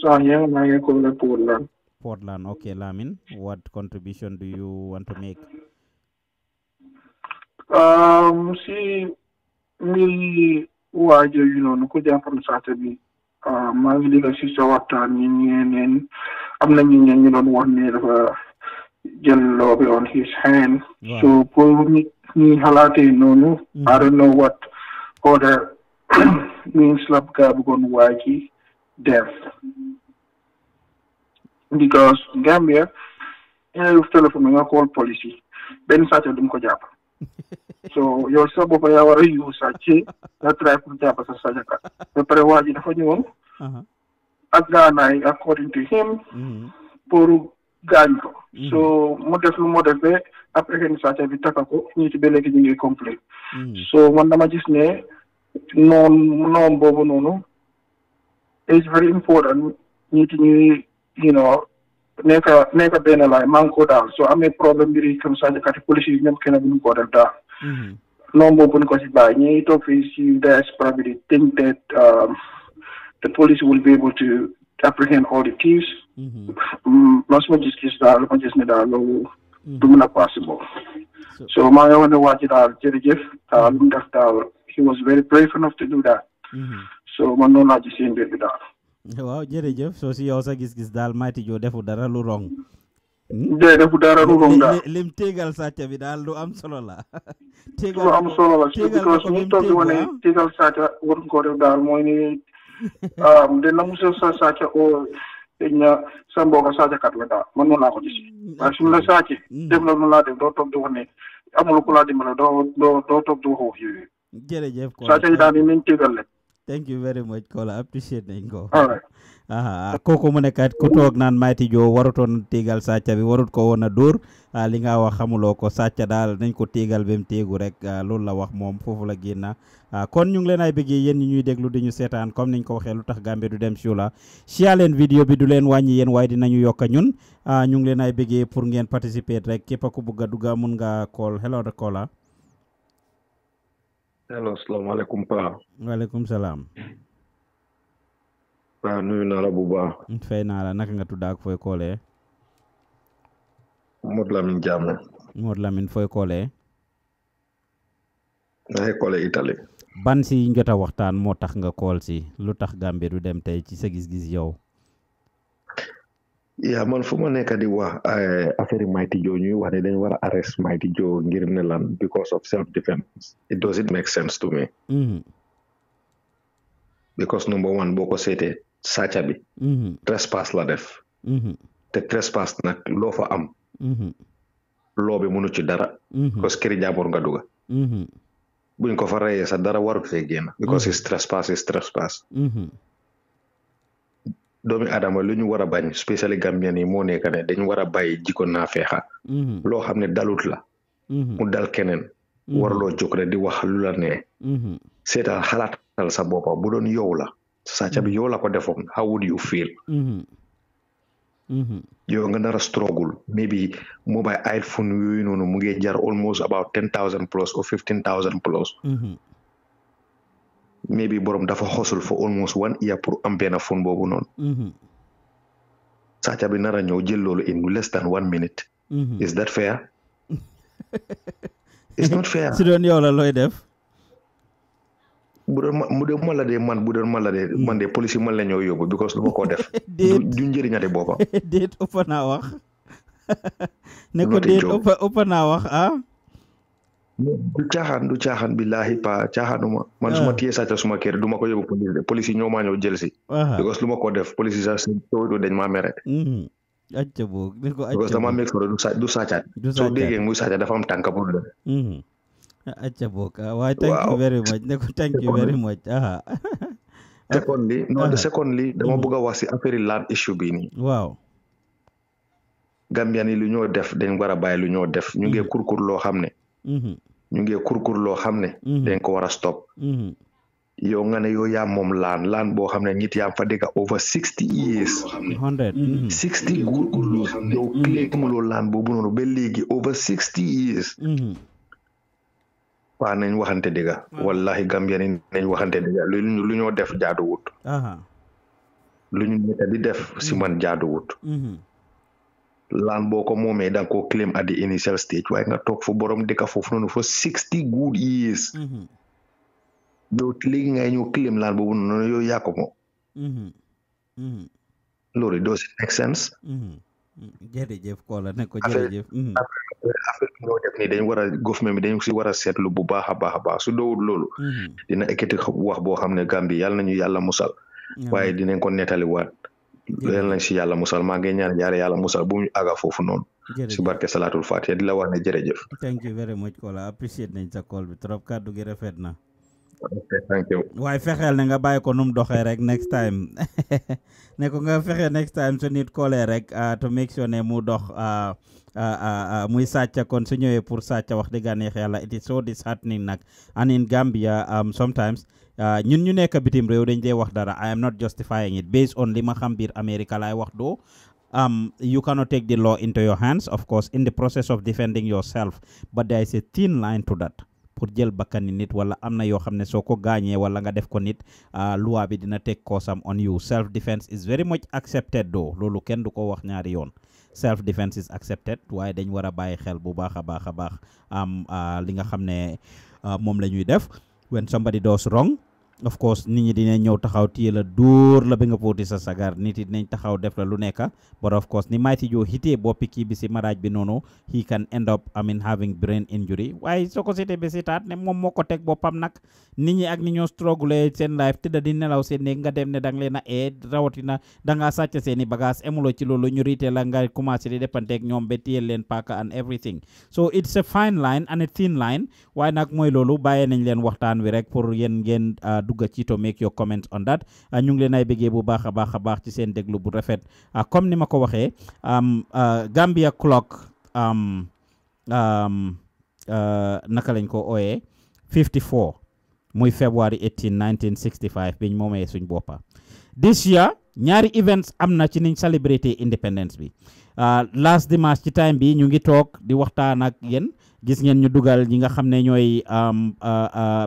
sax yéen maa ngi koolee pour lan Portland. Okay, Lamin, what contribution do you want to make? Um, see, me, waje, you know, nukuja hapa Saturday. Uh, maa ngi liggéey si sa waxtaan yi ñeneen am na ñu ñeen ñu doon wax ne dafa jël on his hand wow. so pour ñi ñi xalaatee noonu mm. i don't know what order means la gaa bëggoon death. def because Gambia dina def téléphone you call policy. benn sàcc du mu ko jàpp so yow sa bopp yaa war a yu sàcc nga try pour jàpp sa sàccaka ba pare waa ji dafa ñëwoon uh-huh. ak gaanaay according to him mm-hmm. pour gaañ ko mm-hmm. so mu def lu mu def ba après ni sàcc bi takka ko ci ba léegi ngi complain mm-hmm. so man dama gis ne noon noon boobu noonu is very important ñii ci ñuy you know neka neka bene la man ko dal so amé problème bi comme ça kati police yi ñom kena buñ ko def dal non bo buñ ko ci bay ñi tok fi ci there's probably think that um, the police will be able to apprehend all the thieves mm-hmm. mm, Most ma gis gis dal ma gis ne dal lo du mëna possible so ma nga wone waji dal jërëjëf dal lu ndax dal he was very brave enough to do that mm -hmm. so man non la gis seen bi dal waaw jërëjëf soo si yow sa gis-gis daal Mati Joe defu dara lu rong. Hmm? dee defu dara lu rong daal lim tegal sàcca bi daal du am solo la. tegal lu am solo la tegal ko ah? koo def daal mooy ni ah, dina musal sa sàcca oo oh, dañ na sa mbokk sàcca la daal man noonu laa ko gis. Hmm, waaye suñu la sàcce. Hmm. def la noonu laa def doo toog di wax ne amul ku laa dimbale doo toog di wax yooyu. jërëjëf kon sàcca yi daal ni nañ tegal leen. thank you very much Kola appreciate nañ ko aha kooku mu nekkat ku toog naan Mighty Joe warutoon tiigal sàcca bi warut ko woon a dóor ah, li nga wax xamuloo ko sàcca daal nañ ko tiigal ba mu téegu rek ah, loolu la wax moom foofu la génna ah, kon ñu ngi leen ay bëggee yéen ñi ñuy déglu di ñu seetaan comme niñ ko waxee lu tax Gambia du dem show la share leen vidéo bi du leen wàññi yéen waaye dinañu yokk ñun ñu ngi leen ay bëggee pour ngeen participer rek képp ku bëgg dugga dugg nga call hello allo salaamaaleykum Pa. waaleykum salaam. Pa nuyu naa la bu baax. fay naa la naka nga tudd ak fooy koolee. Modou Lamine Diame. Modou Lamine fooy koolee. naay koolee Italie. ban si njota waxtaan moo tax nga kool si lu tax Gambie du dem tey ci sa gis-gis yow. Ya, man fu ma nekk di wax eh, affaire Mighty Joe ñuy wax ne dañ war arrest Mighty Joe ngir ne lan because of self defense it doesn't make sense to me mm-hmm. because number one sété ko bi mm -hmm. trespass la def mm-hmm. te trespass nak lofa fa am mm-hmm. lo bi mënu ci dara because këri jabor nga duga buñ ko fa rayé sa dara waru fee génn because it's trespass it's trespass doomi aadama lu ñu war a bañ spécially Gambien ni moo nekk ne dañu war a bàyyi jikko naa feexa mhm. loo xam ne dalut la mhm. mu dal keneen mhm. waraloo jóg rek di wax lu la nee seetal xalaatal sa boppa bu doon yow la sàcca bi yow la ko defoon how would you feel yow nga nar a struggle maybe mobile iPhone yooyu noonu mu ngi jar almost about ten thousand plus or fifteen thousand plus maybe boroom dafa xosul for almost one year pour am benn phone boobu noonu. Mm-hmm. sàcca bi nar a ñëw jël loolu in less than one minute. Mm-hmm. is that fair. it's doon yow looy def. bu doon ma bu doon ma la man bu doon ma la dee man de police man la ñëw yóbbu because du ma koo def. déet du njëriñate boppam. déet ëpp naa wax. ne déet ëpp naa wax ah. du caaxaan du billahi pa caaxaanuma man suma tiesa ah. sàcca suma kër duma ko yóbbu police police ñoo jël si ah. because lu ma ko def police sa sen seen do dañ méré hmm acca bo ne ko acca because dama make ko du sa du sàccaat soo déggee muy sàcca dafa am bu do hmm acca ka waaye thank you very much ne ko thank you very much aha secondly no the ah. secondly dama hmm. bëgg wax ci affaire land issue bi ni wow Gambian yi lu ñoo def dañ wara bay lu ñoo def ñu ngi hmm. kurkur lo xamne Mm-hmm. ñu ngi kurkur lo xamne mm-hmm. dañ ko wara stop mm-hmm. yo nga ne yo ya mom lan lan bo xamne nit ya fa diga over 60 years 100 60 kurkur lo xamne yo lan bo bu nonu be legi over 60 years pa nañ waxante diga wallahi gambian nañ waxante diga lu ñu def jaadu wut aha luñu neta def si man jaadu wut land boo ko moomee da nga ko claim at the initial stage waaye nga toog fo borom dëkk foofu noonu for sixty good years. Mm-hmm. yow ngay ñëw claim land boobu noonu yow yaa ko moom. Mm-hmm. Mm-hmm. loolu does it make sense. jërëjëf Kola ne ko def nii dañ war a government bi dañ si war a seetlu bu baax a baax a baax su dowul loolu. dina ekkati wax boo xam ne Gambie yàlla nañu yàlla musal. waaye dinañ ko nettaliwaat. leen si yàlla musal maa ngi ñaan ñaare yàlla musal bu mu aga foofu noonu si barke salaatul fatiha di la wax ne jërëjëf thank you very much Kola appreciate nañ sa call bi trop kàddu gi rafet na waaye fexeel ne nga bàyyi ko nu mu doxee rek next time ne ko nga fexe next time su nit koolee rek uh, to make sure ne mu dox uh, Ah, ah, ah, muy sàcca kon su ñëwee pour sàcca wax dëgg neex yàlla it is so disheartening nag and in Gambia um, sometimes ñun ñu nekk bitim réew dañ dee wax dara I am not justifying it based on li ma xam biir America laay wax doo Um, you cannot take the law into your hands, of course, in the process of defending yourself. But there is a thin line to that. pour jël bakkani nit wala am na yoo xam ne soo ko gaañee wala nga def ko nit loi bi dina teg koosam on you self defense is very much loolu kenn du ko wax ñaari yoon self defense is accepted waaye dañ war a bàyyi xel bu baax a baax a baax am ah, li nga xam ne ah, moom la ñuy def when somebody does wrong of course nit ñi dinañ ñëw taxaw téye la dóor la bi nga pooti sa sagar nit yi dinañ taxaw def la lu nekk but of course ni Mighty Joe hitee boppi kii bi si maraaj bi noonu he can end up I mean having brain injury waaye soo ko seetee ba seetaat ne moom moo ko teg boppam nag nit ñi ak ni ñoo struggle seen life te da di nelaw seen néeg nga dem ne danga leen a ee rawatina i bagage emuloo ci loolu ñu riite la nga commencé di depanteeg ñoom ba téye leen paaka and everything so a fine line and a thin line waaye nag mooy loolu duga ci to make your comment on that ah, ñu ngi lay ay bu baaxa baaxa baax ci seen déglu bu rafet ah, comme ni ma ko waxee ah, Gambia clock naka lañ ko oyé 54 muy February 18 1965 biñ momé suñ bopa this year ñaari events am ci niñ celebrate independence bi last dimanche ci time bi ñu ngi tok di waxtaan ak yeen gis ngeen ñu dugal ñi nga xam ne ñooy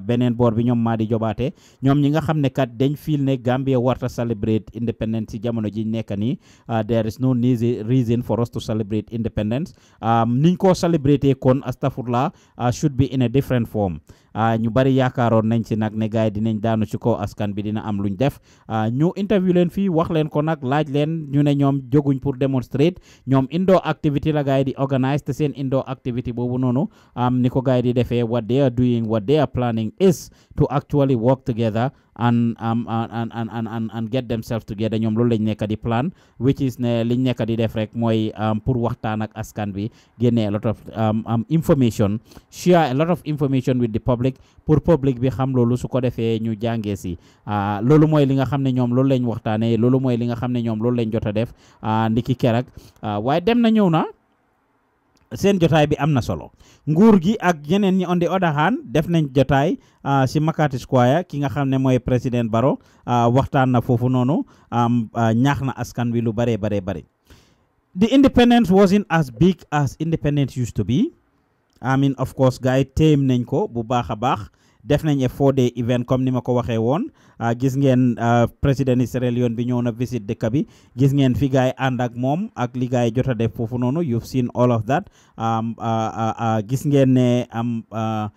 beneen boor bi ñoom maa di jobaate ñoom ñi nga xam ne kat dañ fiil ne Gambia warta celebrate independence ci jamono ji nekk nii there is no reason for us to celebrate independence niñ ko celebrate kon astafurlah should be in a different form Ah, ñu bari yaakaaroon nañ si nag ne gars yi dinañ daanu si ko askan bi dina am luñ def ah, ñu interview leen fii wax leen ko nag laaj leen ñu ne ñoom joguñ pour demonstrate ñoom indoor activity la gars yi di organise te seen indoor activity boobu noonu am ni ko gars di defee what they are doing what they are planning is to actually work together and um, and, and, and, and, get themselves ñoom loolu lañ nekk di plan which is ne liñ nekk di def rek mooy um, pour waxtaan ak askan bi génne a lot of um, um, information share a lot of information with the public pour public bi xam loolu su ko defee ñu jàngee si ah, loolu mooy li nga xam ne ñoom loolu lañ waxtaanee loolu mooy li nga xam ne ñoom loolu lañ jot def ah, ndiki kerak ah, waaye dem na ñëw na seen jotaay bi am na solo nguur gi ak ñeneen ñi on the other hand def nañ jotaay ah, si Makati Square ki nga xam ne mooy président baro ah, waxtaan na foofu noonu ah, ñaax na askan wi lu bare bare bari the independence wasn't as big as independence used to be I mean of course gars yi téem nañ ko bu baax a baax def nañ a e four day event comme ni ma ko waxee woon ah, gis ngeen ah, président Sierra yoon bi ñëw na visit dëkk bi gis ngeen fi gaay ànd ak moom ak li gaay jot a def foofu noonu you've seen all of that um, ah, gis ngeen ne am um,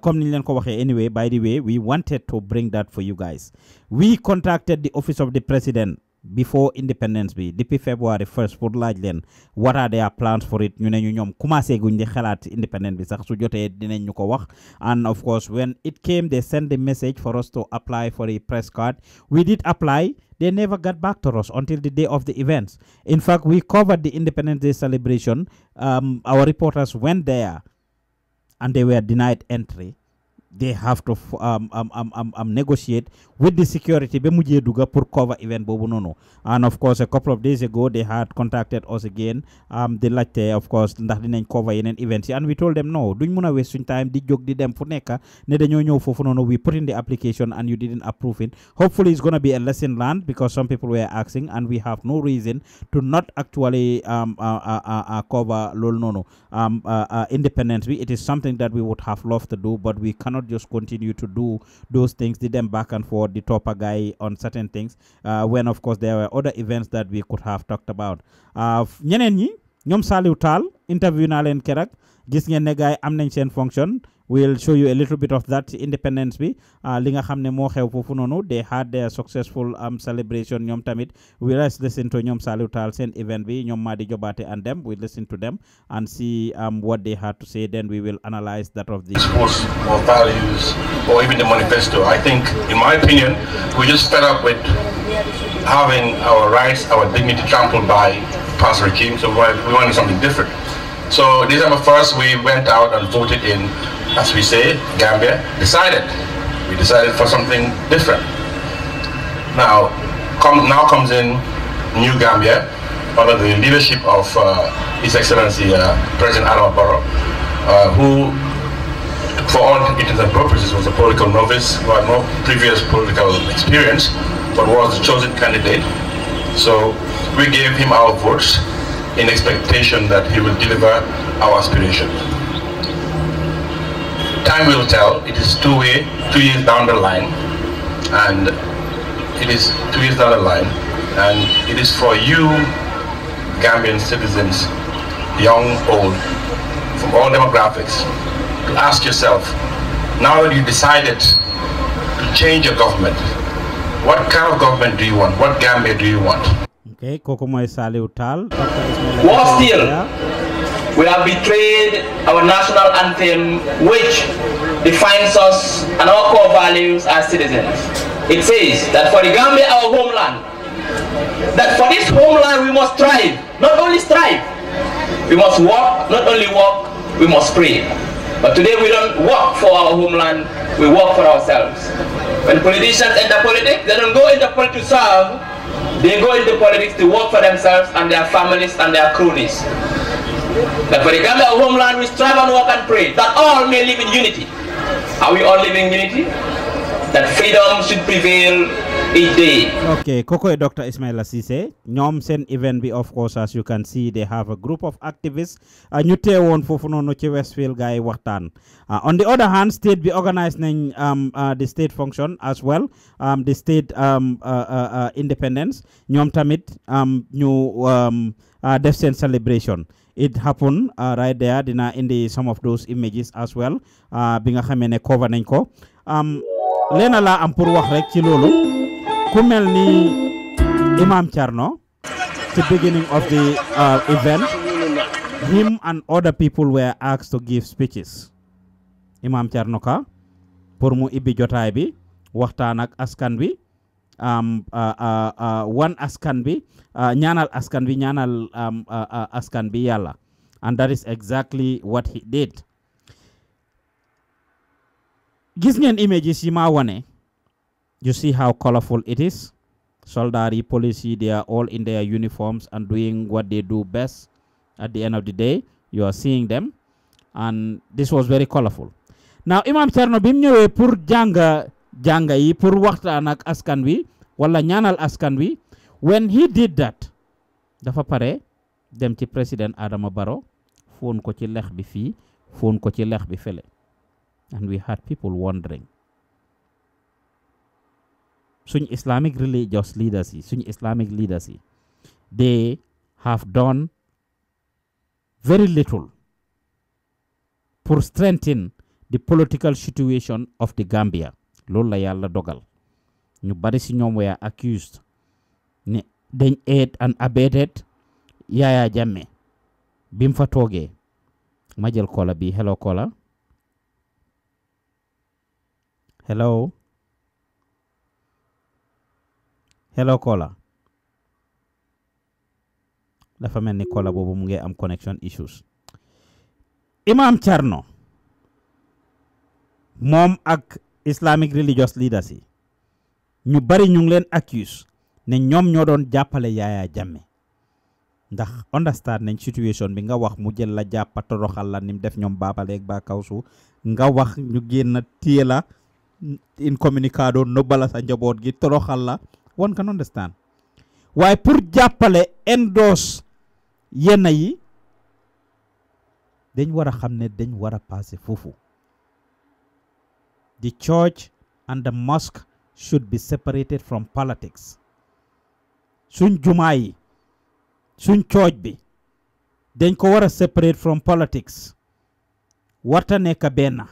comme niñ leen ko waxee anyway by the way we wanted to bring that for you guys we contacted the office of the president before independence bi depuis February first pour laaj leen what are their plans for it ñu ne ñu ñoom commencé guñ di xalaat independence bi sax su jotee dinañ ñu wax and of course when it came they sent a message for us to apply for a press card we did apply they never got back to us until the day of the events in fact we covered the independence day celebration um, our reporters went there and they were denied entry they have to um, um, um, um, negotiate with the security Bemujeduga pour cover event Bobo And of course, a couple of days ago, they had contacted us again. Um, like to of course, ndax dinañ cover yeneen events and we told them no, Do wanna waste your time Did you did them for neka? we put in the application and you didn't approve it. Hopefully, it's going to be a lesson learned because some people were asking and we have no reason to not actually um, uh, uh, uh, cover lol no. um, independently, It is something that we would have loved to do, but we cannot cannot just continue to do those things, the them back and forth, the topper guy on certain things, uh, when of course there were other events that we could have talked about. Uh, ñeneen ñi ñoom Saliou Tall interview naa leen keroog gis ngeen ne gars yi am nañ seen fonction we'll show you a little bit of that independence bi ah, li nga xam ne xew foofu they had their successful am um, celebration ñoom tamit we let listen to ñoom Saliu Taal seen event bi ñoom Madi and them we listen to them and see um, what they had to say then we will analyze that of the sports or values or even the manifesto I think in my opinion we just fed up with having our rights our dignity trampled by past regimes so we wanted something different so December 1st we went out and voted in as we say, Gambia, decided. We decided for something different. Now, come, now comes in New Gambia, under the leadership of uh, His Excellency uh, President Adam Barrow, uh, who, for all intents and purposes, was a political novice who had no previous political experience, but was the chosen candidate. So we gave him our votes in expectation that he would deliver our aspirations time will tell. It is two way, two years down the line, and it is two years down the line, and it is for you, Gambian citizens, young, old, from all demographics, to ask yourself, now that you decided to change your government, what kind of government do you want? What Gambia do you want? Okay, Kokomo is Saliu Tal. War still we have betrayed our national anthem which defines us and our core values as citizens. It says that for the Gambia, our homeland, that for this homeland we must strive, not only strive, we must work, not only work, we must pray. But today we don't work for our homeland, we work for ourselves. When politicians enter politics, they don't go into politics to serve, they go into politics to work for themselves and their families and their cronies. That for the Gambia our homeland we strive and work and pray that all may live in unity. Are we all living in unity? That freedom should prevail each day. Okay, Koko Dr. Ismail Assise, Nyom Sen event be of course as you can see they have a group of activists ñu teewoon foofu noonu ci Westfield guy waxtaan. Uh, on the other hand state be organise um, uh, the state function as well um, the state um, uh, independence Nyom tamit ñu def seen celebration. it happened uh, right there dina indi some of those images as well uh, bi nga xamee ne cover nañ ko um, leena laa am pour wax rek ci loolu ku mel ni Imam Charno the beginning of the uh, event him and other people were asked to give speeches Imam Charno Ka pour mu ibbi jotaay bi waxtaan ak askan wi um, wan uh, uh, uh, askan bi as can be, ñaanal um, can be, yàlla and that is exactly what he did me an images yi ma wane you see how colorful it is soldari police, they are all in their uniforms and doing what they do best at the end of the day you are seeing them and this was very colorful now imam cherno bim Pur Janga. janga yi pour waxtaan ak askan wi wala ñaanal askan wi when he did that dafa pare dem ci president Adama baro fon ko ci phone bi fi fon ko ci lekh bi fele and we had people wondering suñ islamic religious leaders yi suñ islamic leaders yi they have done very little for strengthen the political situation of the Gambia. loolu la yàlla dogal ñu bari si ñoom were accused ne dañ aid and abetted Yaya Jammeh bi mu fa toogee ma jël kola bi hello kola hello hello kola dafa mel ni kola boobu mu ngi am connection issues Imam Charno moom ak islamic religious leaders yi ñu bari ñu ngi leen accuse ne ñoom ñoo doon jàppale Yaya Jammeh ndax understand nañ situation bi nga wax mu jël la jàppa toroxal la ni mu def ñoom baabaleeg ba kawsu nga wax ñu génn téye la incommunicado nëbbala sa njaboot gi toroxal la one can waaye pour jàppale endorse yenn yi dañ war a xam ne dañ war a passé foofu the church and the mosque should be separated from politics. suñ Jumai, yi suñ church bi dañ ko war separate from politics warta nekk benn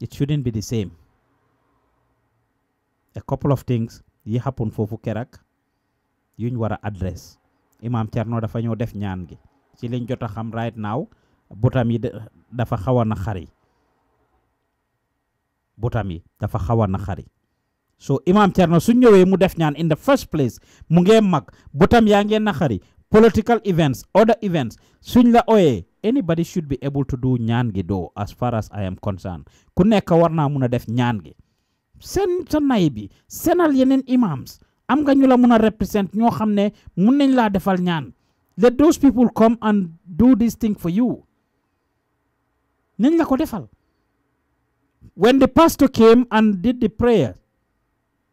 it shouldn't be the same a couple of things yi happen foofu kerak yuñ war address imam Thierno dafa ñoo def ñaan gi ci liñ xam right now butam yi dafa xaw na xari botam yi dafa nakhari. so imam tierno su ñëwé mu def ñaan in the first place mu ngee mag botam political events other events suñ la oyé anybody should be able to do ñaan gi do as far as I am concerned ku nekk war naa def ñaan gi sen sa nay bi senal yenen imams am nga ñu la mëna represent ño xamné mën nañ la defal ñaan let those people come and do this thing for you nañ la ko defal when the pastor came and did the prayer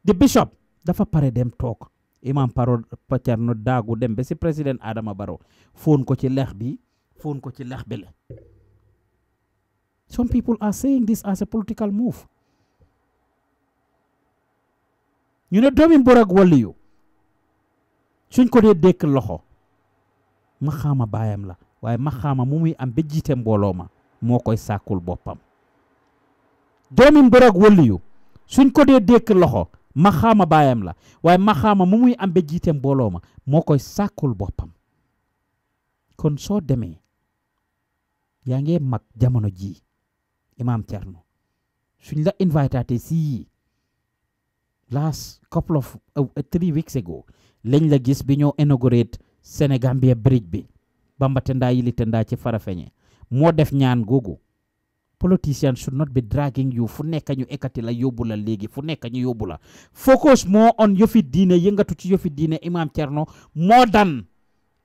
the bishop dafa pare dem toog imam paro pacarno daagu dem ba si président Adama Barrow foon ko ci lex bi fóon ko ci lex bi la some people are saying this as a political move ñu ne doomi mbor ak suñ ko dee dékk loxo maxaama baayam la waaye maxaama mu muy am ba jiite mbooloo ma moo koy sàkkul boppam doomi mbër ak suñ ko dee dékk loxo maxaama baayam la waaye maxaama mu muy am ba jiite mbooloo ma moo koy sàkkul boppam kon soo demee yaa ngee mag jamono ji imaam Cerno suñ la invité si yii last couple of uh, three weeks ago lañ la gis bi ñoo inaugurate Senegambia bridge bi Bamba Tenda Yili Tenda ci Farafenni moo def ñaan googu politicians should not be dragging you fu nekk ñu ekkati la yóbbu la léegi fu nekk ñu yóbbu la focus more on yëfi diine yëngatu ci yëfi diine Imam Cerno more than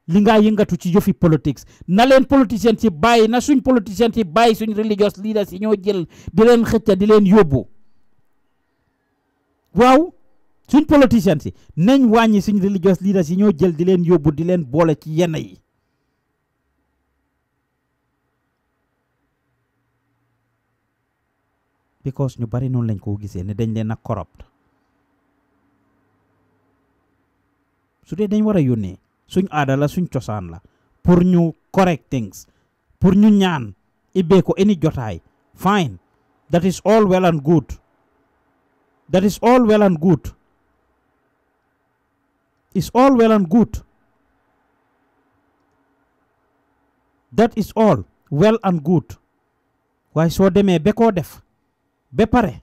li ngaa yëngatu ci yëfi politics na leen politicians yi bàyyi na suñ politicians yi bàyyi suñ religious leaders yi ñoo jël di leen xëcca di leen yóbbu waaw suñ politicians yi nañ wàññi suñ religious leaders yi ñoo jël di leen yóbbu di leen boole ci yenn yi because ñu bari non lañ ko gisé né dañ leen a corrupt su dé dañ wara a suñ aada la suñ ciosan la pour ñu correct things pour ñu ñaan ibé ko any jotay fine that is all well and good that is all well and good is all well and good that is all well and good Why so demee be ko def Bepare, pare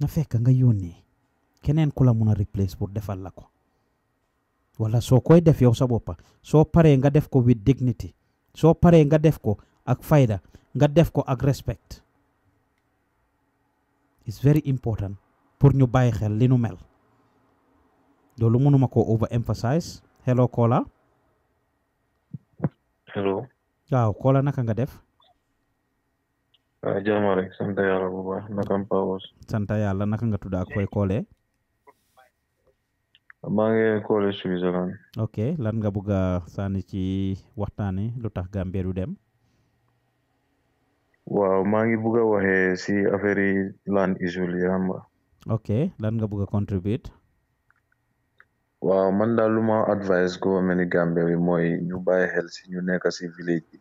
na fekk nga yoni keneen kula replace pour defal la ko wala soo koy def yow ya sa boppa soo paree nga def ko with dignity soo paree nga def ko ak fayda nga def ko ak respect it's very important pour ñu bàyyi xel li nu mel loolu mënuma ko over emphasize hello Kola hello waaw Kola naka nga def waaw ah, jàmm rek sant yàlla bu baax naka am Pawos. sant yàlla naka nga tudd ak fooy maa ngi koolee ok lan nga bëgg a sànni ci waxtaani lu tax Gambia dem. waaw maa ngi bëgg a waxee si affaire yi land issue ok lan nga bëgg a contribute. waaw man daal lu ma advice government Gambia bi mooy ñu bàyyi xel si ñu nekk si village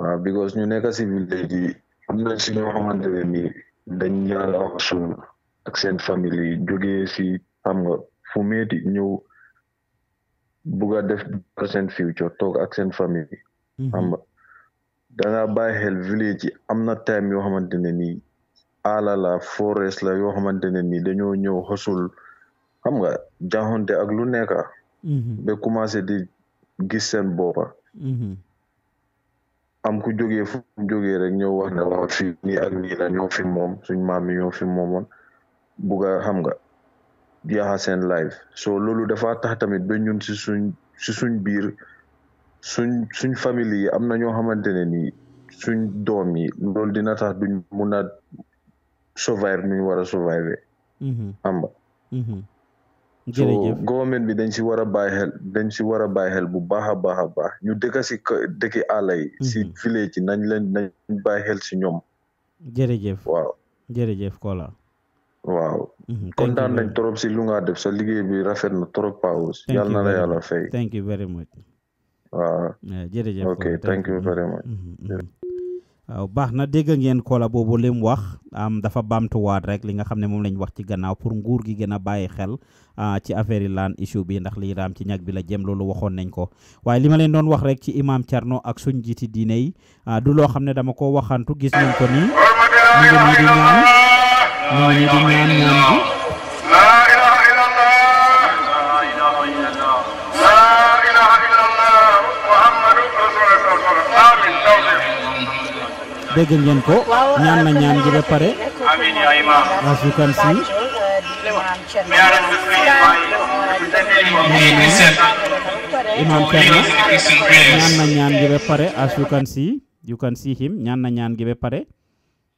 waaw because ñu nekk si village yi am nañ si ñoo xamante ne ni dañ yàlla ak seen famille yi jógee si xam nga fu meeti ñëw bugg a def seen future toog ak seen famille mhm. xam nga danga bàyyi xel village yi am na time yoo xamante ne nii ala la forest la yoo xamante ne nii dañoo ñëw xosul xam nga jaxonte ak lu nekka mhm. ba commencé di gis seen boppa mhm. am ku jógee fu mu rek ñëw wax ne waaw fii nii ak nii la ñoo fi moom suñ maam yi ñoo fi moomoon bugga xam nga yaaxa seen live so loolu dafa tax tamit ba ñun si suñ si suñ biir suñ suñ famille yi am na ñoo xamante ne nii suñ doom yi loolu dina tax duñ mun a survive nuñ war a survive mm-hmm. xam nga mm-hmm. jërëjëf so government bi dañ si war a bàyyi dañ si war a bàyyi bu baax a baax a baax ñu dëkka si dëkki àll yi. si mhm. village nañ leen nañ bàyyi si ñoom. jërëjëf waaw jërëjëf Kola. waaw mhm, kontaan nañ trop si lu nga def sa liggéey bi rafet na trop Pawes yàlla na la yàlla fay. thank you very much. waaw. jërëjëf ok thank you very much. Mhm, baax na dégg ngeen koola boobu li mu wax am dafa baamtuwaat rek li nga xam ne moom lañ wax ci gannaaw pour nguur gi gën a bàyyi xel ah, ci affaire yi laan issue bi ndax lii raam ci ñag bi la jëm loolu waxoon nañ ko waaye li ma leen doon wax rek ci imaam Thierno ak suñ jiiti diine yi ah, du loo xam ne dama ko waxantu gis nañ ko nii ñu ngi nii di ñaan ñu ngi dégg ngeen ko ñaan na ñaan gi ba pare as you can see imam Thierno ñaan na ñaan gi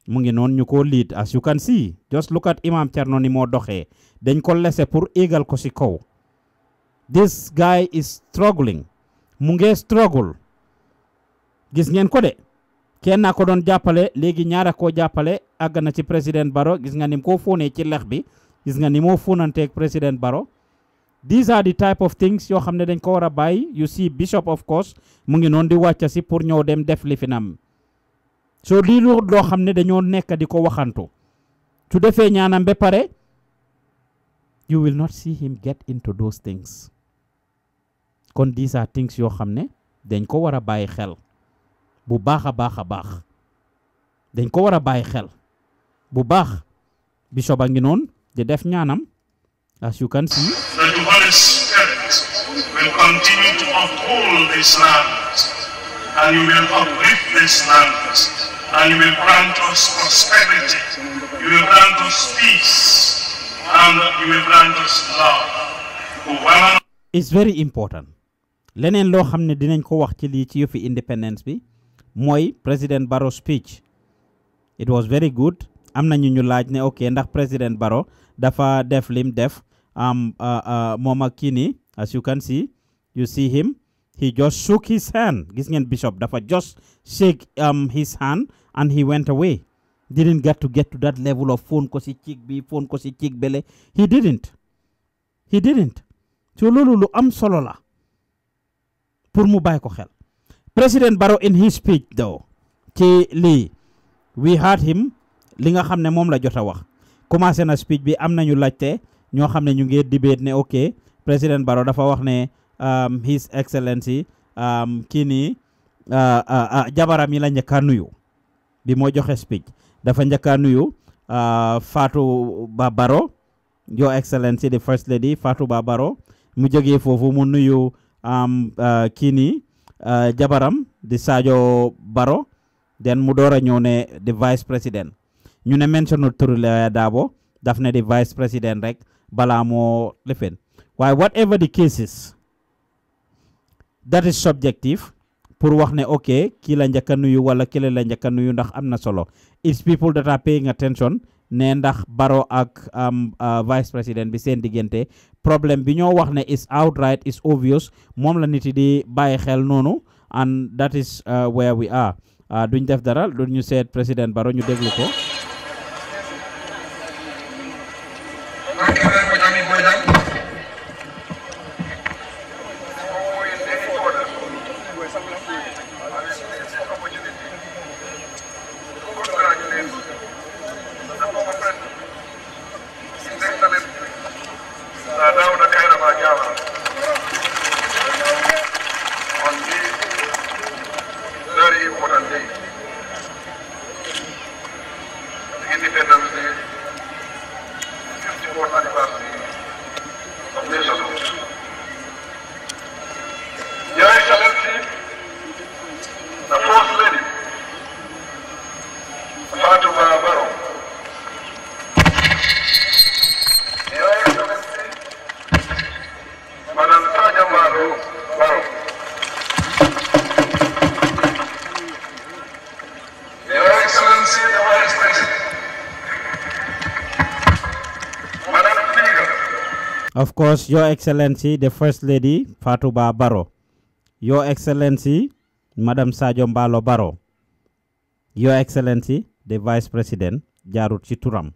mu ngi noonu ñu ko liit as you can see just look at imam moo doxe dañ ko lese pour égal ko ci kaw this guy is struggling mu ngi struggle gis ngeen ko de kenna ko don jappale legi ñaara ko jappale àgg na ci president baro gis nga nim ko foné ci lekh bi gis nga ni moo president baro these are the type of things yo xamne dañ ko wara bay you see bishop of course mu ngi non di wacce ci pour ñëw dem def li finam so soo lu do xamne dañoo nekk di ko waxantu su defé ñaanam be pare you will not see him get into those things kon these are things yo xamne dañ ko wara bay xel bu baax a baax dañ ko war a bàyyi xel bu baax bi soba ngi noon di def ñaanam as you can see the Holy Spirit will continue to uphold this land and you will uplift this land and you will grant us prosperity you will grant us peace and you will grant us love it's very important leneen loo xam ne dinañ ko wax ci lii ci yëfi independence bi moy président baro speech it was very good am na ñu ñu laaj ne ok ndax président baro dafa def lim def Um, ak kii as you can see you see him he just shook his hand gis ngeen bishop dafa just shake um, his hand and he went away didn't get to get to that level of phone ko si cig bi phone ko si cig bele he didn't he didn't so loolu lu am solo la pour mu ko xel President baro in his speech though ci lii we heard him li nga xam ne moom la jot a wax commencé na speech bi am nañu laajte ñoo xam ne ñu ngi debate ne ok President baro dafa wax ne um, his excellency um, kii nii uh, uh, uh, jabaram yi la njëkkaa nuyu bi moo joxe speech dafa njëkkaa nuyu faatu Ba Barrow your excellency the first lady faatu Ba baro mu jógee foofu mu nuyu um, kii nii Eh, jabaram di sajo Baro den mu door ñone di vice President. ñu ne mentionul tour le dabo daf ne di vice President rek bala mo Why why whatever the cases that is subjective pour wax ne ok ki la njëkk nuyu wala ki la nuyu ndax amna solo it's people that are paying attention ne ndax baro ak um, uh, vice président bi seen diggante problème bi ñoo wax ne is outright is obvious moom la nit yi di bàyyi xel noonu and that is uh, where we are uh, duñ def dara duñu seet président baro ñu déglu ko Most Your Excellency the First Lady Fatouba Baro, Your Excellency Madam Sajom Mbalo Baro, Your Excellency the Vice President Jaru Chituram.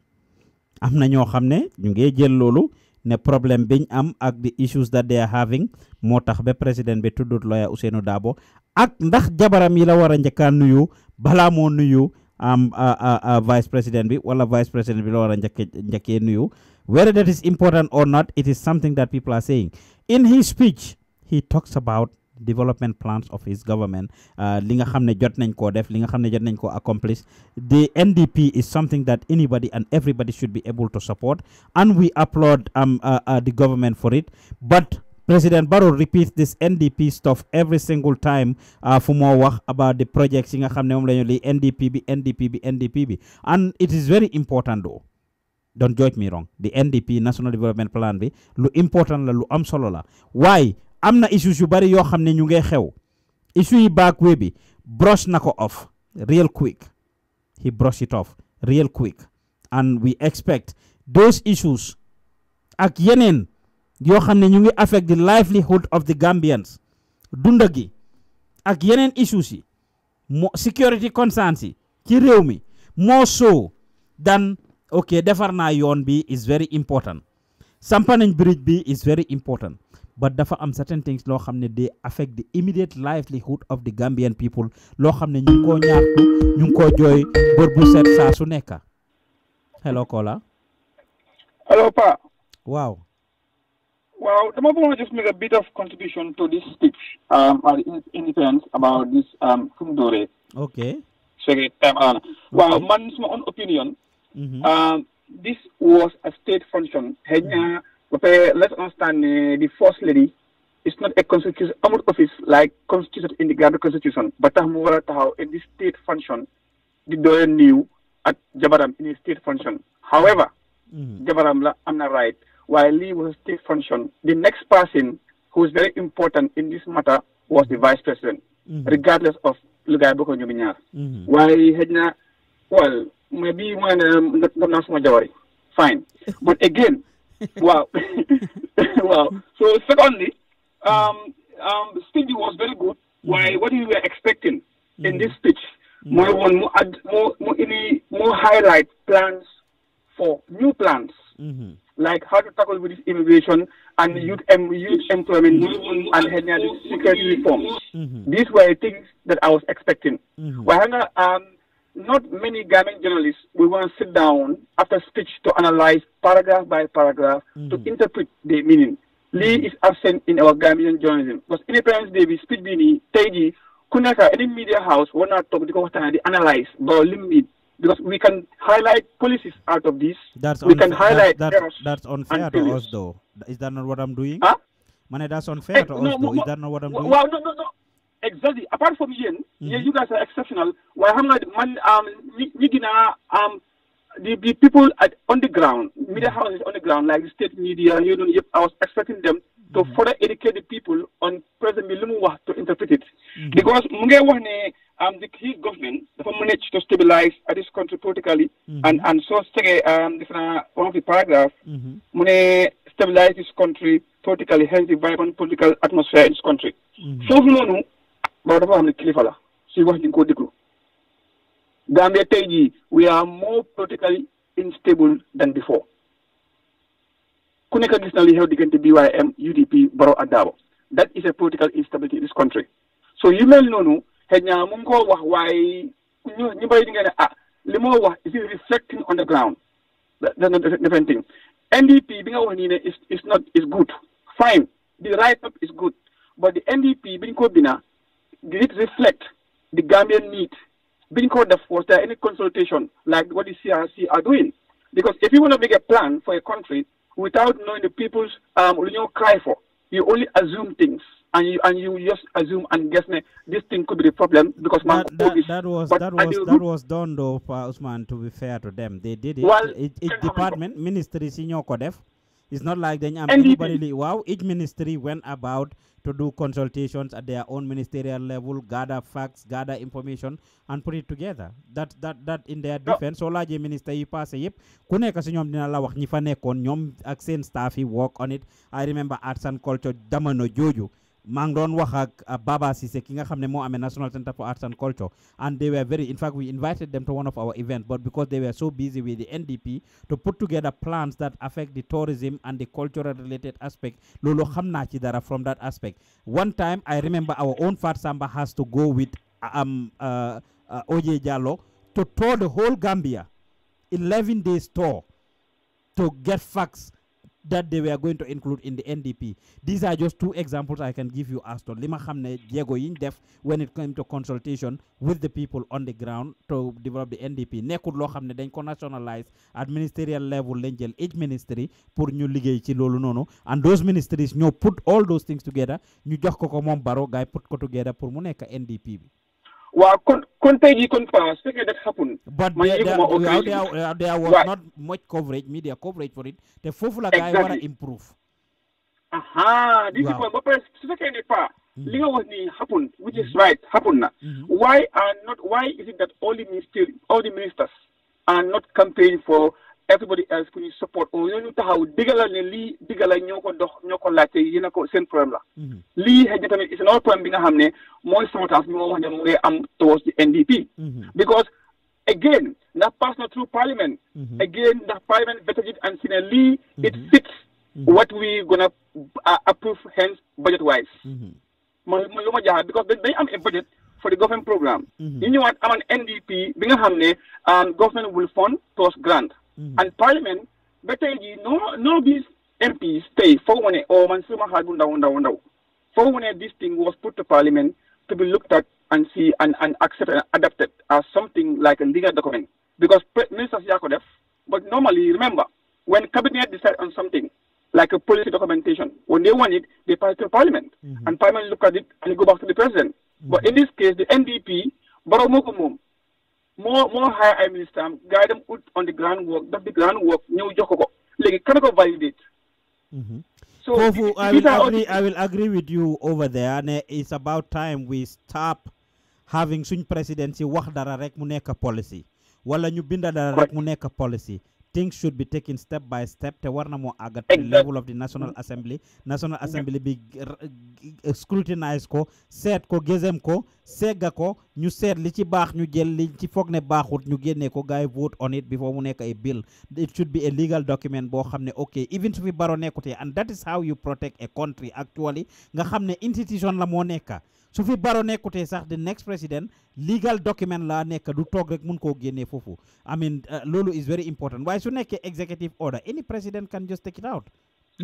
am na ñoo xamne ne ñu ngi jël lolu ne problème biñ am ak the issues that they are having motax be president président tuddut lawyer Ousseynou Dabo ak ndax jabaram yi la wara a nuyu bala mo nuyu am vice President bi wala vice President bi la wara nuyu Whether that is important or not, it is something that people are saying. In his speech, he talks about development plans of his government uh, li ne def ne accomplish the NDP is something that anybody and everybody should be able to support and we applaud um, uh, uh, the government for it but President Barrow repeats this NDP stuff every single time uh, For more work about the projects yi nga xam ne moom and it is very important though don't judge me wrong the NDP national development plan bi lu important la lu am solo la waaye am na issues yu bari yoo xam ne ñu ngi xew issue yi back way bi brush na ko off real quick he brush it off real quick and we expect those issues ak yeneen yoo xam ne ñu ngi affect the livelihood of the Gambians dunda gi ak yeneen issues yi mo security concerns ci réew mi more so than ok defar na yoon bi is very important sampa nañ bridge bi is very important but dafa am certain things loo xam they affect the immediate livelihood of the Gambian people loo xam ne ñu ngi koo ñu ngi koo bu set su hello Kola hello Pa Wow. Well, the moment I just make a bit of contribution to this speech um, at Independence about this um, Kundore. Okay. So, uh, well, okay. Man, my own opinion. Mm -hmm. um, this was a state function. let's understand uh, the first lady is not a constitution, office like constituted in the Ghana constitution, but in the state function, the door new at Jabaram in a state function. However, mm-hmm. Jabaram la amna right, while Lee was a state function, the next person who is very important in this matter was the vice president, mm -hmm. regardless of Lugai Boko Nyuminyar. Mm-hmm. Why Henya, well, maybe when um, national majority. Fine. But again, wow. wow. So, secondly, um, um, speech was very good. Why? Mm. What we were expecting in this speech, mm. more, mm. one, more, more, more, more highlight plans for new plans, mm-hmm. like how to tackle with immigration and mm youth, um, youth employment mm-hmm. and security reforms. Mm-hmm. These were things that I was expecting. Mm-hmm. Why, um, not many Ghanaian journalists will want to sit down after speech to analyze paragraph by paragraph mm-hmm. to interpret the meaning. Lee mm-hmm. is absent in our Gambian journalism. Because Independence Day, we speak bini, teji, kuneka, any media house, will not talk, they analyze, but limit. Because we can highlight policies out of this. That's we unfair. can highlight that, that, That's unfair to us, though. Is that not what I'm doing? Huh? Mane, that's unfair eh, to no, us, though. Is that not what I'm doing? Well, no, no, no exactly apart from yen mm-hmm. yeah, you guys are exceptional why um um the, the people at, on the ground media mm-hmm. houses on the ground like state media you know I was expecting them to mm-hmm. further educate the people on President Milumwa to interpret it mm-hmm. because munge wahne um the key government the managed to stabilize uh, this country politically mm-hmm. and and so um this uh, one of the paragraphs mm-hmm. mune stabilize this country politically hence the vibrant political atmosphere in this country so you ndax dafa xam ne kilifa la suy wax di nga ko Gambia tey we are more politically unstable than before ku gisnali gis na li BYM UDP baro ak that is a political instability in this country so you may know xëy na mu ngi koo wax waaye ñu ah li moo is reflecting on the ground that's not the different thing NDP bi nga wax nii ne is not is good fine the write up is good but the NDP bi ñu bina did it reflect the Gambian need? Being called the, was there any consultation like what the CRC are doing? Because if you want to make a plan for a country without knowing the people's um, you know, cry for, you only assume things and you and you just assume and guess me, this thing could be the problem because that, that, that was that was that was done though for Usman to be fair to them they did it well, it, it, department ministry senior codef it's not like they are anybody wow each ministry went about to do consultations at their own ministerial level, gather facts, gather information, and put it together. That that that in their defense, so large minister yi paase yëpp ku nekk si ñoom dina la wax ñi fa staff work on it. I remember arts and culture damano jooju. Mangron ngi doon wax ak uh, Baba Cissé ki nga National Center for Arts and Culture and they were very in fact we invited them to one of our events but because they were so busy with the NDP to put together plans that affect the tourism and the cultural related aspect lolo xam naa ci dara from that aspect one time I remember our own Fat Samba has to go with uh, um, uh, uh, Jallo to tour the whole Gambia 11 days tour to get facts that they were going to include in the NDP. These are just two examples I can give you as to lima Hamne, Diego in depth when it came to consultation with the people on the ground to develop the NDP. Nekul lo hamne dañ nationalize at ministerial level lañ each ministry pour new liggéey ci lolu nonu and those ministries ñoo put all those things together You just koko ko mom baro guy put ko together pour mu NDP but there, there, there, there was right. not much coverage, media coverage for it. The Fofula guy exactly. want to improve. Aha, this wow. is what secondly pa Liga was happened, which mm -hmm. is right, happened. Mm -hmm. Why are not why is it that all the minister all the ministers are not campaigning for everybody else pour support on ñooñu taxaw digala ne lii digala ñoo ko dox ñoo ko laajte yéen a ko seen problème la lii xëj na tamit is not problème bi nga xam ne mooy sootaas wax ne mu ngay am towards the NDP mm-hmm. because again ndax pass na through parliament mm-hmm. again the parliament vetted and si ne it mm-hmm. fits what we gonna uh, approve hence budget wise man lu ma jaaxal because dañ am a budget for the government program You know ñu am an NDP bi nga xam ne government will fund towards grant Mm-hmm. And Parliament, better no no these MPs stay for when or Mansuma hadunda one oh, down For when this thing was put to Parliament to be looked at and see and, and accepted and adopted as something like a legal document. Because Minister Yakodev, but normally remember, when cabinet decide on something, like a policy documentation, when they want it, they pass it to Parliament. Mm-hmm. And Parliament look at it and go back to the President. Mm-hmm. But in this case, the NDP, Boromokumum, more, more high. I ministre am um, gars yi put on the ground work the ground work ñëw jox Like can léegi go ko validate. Mm-hmm. so Kofu, I will agree, I will agree with you over there And uh, it's about time we stop having suñ presidency wax dara rek mu policy wala ñu binda dara rek mu policy. things should be taken step by step te war na moo àggat level of the national assembly national assembly bi scrutinize ko seet ko gëzem ko segga ko ñu seet li ci baax ñu jël li ci foog ne baaxut ñu génnee ko gaay vote on it before mu nekk ay bill it should be a legal document boo xam ne ok even su fi baro nekkutee and that is how you protect a country actually nga xam ne institution la moo nekka su fi baro nekkutee sax the next president legal document la nekk du toog rek mun koo génnee foofu I mean uh, loolu is very important waaye su nekkee executive order any president can just take it out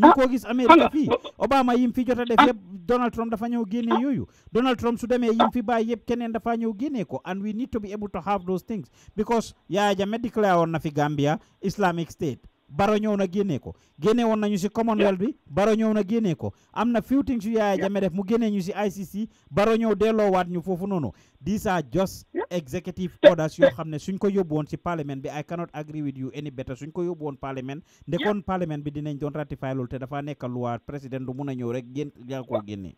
ñu ah, ko gis Amérique fii Obama yim fi jot a def ah. yëpp Donald Trump dafa ñëw ah, yooyu Donald Trump su demee yim fi bàyyi yëpp keneen dafa ñëw génnee ko and we need to be able to have those things because Yaya Jammeh déclaré woon na fi Gambia Islamic State Baro ñëw na génnee ko génne woon nañu si Commonwealth bi Baro ñëw na génnee ko am na few things yu Yaya Jammeh def mu génnee ñu si ICC Baro ñëw delloowaat ñu foofu noonu these are just executive orders yoo xam ne suñ ko yóbbu woon si parlement bi I cannot agree with you any better suñ ko yóbbu woon parlement ndekoon parlement bi dinañ doon ratify loolu te dafa nekk loi président du mun a ñëw rek génn yaa ko génnee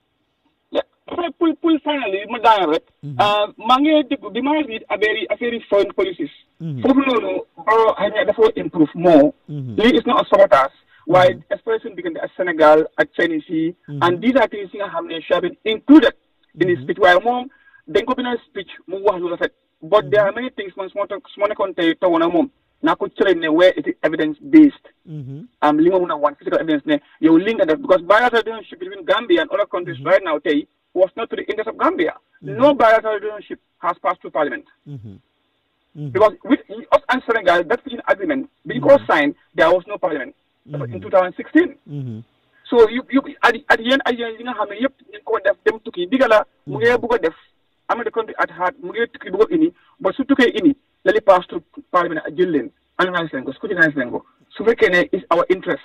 pour pour finali ma daanal rek mhm. ah, maa ngi dégg bi maa ngi affaire yi affaire yi foreign policies mhm. foofu noonu xëy na dafa improve moo mhm. lii is not a sabotage Why expression diggante the Sénégal ak Chinese and these are things yi nga xam ne included in his speech waaye moom dañ ko speech mu wax lu rafet but there are many things man su ma su ma nekkoon tey tawoon ak moom naa ko cëlee ne where it is evidence based am li ma mun a wan physical evidence ne yow link nga def because bilateral relationship between Gambia and other countries right now tey was not to the interest of Gambia. Mm-hmm. No bilateral relationship has passed through Parliament. Mm-hmm. Mm-hmm. Because with us and Senegal, that fishing agreement, being mm mm-hmm. signed, there was no Parliament was in mm-hmm. 2016. Mm-hmm. So you, you, at, the, at the end, at the end, you know, yep, you know, them took it. Digala, Mugabe Buga def. I'm the country at heart, Mugabe took it ini, but so took it ini, let it pass to Parliament at Jilin, analyze Lengo, scrutinize Lengo. So we can, it's our interest.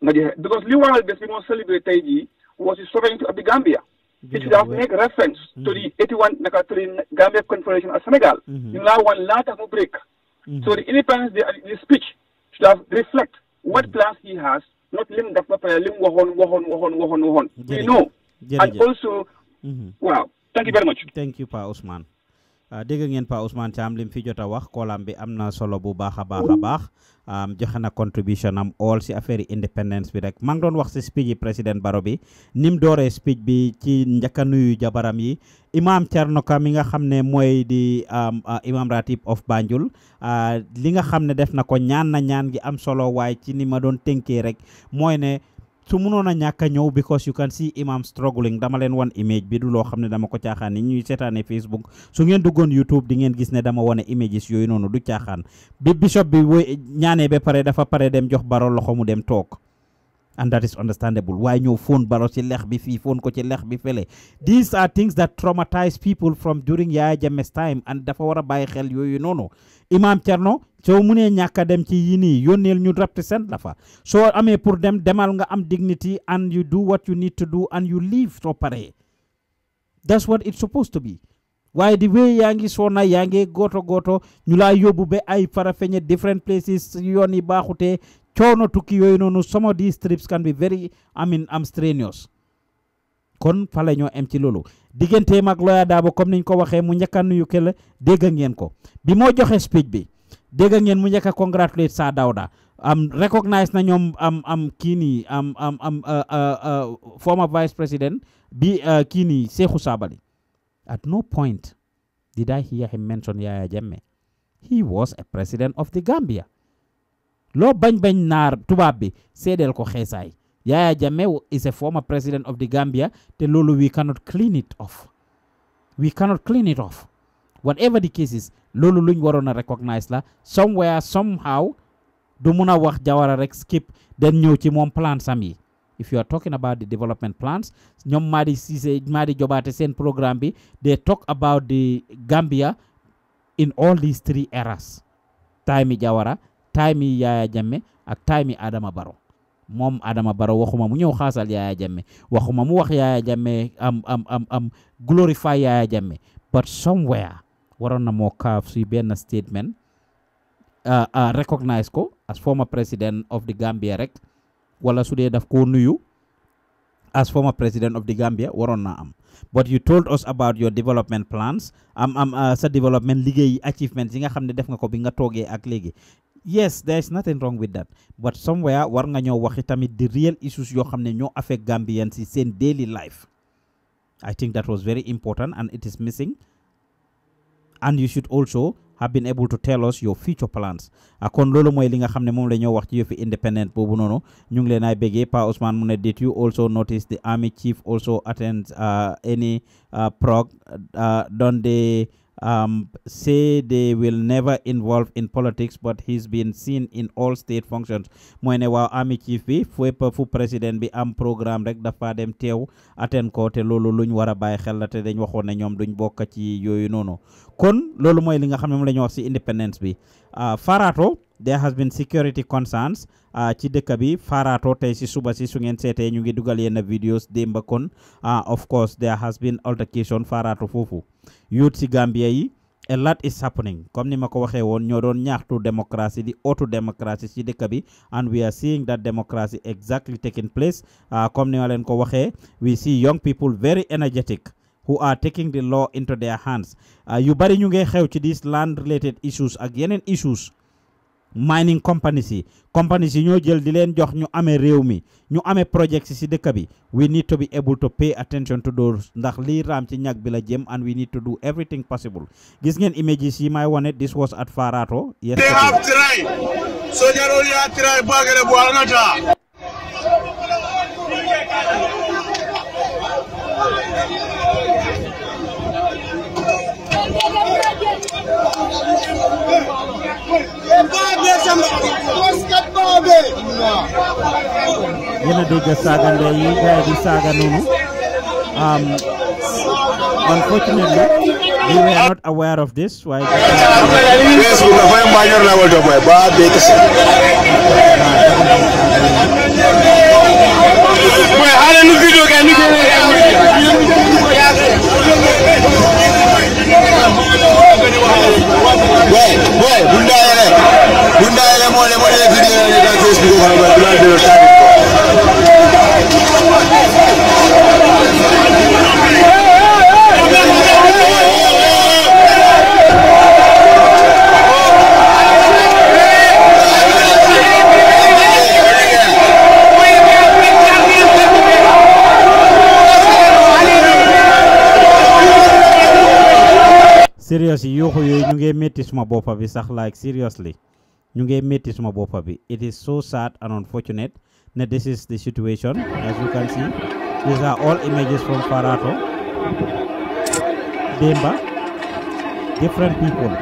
Because Liwa has been celebrated was the sovereignty of the Gambia. It should have made reference to the mm-hmm. 81 Nakatrin uh, Gambia Confederation of Senegal. In mm-hmm. that one lot of break. Mm-hmm. So the Independence Day the speech should have reflect what plans he has, not lim that lim wahon wahon wahon wahon wahon. You know. And also well, Thank you very much. Thank you, Pa Osman. Ah, dégg ngeen Pa Ousmane Thiam lim fi jot a wax koolam bi am na solo bu baax a baax a baax joxe na contribution am all si affaire yi independence bi rek maa ngi doon wax si speech yi président Barrow bi ni mu dooree speech bi ci njëkk nuyu jabaram yi imaam Thierno Ka mi nga xam ne mooy di ah, imaam ratib of Banjul ah, li nga xam ne def na ko ñaan na ñaan gi am solo waaye ci ni ma doon tënkee rek mooy ne. su munoon a ñàkk a ñëw because you can see imam struggling dama leen wan image bi du loo xam ne dama ko caaxaan ni ñuy seetaane Facebook su ngeen duggoon YouTube di ngeen gis ne dama wane images yooyu noonu du caaxaan bi bishop bi ñaanee ba pare dafa pare dem jox baro loxo mu dem toog and that is understandable Why ñëw phone, baro ci lex bi fii fóon ko ci lex bi fële these are things that traumatize people from during Yaya jame's time and dafa war a bàyyi xel yooyu noonu Imam Thierno so munee ñàkk dem ci yini. nii yónneel ñu represent la lafa. So amee pour dem demal nga am dignity and you do what you need to do and you leave properly. that's what it's supposed to be Why the way yangi ngi soona goto goto gooto gooto ñu laa yóbbu ba ay farafeñe different places yoon yi baaxutee coono tukki yooyu noonu some of these trips can be very I mean am strenuous kon fa la ñoo am ci loolu digganteem ak Lawyer Darboe comme niñ ko waxee mu njëkk a nuyu ngeen ko bi moo joxe speech bi dégg ngeen mu njëkk a congratulate Sir Dawda am recognize nañoom am am kii nii am am am uh, uh, uh, former vice president bi kii nii Seexu saabali at no point did I hear him mention Yaya Jammeh he was a president of the Gambia lo bagn bagn nar tubaab bi seedeel ko xesay Yaya Jammeh is a former president of the Gambia te lulu we cannot clean it off we cannot clean it off whatever the case is lulu luñ warona recognize la somewhere somehow du muna wax Jawara rek skip den ñew ci mom plan sami. if you are talking about the development plans ñom mari di mari jobate sen bi they talk about the Gambia in all these three eras Taimi Jawara taaymi Yaaya Jammeh ak taaymi Adama Barrow moom Adama Barrow waxuma mu ñëw xaasal Yaaya Jammeh waxuma mu wax Yaaya Jammeh am am am am glorify Yaaya Jammeh but somewhere waroon na moo kaaf si benn statement recognize ko as former president of the Gambia rek wala su dee daf koo nuyu as former president of the Gambia waroon na am but you told us about your development plans am am ah, sa development liggéey achievements yi nga xam ne def nga ko bi nga toogee ak léegi yes there is nothing wrong with that but somewhere war nga ñoo waxi tamit the real issues you are ne ñoo affect Gambians si daily life I think that was very important and it is missing and you should also have been able to tell us your future plans ah, kon loolu mooy li nga xam ne moom wax ci yëfi independent boobu noonu ñu ngi leen ay Pa Ousmane mu did you also notice the army chief also attends uh, any uh, prog uh, Don't they? um, say they will never involve in politics but he's been seen in all state functions mooy ne waaw army chief bi fépp fu président bi am programme rek dafa dem teew aten ko te loolu luñ war a bàyyi xel la te dañ waxoon ne ñoom duñ bokk ci yooyu noonu kon loolu mooy li nga xam ne moom la ñu wax si independence bi ah, faraato there has been security concerns uh, ci dëkk bi faaraatoo tey si suba si su ngeen seetee ñu ngi dugal yenn videos démb kon uh, of course there has been altercation faaraato foofu youth si Gambia yi a lot is happening comme ni ma ko waxee woon ñoo doon ñaaxtu démocratie di auto démocratie si dëkk bi and we are seeing that democracy exactly taking place uh, comme ni ma leen ko waxee we see young people very energetic who are taking the law into their hands yu bari ñu ngi xew ci these land related issues ak yeneen issues mining companies yi companies yi ñoo jël di leen jox ñu amee réew mi ñu amee projects si dëkk bi we need to be able to pay attention to those ndax lii raam ci ñag bi la jëm and we need to do everything possible gis ngeen images yi may wane this was at Farato yes they have tried so jarul ya tried bagale bu alnata ñu di ga saga ndé yi gaay di saga nonu um unfortunately we were not aware of this why yes we have a minor level job ba de ko se moy nu video ga ni ko Wey, wey, bunda ye le. Bunda ye le mwen, le mwen, le mwen, le mwen, le mwen. Le mwen, le mwen, le mwen. serious yi yuuxu yooyu ñu ngee métti suma boppa bi sax like seriously ñu ngee métti suma boppa bi it is so sad and unfortunate that this is the situation as you can see these are all images from Farato Demba different people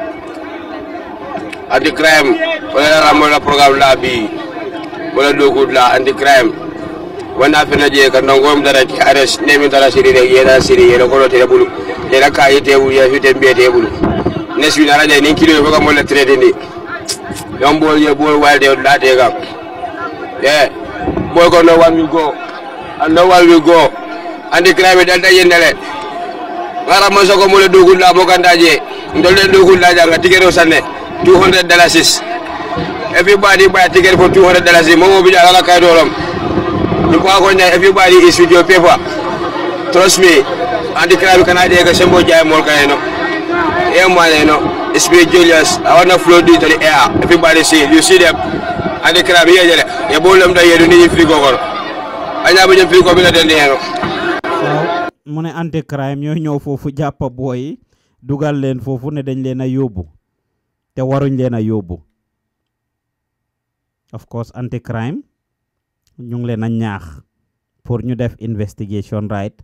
anti-crime wala rambo la programme la bi wala dogut la anti-crime wanda fena je ka ndongom dara ki arrest nemi dara siri de yeda siri yeda ko lo te bulu Jadi ka itu tɛ wuli ye tɛ bɛɛ t'e bolo ne sunjata ala de ni kilo Yang fo ka mɔlɛ tere de yan bɔ ye bɔ wari de la te kan ye bɔ ko nɔ wa min kɔ a nɔ wa de kira bɛ da da yen dɛ wara masa ko mɔlɛ la mɔ ka da je ndɔlɛ dogo la ja ratus tigɛ dɔ san everybody buy tiket for dua hundred dollars mɔgɔw bɛ ala ka e dɔrɔn ni ko a ko everybody is video your paper trust me antikiraɓe kana ɗe ka sembo jaymol kayeno e maneno it's been Julius. I want to float into the air. Everybody see it. You see them. And they can be here. You bowl them down here. mu ne anti crime ñëw foofu jàpp booy dugal leen foofu ne dañ leen a yóbbu te waruñ leen a yóbbu of course anti crime ñu ngi leen a ñaax pour ñu def investigation right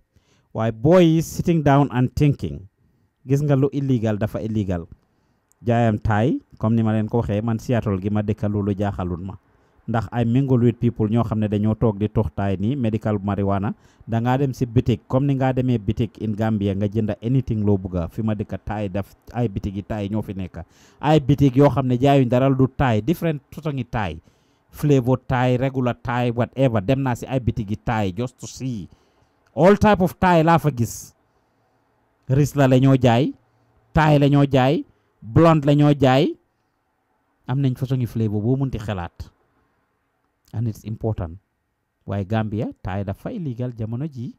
waaye boy yi sitting down and thinking gis nga lu illigal dafa illegal jaayam taay comme ni ma leen ko waxee man Seattle gi ma dëkka lu jaaxalul ma ndax ay mingle with people ñoo xam ne dañoo toog di toox taay nii medical marijuana dangaa dem si bitik comme ni ngaa demee bitik in Gambia nga jënd anything loo bugga fi ma dëkka taay daf ay bitik yi taay ñoo fi nekka ay bitik yoo xam ne jaayuñ dara du taay different sotongi taay flavor taay regular taay whatever dem naa si ay bitik yi taay just all type of taay laa fa gis Rizla la ñoo jaay taay la jaay blonde la jaay am nañ façon yi flavour munti and it's important Why Gambia taay dafa illegal jamono ji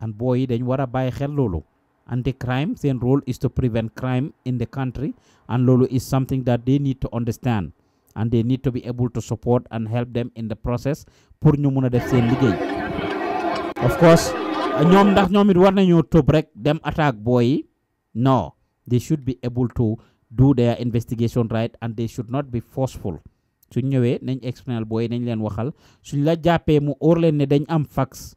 and boy yi dañ war a bàyyi xel loolu anti crime seen role is to prevent crime in the country and lolo is something that they need to understand and they need to be able to support and help them in the process pour ñu mun def seen liggéey of course ñoom ndax ñoom it war nañoo tëb rek dem attaque booy no they should be able to do their investigation right and they should not be forceful suñ ñëwee nañ explainal boy nañ leen waxal suñ la jàppee mu óor leen ne dañ am fax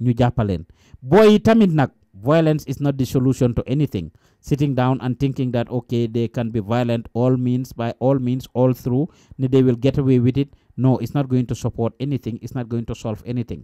ñu jàppaleen booy tamit nak violence is not the solution to anything sitting down and thinking that okay they can be violent all means by all means all through they will get away with it no it's not going to support anything it's not going to solve anything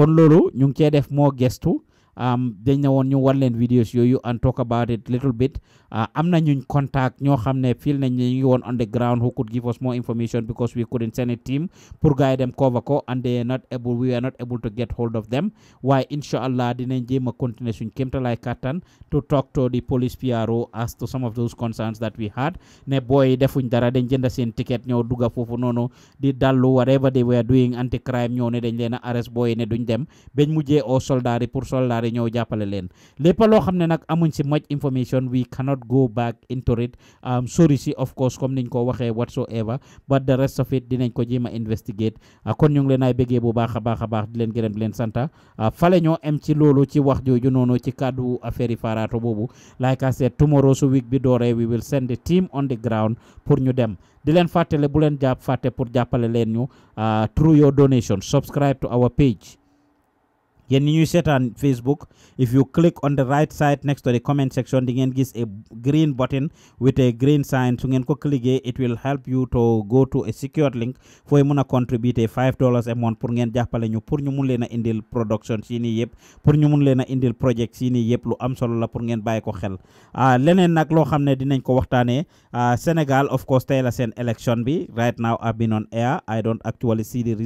kon loolu ñu ngi cee def moo gestu um, dañ ne woon ñu war leen videos yooyu and talk about it little bit uh, am na ñuñ contact ñoo xam ne feel nañ ñu ngi woon on the ground who could give us more information because we couldn't send a team pour gars dem cover ko and they are not able we are not able to get hold of them Why incha allah dinañ jéem a continuer suñ kéemtalaay kàttan to talk to the police PRO as to some of those concerns that we had ne booy defuñ dara dañ jënd seen ticket ñëw dugga foofu noonu di dallu whatever they were doing anti crime ñëw ne dañ leen a arrest boy ne duñ dem bañ mujjee oo soldaar yi pour soldaar Saare xam ne nag amuñ si much information we cannot go back into sori si of course comme niñ ko waxee whatsoever but the rest of dinañ ko jéem a investigate ah, kon ñu ngi bëggee bu baax a baax a baax di leen gërëm di leen santa ah, fale ñoo em ci loolu ci wax jooju noonu ci kàddu affaire faaraato boobu like I said tomorrow su week bi dooree we will send a team on the ground pour ñu dem di leen fàttale bu leen jàpp fàtte pour jàppale leen ñu ah, through your donation yéen ñi ñuy seetaan Facebook if you click on the right side next to the comment section di ngeen gis a green button with a green sign su ngeen ko cliquer it will help you to go to a secured link fooy mun a contribuer five dollars a month pour ngeen jàppale ñu pour ñu mun leen a indil production sii ni yëpp pour ñu mun leen a indil project sii nii yëpp lu am solo la pour ngeen bàyyi ko xel ah, leneen nag loo xam ne dinañ ko waxtaanee ah, Sénégal of course tey la seen election bi right now I've been on air I don't actually see the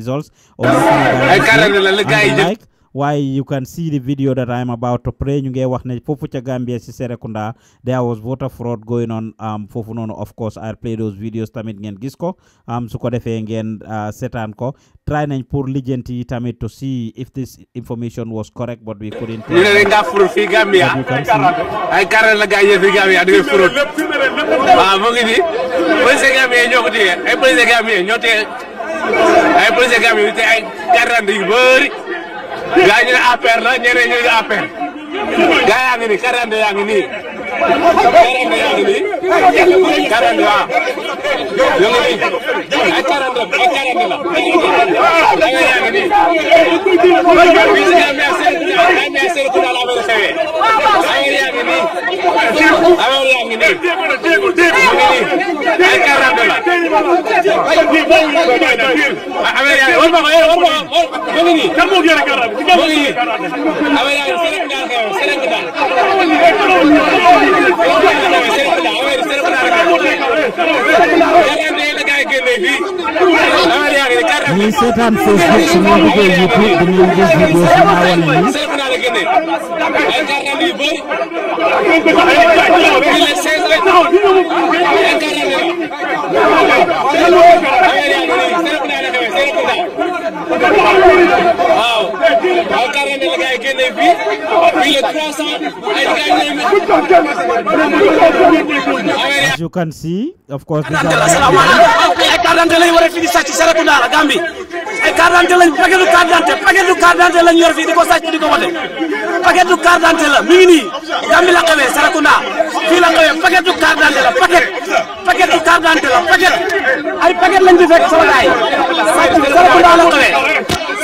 why you can see the video that I'm about to play ñu ngi wax ne foofu ca Gambia si Serekunda there was voter fraud going on um, foofu noonu of course I'll play those videos tamit ngeen gis ko um, su ko defee ngeen uh, seetaan ko try nañ pour lijjanti tamit to see if this information was correct but we couldn't ñu ne nga fur fii Gambia ay karal la gaay fii Gambia da furut waaw mu ngi nii police Gambia ñoo ay police Gambia ñoo ay police Gambia te ay karal gaa ñu ne APR la ñeneen ñu ne APR gaa yaa ngi nii Sénégal ñuy seetaan Facebook su ñu duggee YouTube dañuy gis vidéo bi ma wan nii. waaw. As you can see, of course. ay carte d'identité lañ war a fi la Gambie ay carte d'identité lañ paquet du di ko sàcc di ko wote paquet du carte d'identité la mi ngi nii la xewee Serekunda fii la xewee paquet du carte d'identité la paquet paquet ay paquet lañ la xewee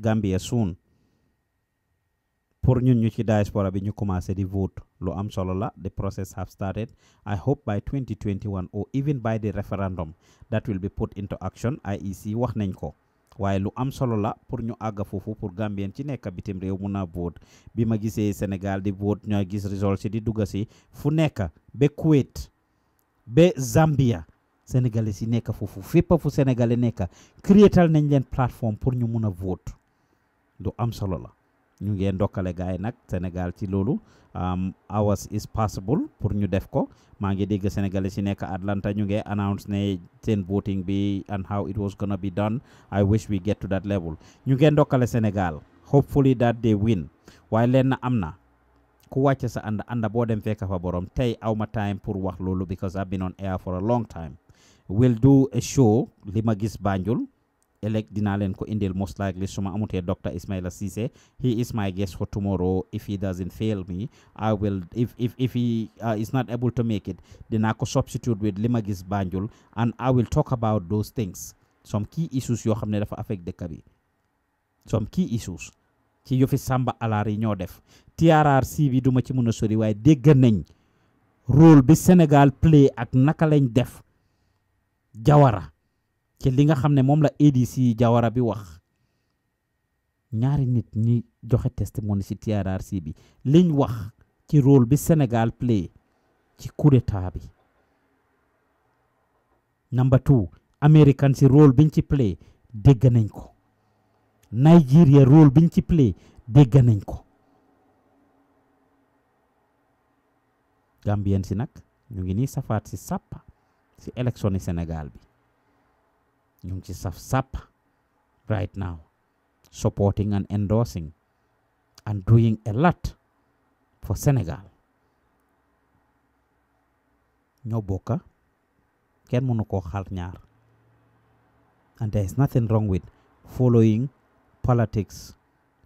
Gambia soon pour ñu ñu ci diaspora bi ñu commencé di vote lu am solo la the process have started I hope by 2021 or even by the referendum that will be put into action IEC wax nañ ko waaye lu am solo la pour ñu àgg foofu pour Gambien ci nekk bitim réew mun a vote bi ma gisee Sénégal di vote ñoo gis results yi di dugga si fu nekk be Kuwait ba Zambia sénégalais yi nekk foofu fépp fu sénégalais nekk créatal nañ leen plateforme pour ñu mun a vote lu am solo la ñu ngeen ndokkale gaay nag Sénégal ci loolu um, hours is possible pour ñu def ko maa ngi dégg sénégalais si nekk Atlanta ñu ngi announce ne seen voting bi and how it was gonna be done I wish we get to that level ñu ngeen ndokkale senegaal hopefully that they win waaye leen am na ku wàcce sa ànd ànd boo dem fekk fa borom tey aw ma time pour wax loolu because I've been on air for a long time we'll do a show li gis Banjul ëllëg dinaa leen ko indil most likely suma amutee doctor Ismaila Ceesay he is my guest for tomorrow if he doesn't fail me I will if if if he uh, is not able to make it dinaa ko substitute with li ma gis Banjul and I will talk about those things some key issues yoo xam ne dafa affect dëkk bi some key issues ci yu fi Samba Alaar yi ñoo def TRRC bi duma ci mën a sori waaye dégg nañ rôle bi senegal play ak naka lañ def Jawara ci li nga xam ne moom la ADC Jawara bi wax ñaari nit ñi joxe testimony ci TRRC bi liñ wax ci rôle bi Sénégal play ci coup d'état bi number two American si rôle biñ ci play dégg nañ ko Nigeria rôle biñ ci play dégg nañ ko Gambien si nag ñu ngi nii safaat si sàppa si élection Sénégal bi ñu ngi ci saf sàpp right now supporting and endorsing and doing a lot for Sénégal ñoo bokka kenn mënu koo xar ñaar and there is nothing wrong with following politics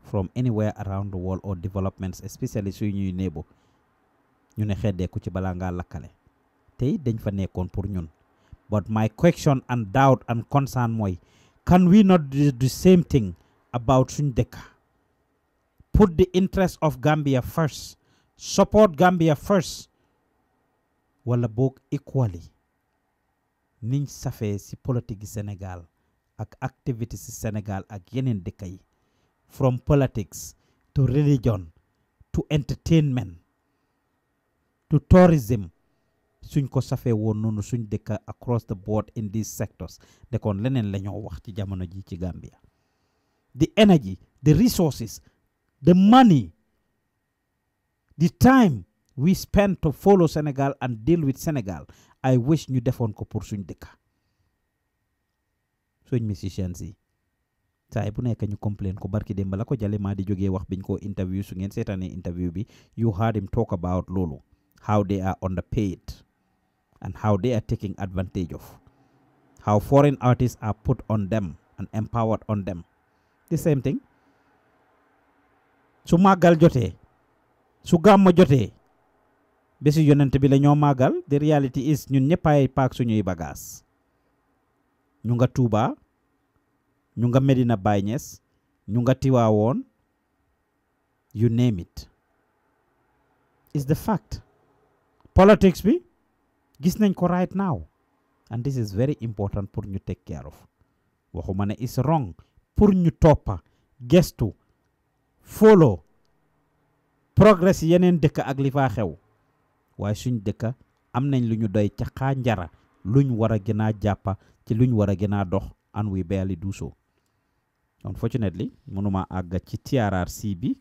from anywhere around the world or developments especially suy ñuy néebo ñu ne xeddee ku ci balaa ngaa lakkale tey dañ fa nekkoon pour ñun But my question and doubt and concern why can we not do the same thing about Sundeka? Put the interest of Gambia first. Support Gambia first. wala boog equally niñ safee ci politique Sénégal ak activities Sénégal ak in dëkk from politics to religion to entertainment to tourism suñ ko safee woon noonu suñ dëkka across the board in these sectors de kon leneen lañoo wax ci jamono ji ci Gambia the energy the resources the money the time we spend to follow senegal and deal with Sénégal I wish ñu defoon ko pour suñ dëkka suñ musiciens yi saay bu nekk ñu complain ko barki démb la ko jale maa di jógee wax biñ ko interview su ngeen seetaanee interview bi you heard him talk about loolu how they are underpaid and how they are taking advantage of, how foreign artists are put on them and empowered on them. The same thing. su màggal jotee su gàmm jotee bési yonent bi lañoo màggal the reality is ñun ñëppaay paak suñuy bagaas ñu nga Touba ñu nga Medina Baye Niass ñu nga Tiwaawoon yu name it is the fact politics bi gis nañ ko right now and this is very important pour ñu teg care of waxuma ne is wrong pour ñu toppa gestu follow progress yeneen dëkk ak li faa xew waaye suñ dëkka am nañ lu ñu doy ca xaanjara luñ war a gën a jàppa ci luñ war a gën a dox and we barely do unfortunately mënuma àgg ci TRRC bi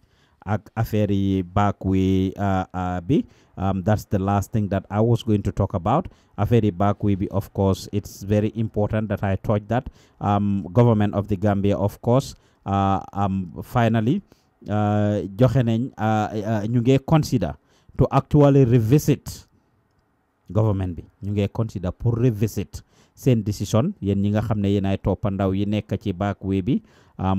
ak affaire yi back way uh, uh, bi um, that's the last thing that I was going to talk about affaire yi back way bi of course it's very important that I touch that um, government of the Gambia of course uh, um, finally joxe nañ ñu ngi consider to actually revisit government bi ñu ngi consider pour revisit seen decision yéen ñi nga xam ne yéen ay toppandaw yi nekk ci back way bi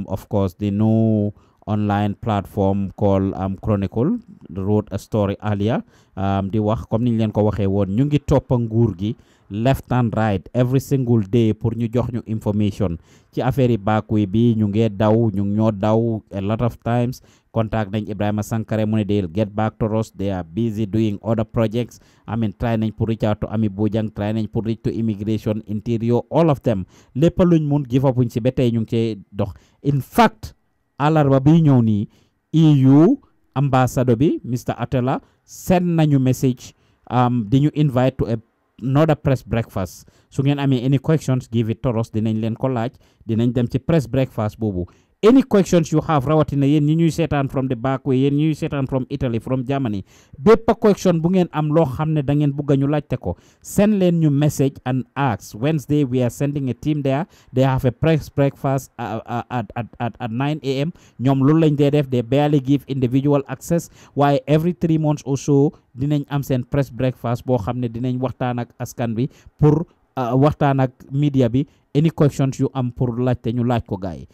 of course the new online platform called um, Chronicle wrote a story earlier um, di wax comme niñ leen ko waxee woon ñu ngi toppa nguur gi left and right every single day pour ñu jox ñu information ci affaire yi baakuy bi ñu ngee daw ñu ñoo daw a lot of times contact nañ Ibrahima Sankare mu ne they'll get back to us they are busy doing other projects I mean try nañ pour reach to Ami Bojang try nañ pour reach to immigration interior all of them lépp luñ mun give up wuñ si ba tey ñu ngi cee dox in fact àllarba bi ñëw nii EU ambassador bi Mr Atella send nañu message um, di ñu invite to a another press breakfast su ngeen amee any questions give it to us dinañ leen ko laaj dinañ dem ci press breakfast boobu any questions you have rawatina yéen ñi ñuy seetaan from the back way yéen ñuy seetaan from Italy from Germany bépp question bu ngeen am loo xam ne dangeen ngeen a ñu laajte ko send leen ñu message and ask Wednesday we are sending a team there they have a press breakfast uh, uh, at at at 9 a.m. ñoom loolu lañ dee def they barely give individual access waaye every three months or so dinañ am seen press breakfast boo xam ne dinañ waxtaan ak askan bi pour uh, waxtaan ak media bi. any questions you am pour like ñu laaj ko gars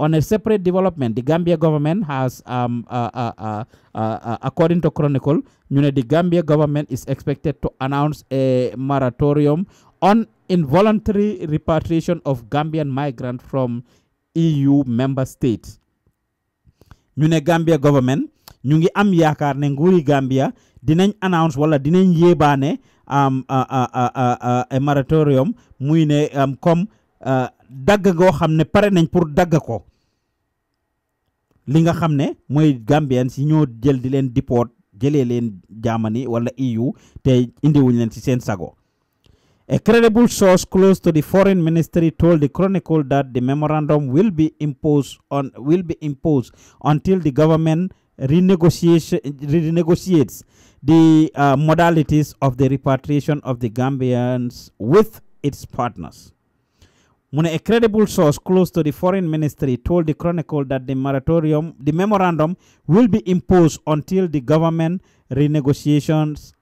on a separate development the Gambia government has um, uh, uh, uh, according to Chronicle you know, the Gambia government is expected to announce a moratorium on involuntary repatriation of Gambian migrants from EU member states You know, Gambia government ñu ngi am yaakaar ne nguuri Gambia dinañ announce wala dinañ um, a moratorium muine um come. Euh, dagg goo xam ne pare nañ pour dagg ko li nga xam ne mooy Gambien si ñoo jël di leen dippoot jëlee leen Germany wala EU te indiwuñ leen si seen sago. A credible source close to the foreign ministry told the Chronicle that the memorandum will be imposed on will be imposed until the government renegotiation renegotiates the uh, modalities of the repatriation of the Gambians with its partners. mu Mune, a credible source close to the foreign ministry told the Chronicle that the moratorium, the memorandum, will be imposed until the government renegotiations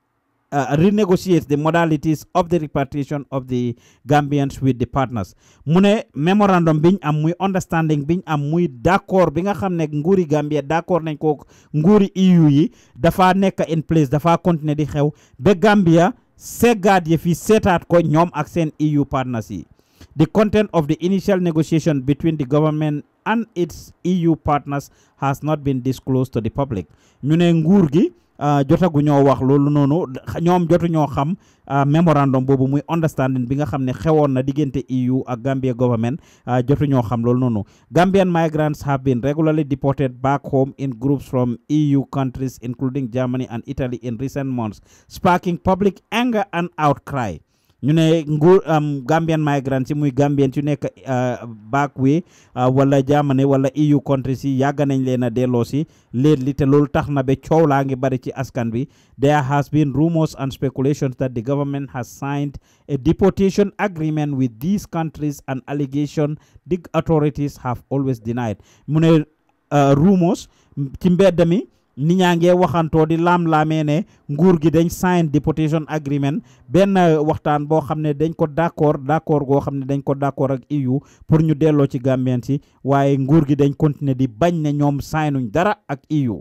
uh, renegotiates the modalities of the repatriation of the Gambians with the partners. Mune memorandum biñ am muy understanding biñ am muy d'accord bi nga xam ne nguuri Gambia d'accord nañ ko nguuri EU yi dafa nekk in place dafa continuer di xew ba Gambia seggaat yi fi seetaat ko ñoom ak seen EU partners yi. The content of the initial negotiation between the government and its EU partners has not been disclosed to the public ñu ne nguur gi euh, jotagu ñoo wax euh, memorandum boobu muy understanding bi nga xam ne na diggante EU ak Gambia government euh, jotu ñoo xam loolu noonu Gambian migrants have been regularly deported back home in groups from EU countries including Germany and Italy in recent months sparking public anger and outcry ñu ne nguur am Gambian migrants muy Gambian yu nekk ah, back way ah, wala Germany wala EU countries yi yàgg nañ leen a delloo si léegi te loolu tax na ba coow laa ngi bari ci askan bi there has been rumors and speculations that the government has signed a deportation agreement with these countries an allegation the authorities have always denied mu ne ah, rumors ci mbedd mi nit ñaa ngee waxantoo di laam-laamee ne nguur gi dañ sign deportation agreement benn waxtaan boo xam ne dañ ko d'accord d'accord goo xam ne dañ ko d'accord ak EU pour ñu delloo ci Gambien si waaye nguur gi dañ continuer di bañ ne ñoom signuñ dara ak EU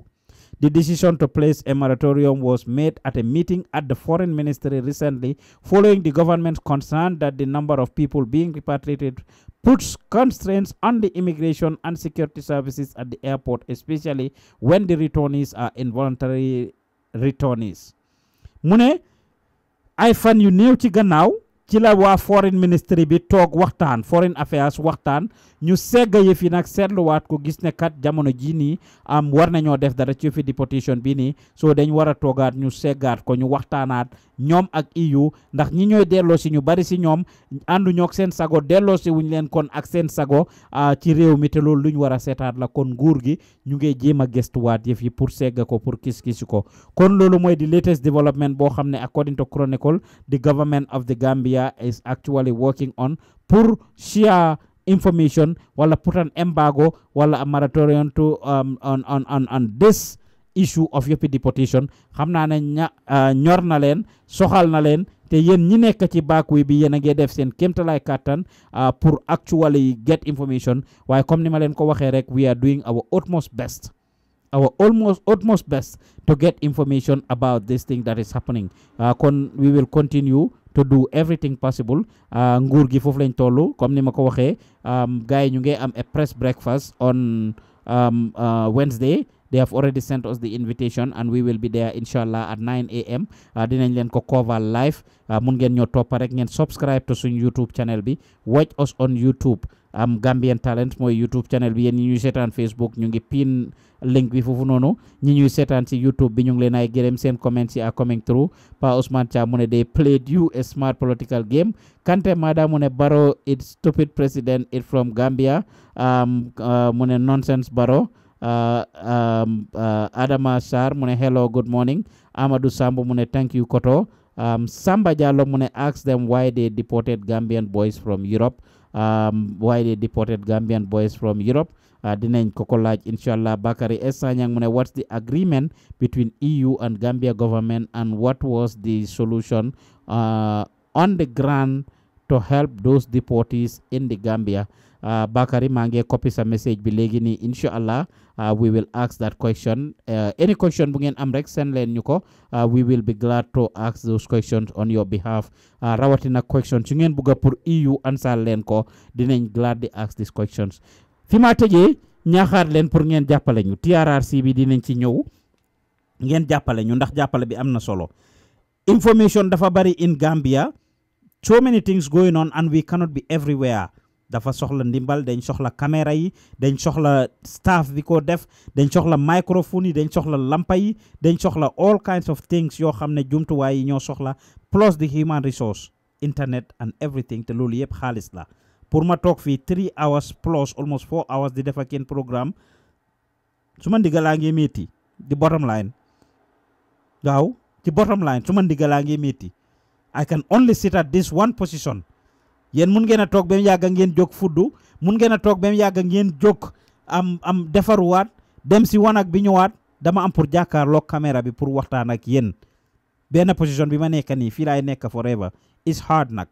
The decision to place a moratorium was made at a meeting at the foreign ministry recently following the government's concern that the number of people being repatriated puts constraints on the immigration and security services at the airport, especially when the returnees are involuntary returnees. mu ne fan yu néew ci gannaaw ci la wa foreign ministry bi tok waxtaan foreign affairs waxtaan ñu segg fi nak sétlu wat ko gis ne kat jamono ji ni am war nañu def dara ci fi deportation bi so so dañ wara togaat ñu ségaat ko ñu waxtaanaat ñom ak EU ndax ñi ñoy si ñu bari ci ñom andu ñok seen sago delloo ci wuñ leen kon ak seen sago ci réew mi té loolu luñ wara sétaat la kon nguur gi ñu ngi jéem a wat yef yi pour ségga ko pour kis ko kon loolu moy di latest development bo xamné according to chronicle the government of the Gambia India is actually working on pour share information while put an embargo while a moratorium to um, on, on, on, on this issue of yëppi deportation xam naa ne ña uh, ñor na leen soxal na leen te yéen ñi nekk ci baakuy bi yéen a ngi def seen kéemtalaay kàttan uh, pour actually get information waaye comme ni ma leen ko waxee rek we are doing our utmost best our almost utmost best to get information about this thing that is happening uh, kon we will continue to do everything possible uh, nguur gi foofu lañ toll comme ni ma ko waxee um, gars yi ñu ngi am a press breakfast on um, uh, Wednesday they have already sent us the invitation and we will be there inshallah at 9 a.m. Uh, dinañ leen ko cover live uh, mun ngeen ño toppa rek ngeen subscribe to suñ YouTube channel bi watch us on YouTube am Gambian Talents mooy YouTube channel bi yen ñi ñuy seetaan Facebook ñu ngi pin link bi foofu noonu ñi ñuy seetaan si YouTube bi ñu ngi leen ay gërëm seen comments yi are coming through Pa Ousmane Cha mu ne they played you a smart political game Kante Mada mu ne Barrow it stupid president it from Gambia um, uh, uh, um, uh, Adama Sar mune hello good morning Amadu Sambo mune thank you Koto um, Samba Jallo mune ask them why they deported Gambian boys from Europe um, why they deported Gambian boys from Europe uh, dinañ ko ko laaj inshallah Bakary S Sagnang what's the agreement between EU and Gambia government and what was the solution uh, on the ground to help those deportees in the Gambia Ah, Bakary maa ngi copy sa message bi léegi nii incha allah ah, we will ask that question eh, any question bu ngeen am rek send leen ñu ko ah, we will be glad to ask those questions on your behalf rawatina questions su ngeen bugg a pour EU answer leen ko dinañ glad di ask these questions fi ma tëjee ñaaxaat leen pour ngeen jàppale ñu TRRC bi dinañ ci ñëw ngeen jàppale ñu ndax jàppale bi am na solo information dafa bari in Gambia so many things going on and dafa soxla ndimbal dañ soxla caméra yi dañ soxla staff bi ko def dañ soxla microphone yi dañ soxla lampa yi dañ soxla all kinds of things yo xamne jumtu way yi ñoo soxla plus the human resource internet and everything te loolu yëpp xaalis la pour ma toog fii three hours plus almost 4 hours di def ak yéen programme su ma ndigalaa ngi métti di bottom line waaw ci bottom line su ma ndigalaa ngi métti I can only sit at this one position yéen mun ngeen a toog ba mu ngeen jóg fuddu mun ngeen a toog ba mu yàgg ngeen jóg am am defaruwaat dem si wanag bi ñëwaat dama am pour jàkkaarloog caméra bi pour waxtaan ak yéen benn position bi ma nekk nii fii lay nekk forever is hard nag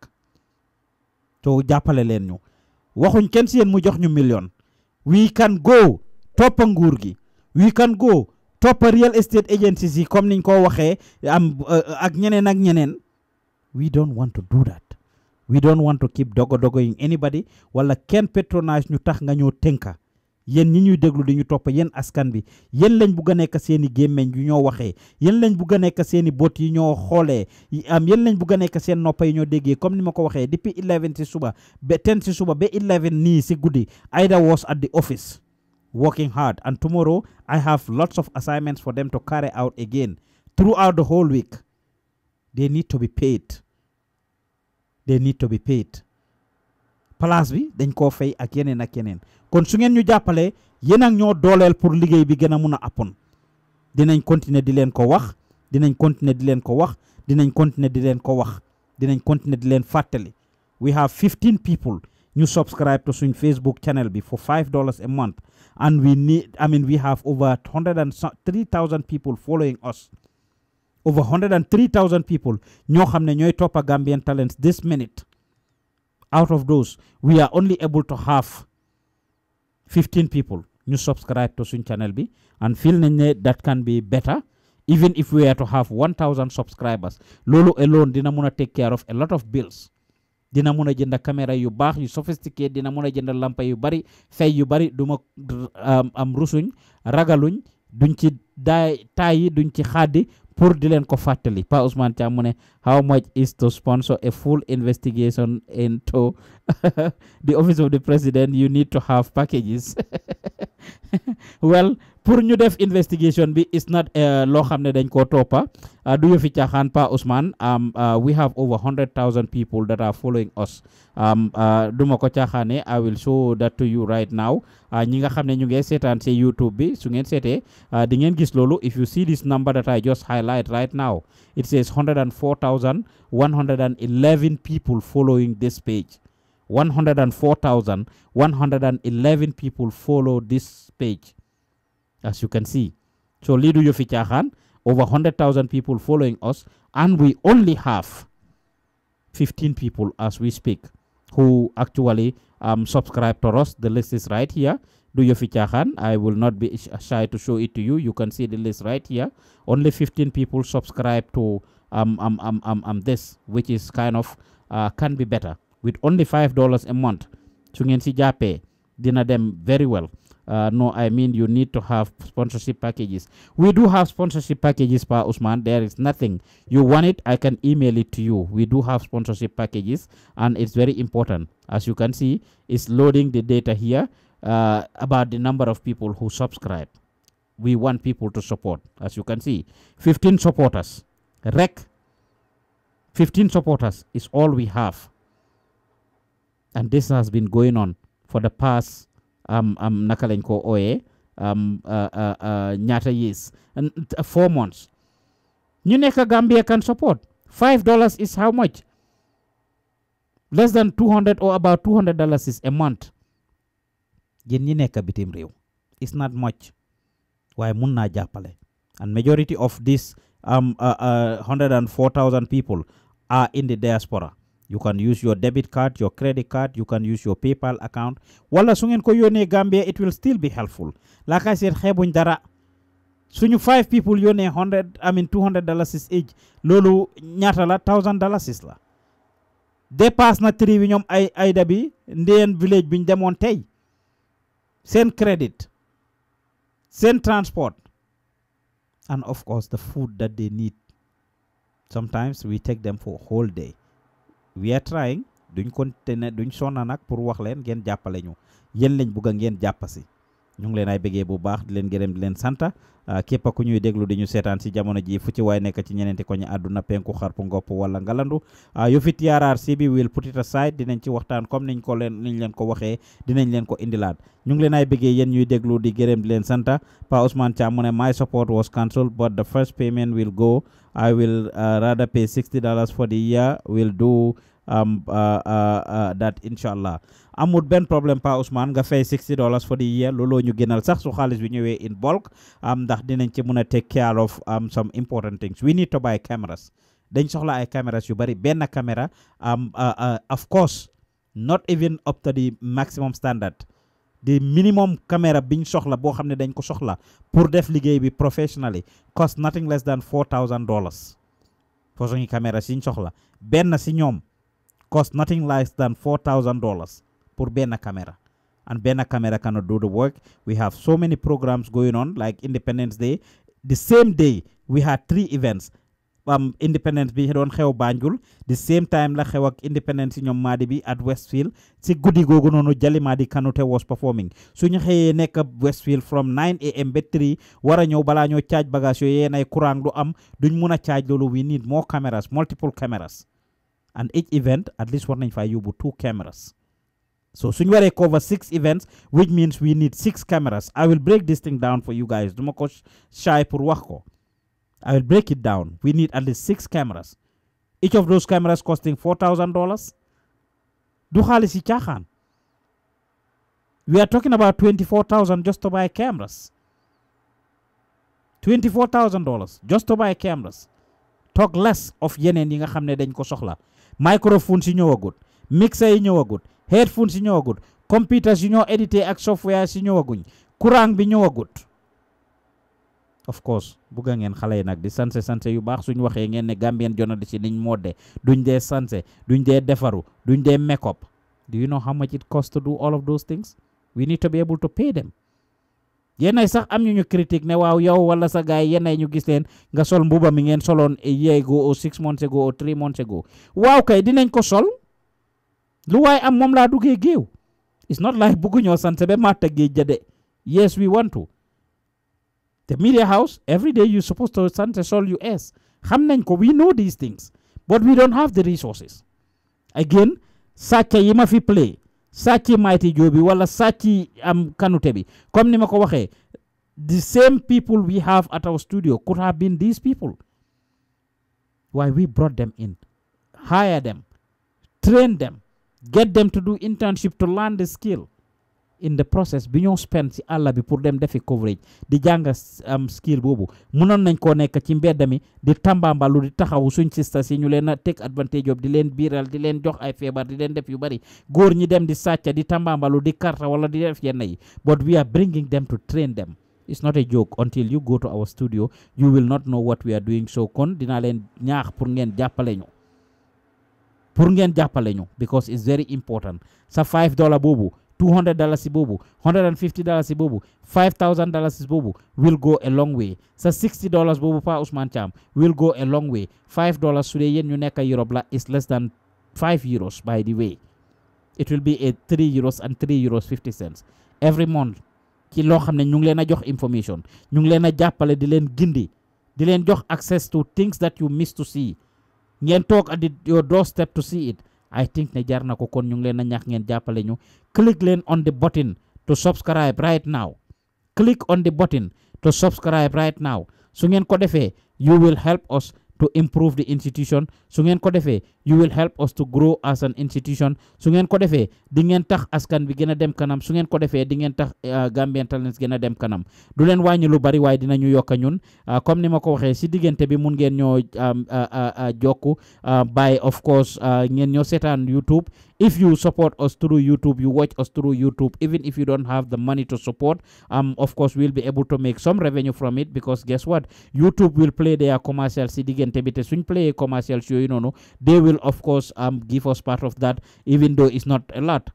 to jàppale leen ñu waxuñ kenn si yéen mu jox ñu million we can go toppa nguur gi we can go toppa real estate agencies yi comme niñ ko waxee am euh, ak ñeneen ak ñeneen we don't want to do that we don't want to keep dogo dogoing anybody wala Ken patronage ñu tax nga ñoo tënka yéen ñi ñuy déglu di ñu topp yéen askan bi yéen lañ bugg a nekk seen i gémmeñ yu ñoo waxee yéen lañ bugg a nekk seen i bot yi ñoo xoolee am yen lañ bugg a nekk seen noppa yi ñoo comme ni ma ko depuis 11 si suba 10 si suba 11 ni si gudi. Aida was at the office working hard and tomorrow I have lots of assignments for them to carry out again throughout the whole week they need to be paid they need to be paid place bi dañ koo fay ak yeneen ak yeneen kon su ngeen ñu jàppalee yéen ak ñoo dooleel pour liggéey bi gën a mun a appoon dinañ continuer di leen ko wax dinañ continuer di leen ko wax dinañ continuer di leen ko wax dinañ continuer di leen fàttali we have 15 people ñu subscribe to suñ Facebook channel bi for five dollars a month and we need I mean we have over hundred and three thousand people following us over 103,000 people ñoo xam ne ñooy toppa Gambian talents this minute out of those we are only able to have people ñu subscribe to suñ channel bi and feel nañ ne that can be better even if we are to have subscribers loolu alone dina mun a take care of a lot of bills dina mun a jënd caméra yu baax yu sophistiqué dina mun a jënd lampa yu bari fay yu bari duma um, am rusuñ ragaluñ duñ ci daay taayi duñ ci xaddi pour di leen ko fàttali Pa Ousmane Thiam mu ne how much is to sponsor a full investigation into the office of the president you need to have packages well pour ñu def investigation bi is not eh, loo xam ne dañ koo toppa ah, du yëfi caaxaan Pa Ousmane um, ah, we have over hundred thousand people that are following us um, ah, duma ko caaxaane I will show that to you right now ñi nga xam ñu ngee seetaan si YouTube bi su ngeen seetee di ngeen gis loolu if you see this number that I just highlight right now it says hundred and four thousand one hundred and eleven people following this page one hundred and four thousand one hundred and eleven people follow this page as you can see. So Lidu Yofichahan, over 100,000 people following us, and we only have 15 people as we speak who actually um, subscribe to us. The list is right here. Do your Fichahan. I will not be shy to show it to you. You can see the list right here. Only 15 people subscribe to um, um, um, um, um this, which is kind of uh, can be better with only $5 a month. So you can see Jape, dinner them very well. Uh, no, I mean you need to have sponsorship packages. We do have sponsorship packages, Pa Usman. There is nothing. You want it, I can email it to you. We do have sponsorship packages, and it's very important. As you can see, it's loading the data here uh, about the number of people who subscribe. We want people to support. As you can see, 15 supporters. Rec. 15 supporters is all we have. And this has been going on for the past am naka lañ ko ooyee ñaata years four months ñu nekk Gambia can support five dollars is how much less than two hundred or about two hundred dollars is a month yéen ñi nekk bitim réew it's not much waaye mun naa jàppale and majority of this um, hundred and four thousand people are in the diaspora you can use your debit card your credit card you can use your paypal account wala su ngeen ko Gambia it will still be helpful like I said xeebuñ dara suñu five people yónnee hundred I mean two hundred dollars is each loolu ñaata la thousand dollars is la dépasse na tri bi ñoom ay ayda bi village bi ñu demoon tey credit Same transport and of course the food that they need sometimes we take them for whole day we are trying duñ continuer duñ sonna nag pour wax leen ngeen jàppale ñu yéen lañ bugg a ngeen jàpp si ñu ngi leen ay bëggee bu baax di leen gërëm di leen sant ah, képp ku ñuy déglu di ñu seetaan si jamono ji fu ci waay nekk ci ñeneenti koñ àdduna penku xarpu ngopp wala ngalandu ah, yu fi TRRC bi will put it aside dinañ ci waxtaan comme niñ ko leen niñ leen ko waxee dinañ leen ko indilaat ñu ngi leen ay bëggee yéen ñuy déglu di gërëm di leen sant Pa Ousmane Thiam mu ne my support was cancelled but the first payment will go I will ah, rather pay sixty dollars for Um, uh, uh, uh, that inshallah amul benn problème pa Ousmane nga fay 60 dollars for the year looloo ñu gënal sax su xaalis bi ñëwee in bulk um, ndax dinañ ci mun a take care of um, some important things we need to buy cameras dañ soxla ay cameras yu bari benn caméra of course not even up to the maximum standard the minimum caméra biñ soxla boo xam ne dañ ko soxla pour def liggéey bi professionally cost nothing less than four thousand dollars façon caméra siñ soxla benn si ñoom Cost nothing less than $4,000 per Bena camera. And Bena camera cannot do the work. We have so many programs going on, like Independence Day. The same day, we had three events. Um, independence bi on xew Banjul the same time la xew ak independence in your bi at Westfield ci no no jali Jalimadi Kanute was performing suñu xëyee nekk Westfield from 9 am ba 3 Wara a ñëw balaa ñoo charge bagage yooyu yéen courant du am duñ mun charge we need more cameras multiple cameras and each event at least one. nañ faa yóbbu two cameras so suñ waree cover six events which means we need six cameras I will break this thing down for you guys shy I will break it down we need at least six cameras each of those cameras costing four thousand dollars we are talking about twenty four thousand just to buy cameras twenty four thousand dollars just to buy cameras talk less of yen. yi nga xam ne ko soxla si yi ñëwagut mixer yi ñëwagut headphones yi ñëwagut computers yi ñoo édité ak software si ñëwaguñ courant bi ñëwagut of course bugga ngeen xale yi nag di sanse sanse yu baax suñ waxee ngeen ne Gambian journalist yi niñ modde duñ dee sanse duñ dee defaru duñ dee make up do you know how much it costs to do all of those things we need to be able to pay dem yenay sax am ñu ñu critique ne waaw yow wala sa gaay yenay ñu gis leen nga sol mbuba mi ngeen soloon a year ago or six months ago or three months ago waaw kay dinañ ko sol lu way am mom la duggé geew it's not like ñoo sante be ma tagge jade yes we want to the media house every day you supposed to sante sol us xam nañ ko we know these things but we don't have the resources again sàcca yi ma fi play sàcci mayti joobi wala sàcci am kanute bi comme ni ma ko waxee the same people we have at our studio could have been these people why we brought them in hire them train them get them to do internship to learn the skill in the process bi ñoo spend si àll bi pour dem defi coverage di jànga am skill boobu mënoon nañ koo nekk ci mbedd mi di tambambalu di taxaw suñ sista si ñu leen a take advantage of di leen biiral di leen jox ay feebar di leen def yu bari góor ñi dem di sàcca di tambambalu di karta wala di def yenn yi but we are bringing them to train them it's not a joke until you go to our studio you will not know what we are doing so kon dinaa leen ñaax pour ngeen jàppale ñu ngeen jàppale ñu because sa five boobu $200 si ibubu, $150 si ibubu, $5,000 si ibubu will go a long way. Sa $60 bubu pa Usman Cham will go a long way. $5 sude yen yu nekk Europe la is less than 5 euros by the way. It will be a 3 euros and 3 euros 50 cents every month. Kilo lo xam ne ñu ngi information ñu ngi leen a di leen gindi di leen jox access to things that you miss to see ngeen talk at your doorstep to see it I think ne jar na ko kon ñu ngi nyak a ñaax ngeen click then on the button to subscribe right now click on the button to subscribe right now su ngeen you will help us to improve the institution su ngeen you will help us to grow as an institution su ngeen ko defee di ngeen tax askan bi gën a dem kanam su ngeen ko defee di ngeen tax eh, Gambian Talents gën a dem kanam du leen wàññi lu bari waaye dinañu yokk ñun ah, comme ni ma ko waxee si diggante bi mun ngeen ñoo jokku ah, by of course ah, ngeen ñoo seetaan YouTube if you support us through YouTube you watch us through YouTube even if you don't have the money to support um of course we'll be able to make some revenue from it because guess what YouTube will play their commercials si diggante bi te suñ play commercials yooyu noonu they will of course um, give us part of that even though it's not a lot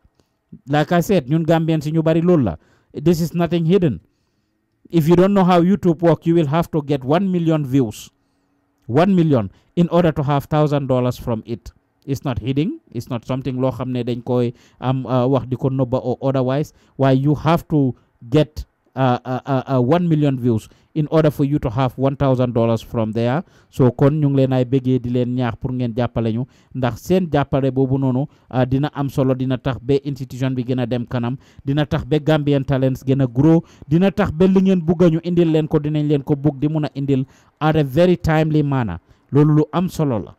like i said ñun Gambians in bari lola, this is nothing hidden if you don't know how youtube work you will have to get 1 million views 1 million in order to have $1000 from it it's not hidden it's not something lo xamne dañ koy am um, uh, wax diko noba or otherwise why you have to get uh, uh, uh, 1 uh, million views in order for you to have $1000 from there so kon ñu ngi leen ay bëggee di leen ñaax pour ngeen jàppale ñu ndax seen jàppale boobu noonu uh, dina am solo dina tax ba institution bi gën dem kanam dina tax ba Gambian Talents gën a grow dina tax ba li ngeen bugg ñu indil leen ko dinañ leen ko bugg di mun a indil at a very timely manner loolu lu am solo la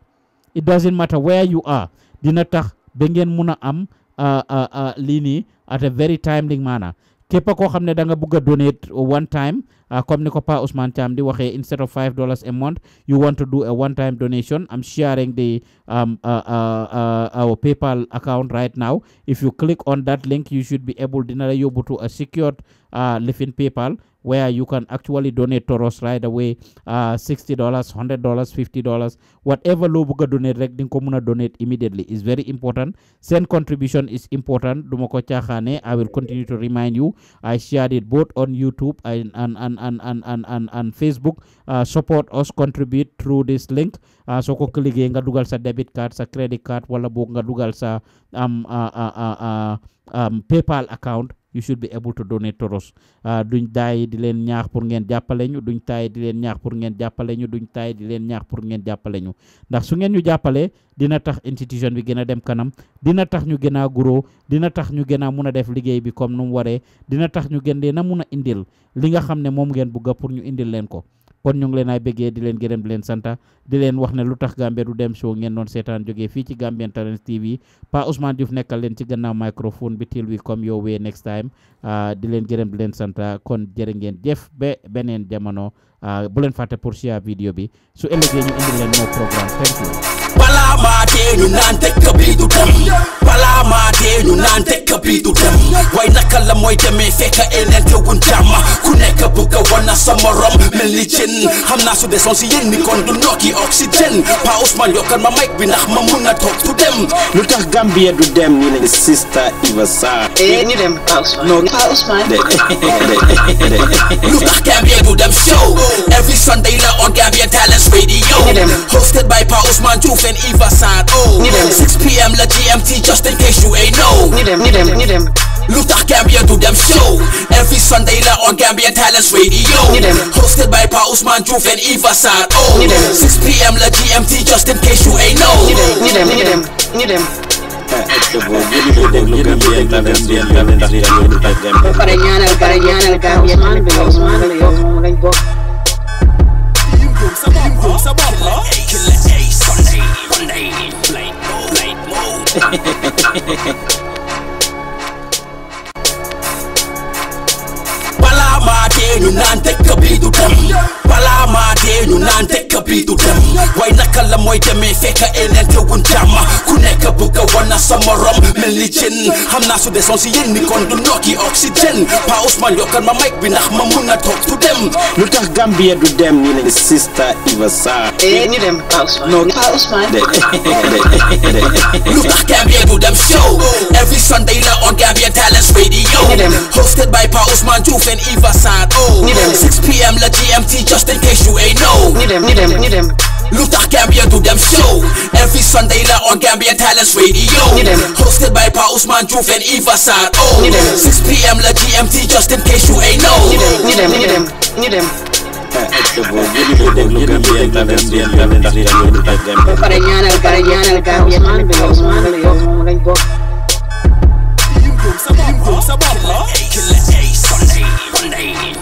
it doesn't matter where you are dina tax ba ngeen mun a am uh, lii nii at a very timely manner képp koo xam ne a donate one time ah, comme ni ko Pa Ousmane di waxee instead of five dollars a month you want to do a one time donation I'm sharing the um, uh, uh, uh, our PayPal account right now if you click on that link you should be able dina la yóbbu to a secured ah, lifin PayPal where you can actually donate to us right away uh, $60, $100, $50, whatever low buga donate rek komuna donate immediately is very important. Send contribution is important. Dumoko chakhane, I will continue to remind you. I shared it both on YouTube and and and and and and, and, and Facebook. Uh, support us contribute through this link. Uh, so ko kili nga dugal sa debit card, sa credit card wala bo nga dugal sa um uh, uh, uh, uh um PayPal account you should be able to donate to us ah, duñ daay di leen ñaax pour ngeen jàppale ñu duñ taay di leen ñaax pour ngeen jàppale ñu duñ taay di leen ñaax pour ngeen jàppale ñu ndax su ngeen ñu jàppalee dina tax institution bi gën a dem kanam dina tax ñu gën a guro dina tax ñu gën a mun a def liggéey bi comme nu mu waree dina tax ñu gën leen a mun a indil li nga xam ne moom ngeen bugga pour ñu indil leen ko kon ñu ngi leen ay bëggee di leen gërëm di leen santa di leen wax ne lu tax Gambia du dem show ngeen doon seetaan jógee fii ci Gambian Talents TV Pa Ousmane Diouf nekkal leen ci gannaaw microphone bi till we come your way next time ah, di leen gërëm di leen santa kon jërë ngeen jëf ba beneen jamono ah, bu leen fàtte pour share vidéo bi su ëllëgee ñu indi leen moo programme thank you Bala mate ñu naan teg kabiitu dem Bala mate ñu naan teg kabiitu dem way naka la mooy demee fekk elente wun jàmm ku nekk bëgg a wana sa morom mel ni jën xam naa su desoon si yéen ni kondu noki oxygen. oxygène Pa Ousmane yokkal ma mic bi ndax ma mun a toog dem lu tax Gambia du dem ñu ne Sister Eva Sarr eh ni dem Pa Ousmane non Pa Ousmane lu tax Gambia du dem show every Sunday la on Gambia Talents Radio hosted by Pa Ousmane Diouf and Eva river side. Oh, 6 p.m. the GMT just in case you ain't know. Need him, need him, need him. Luther Gambia do them show Every Sunday night on Gambia Talents Radio Hosted by Pa Usman Juf and Eva Sad Oh 6pm la GMT just in case you ain't know Need them, need them, need them, Play, play, play, play, madeenu naan tekka biituudhani balaa maadeenu naan tekka biituudhani wayna kala mooy demee fekka eneen teewun jaama ku nekk bugga wana sa morom mel ni jën xam naa su desoon si ni kon du nokki Pa Ousmane yokkal ma mic bi ma mun a toog dem lu Gambia du dem Sister Eva Sarr eh ñu dem Pa Ousmane Pa Ousmane lu tax Gambia du dem show every Sunday la on Gambia Talents Radio hosted by Pa Ousmane Diouf and oh. Need 6 p.m. la GMT just in case you ain't know. Need them, need them, need them. Luther Gambia do them show Every Sunday night on Gambian Talents Radio Hosted by Pa Usman Juf and Eva Saro 6pm la GMT just in case you ain't know Need them, need them, need them Para ñaanal, Sunday,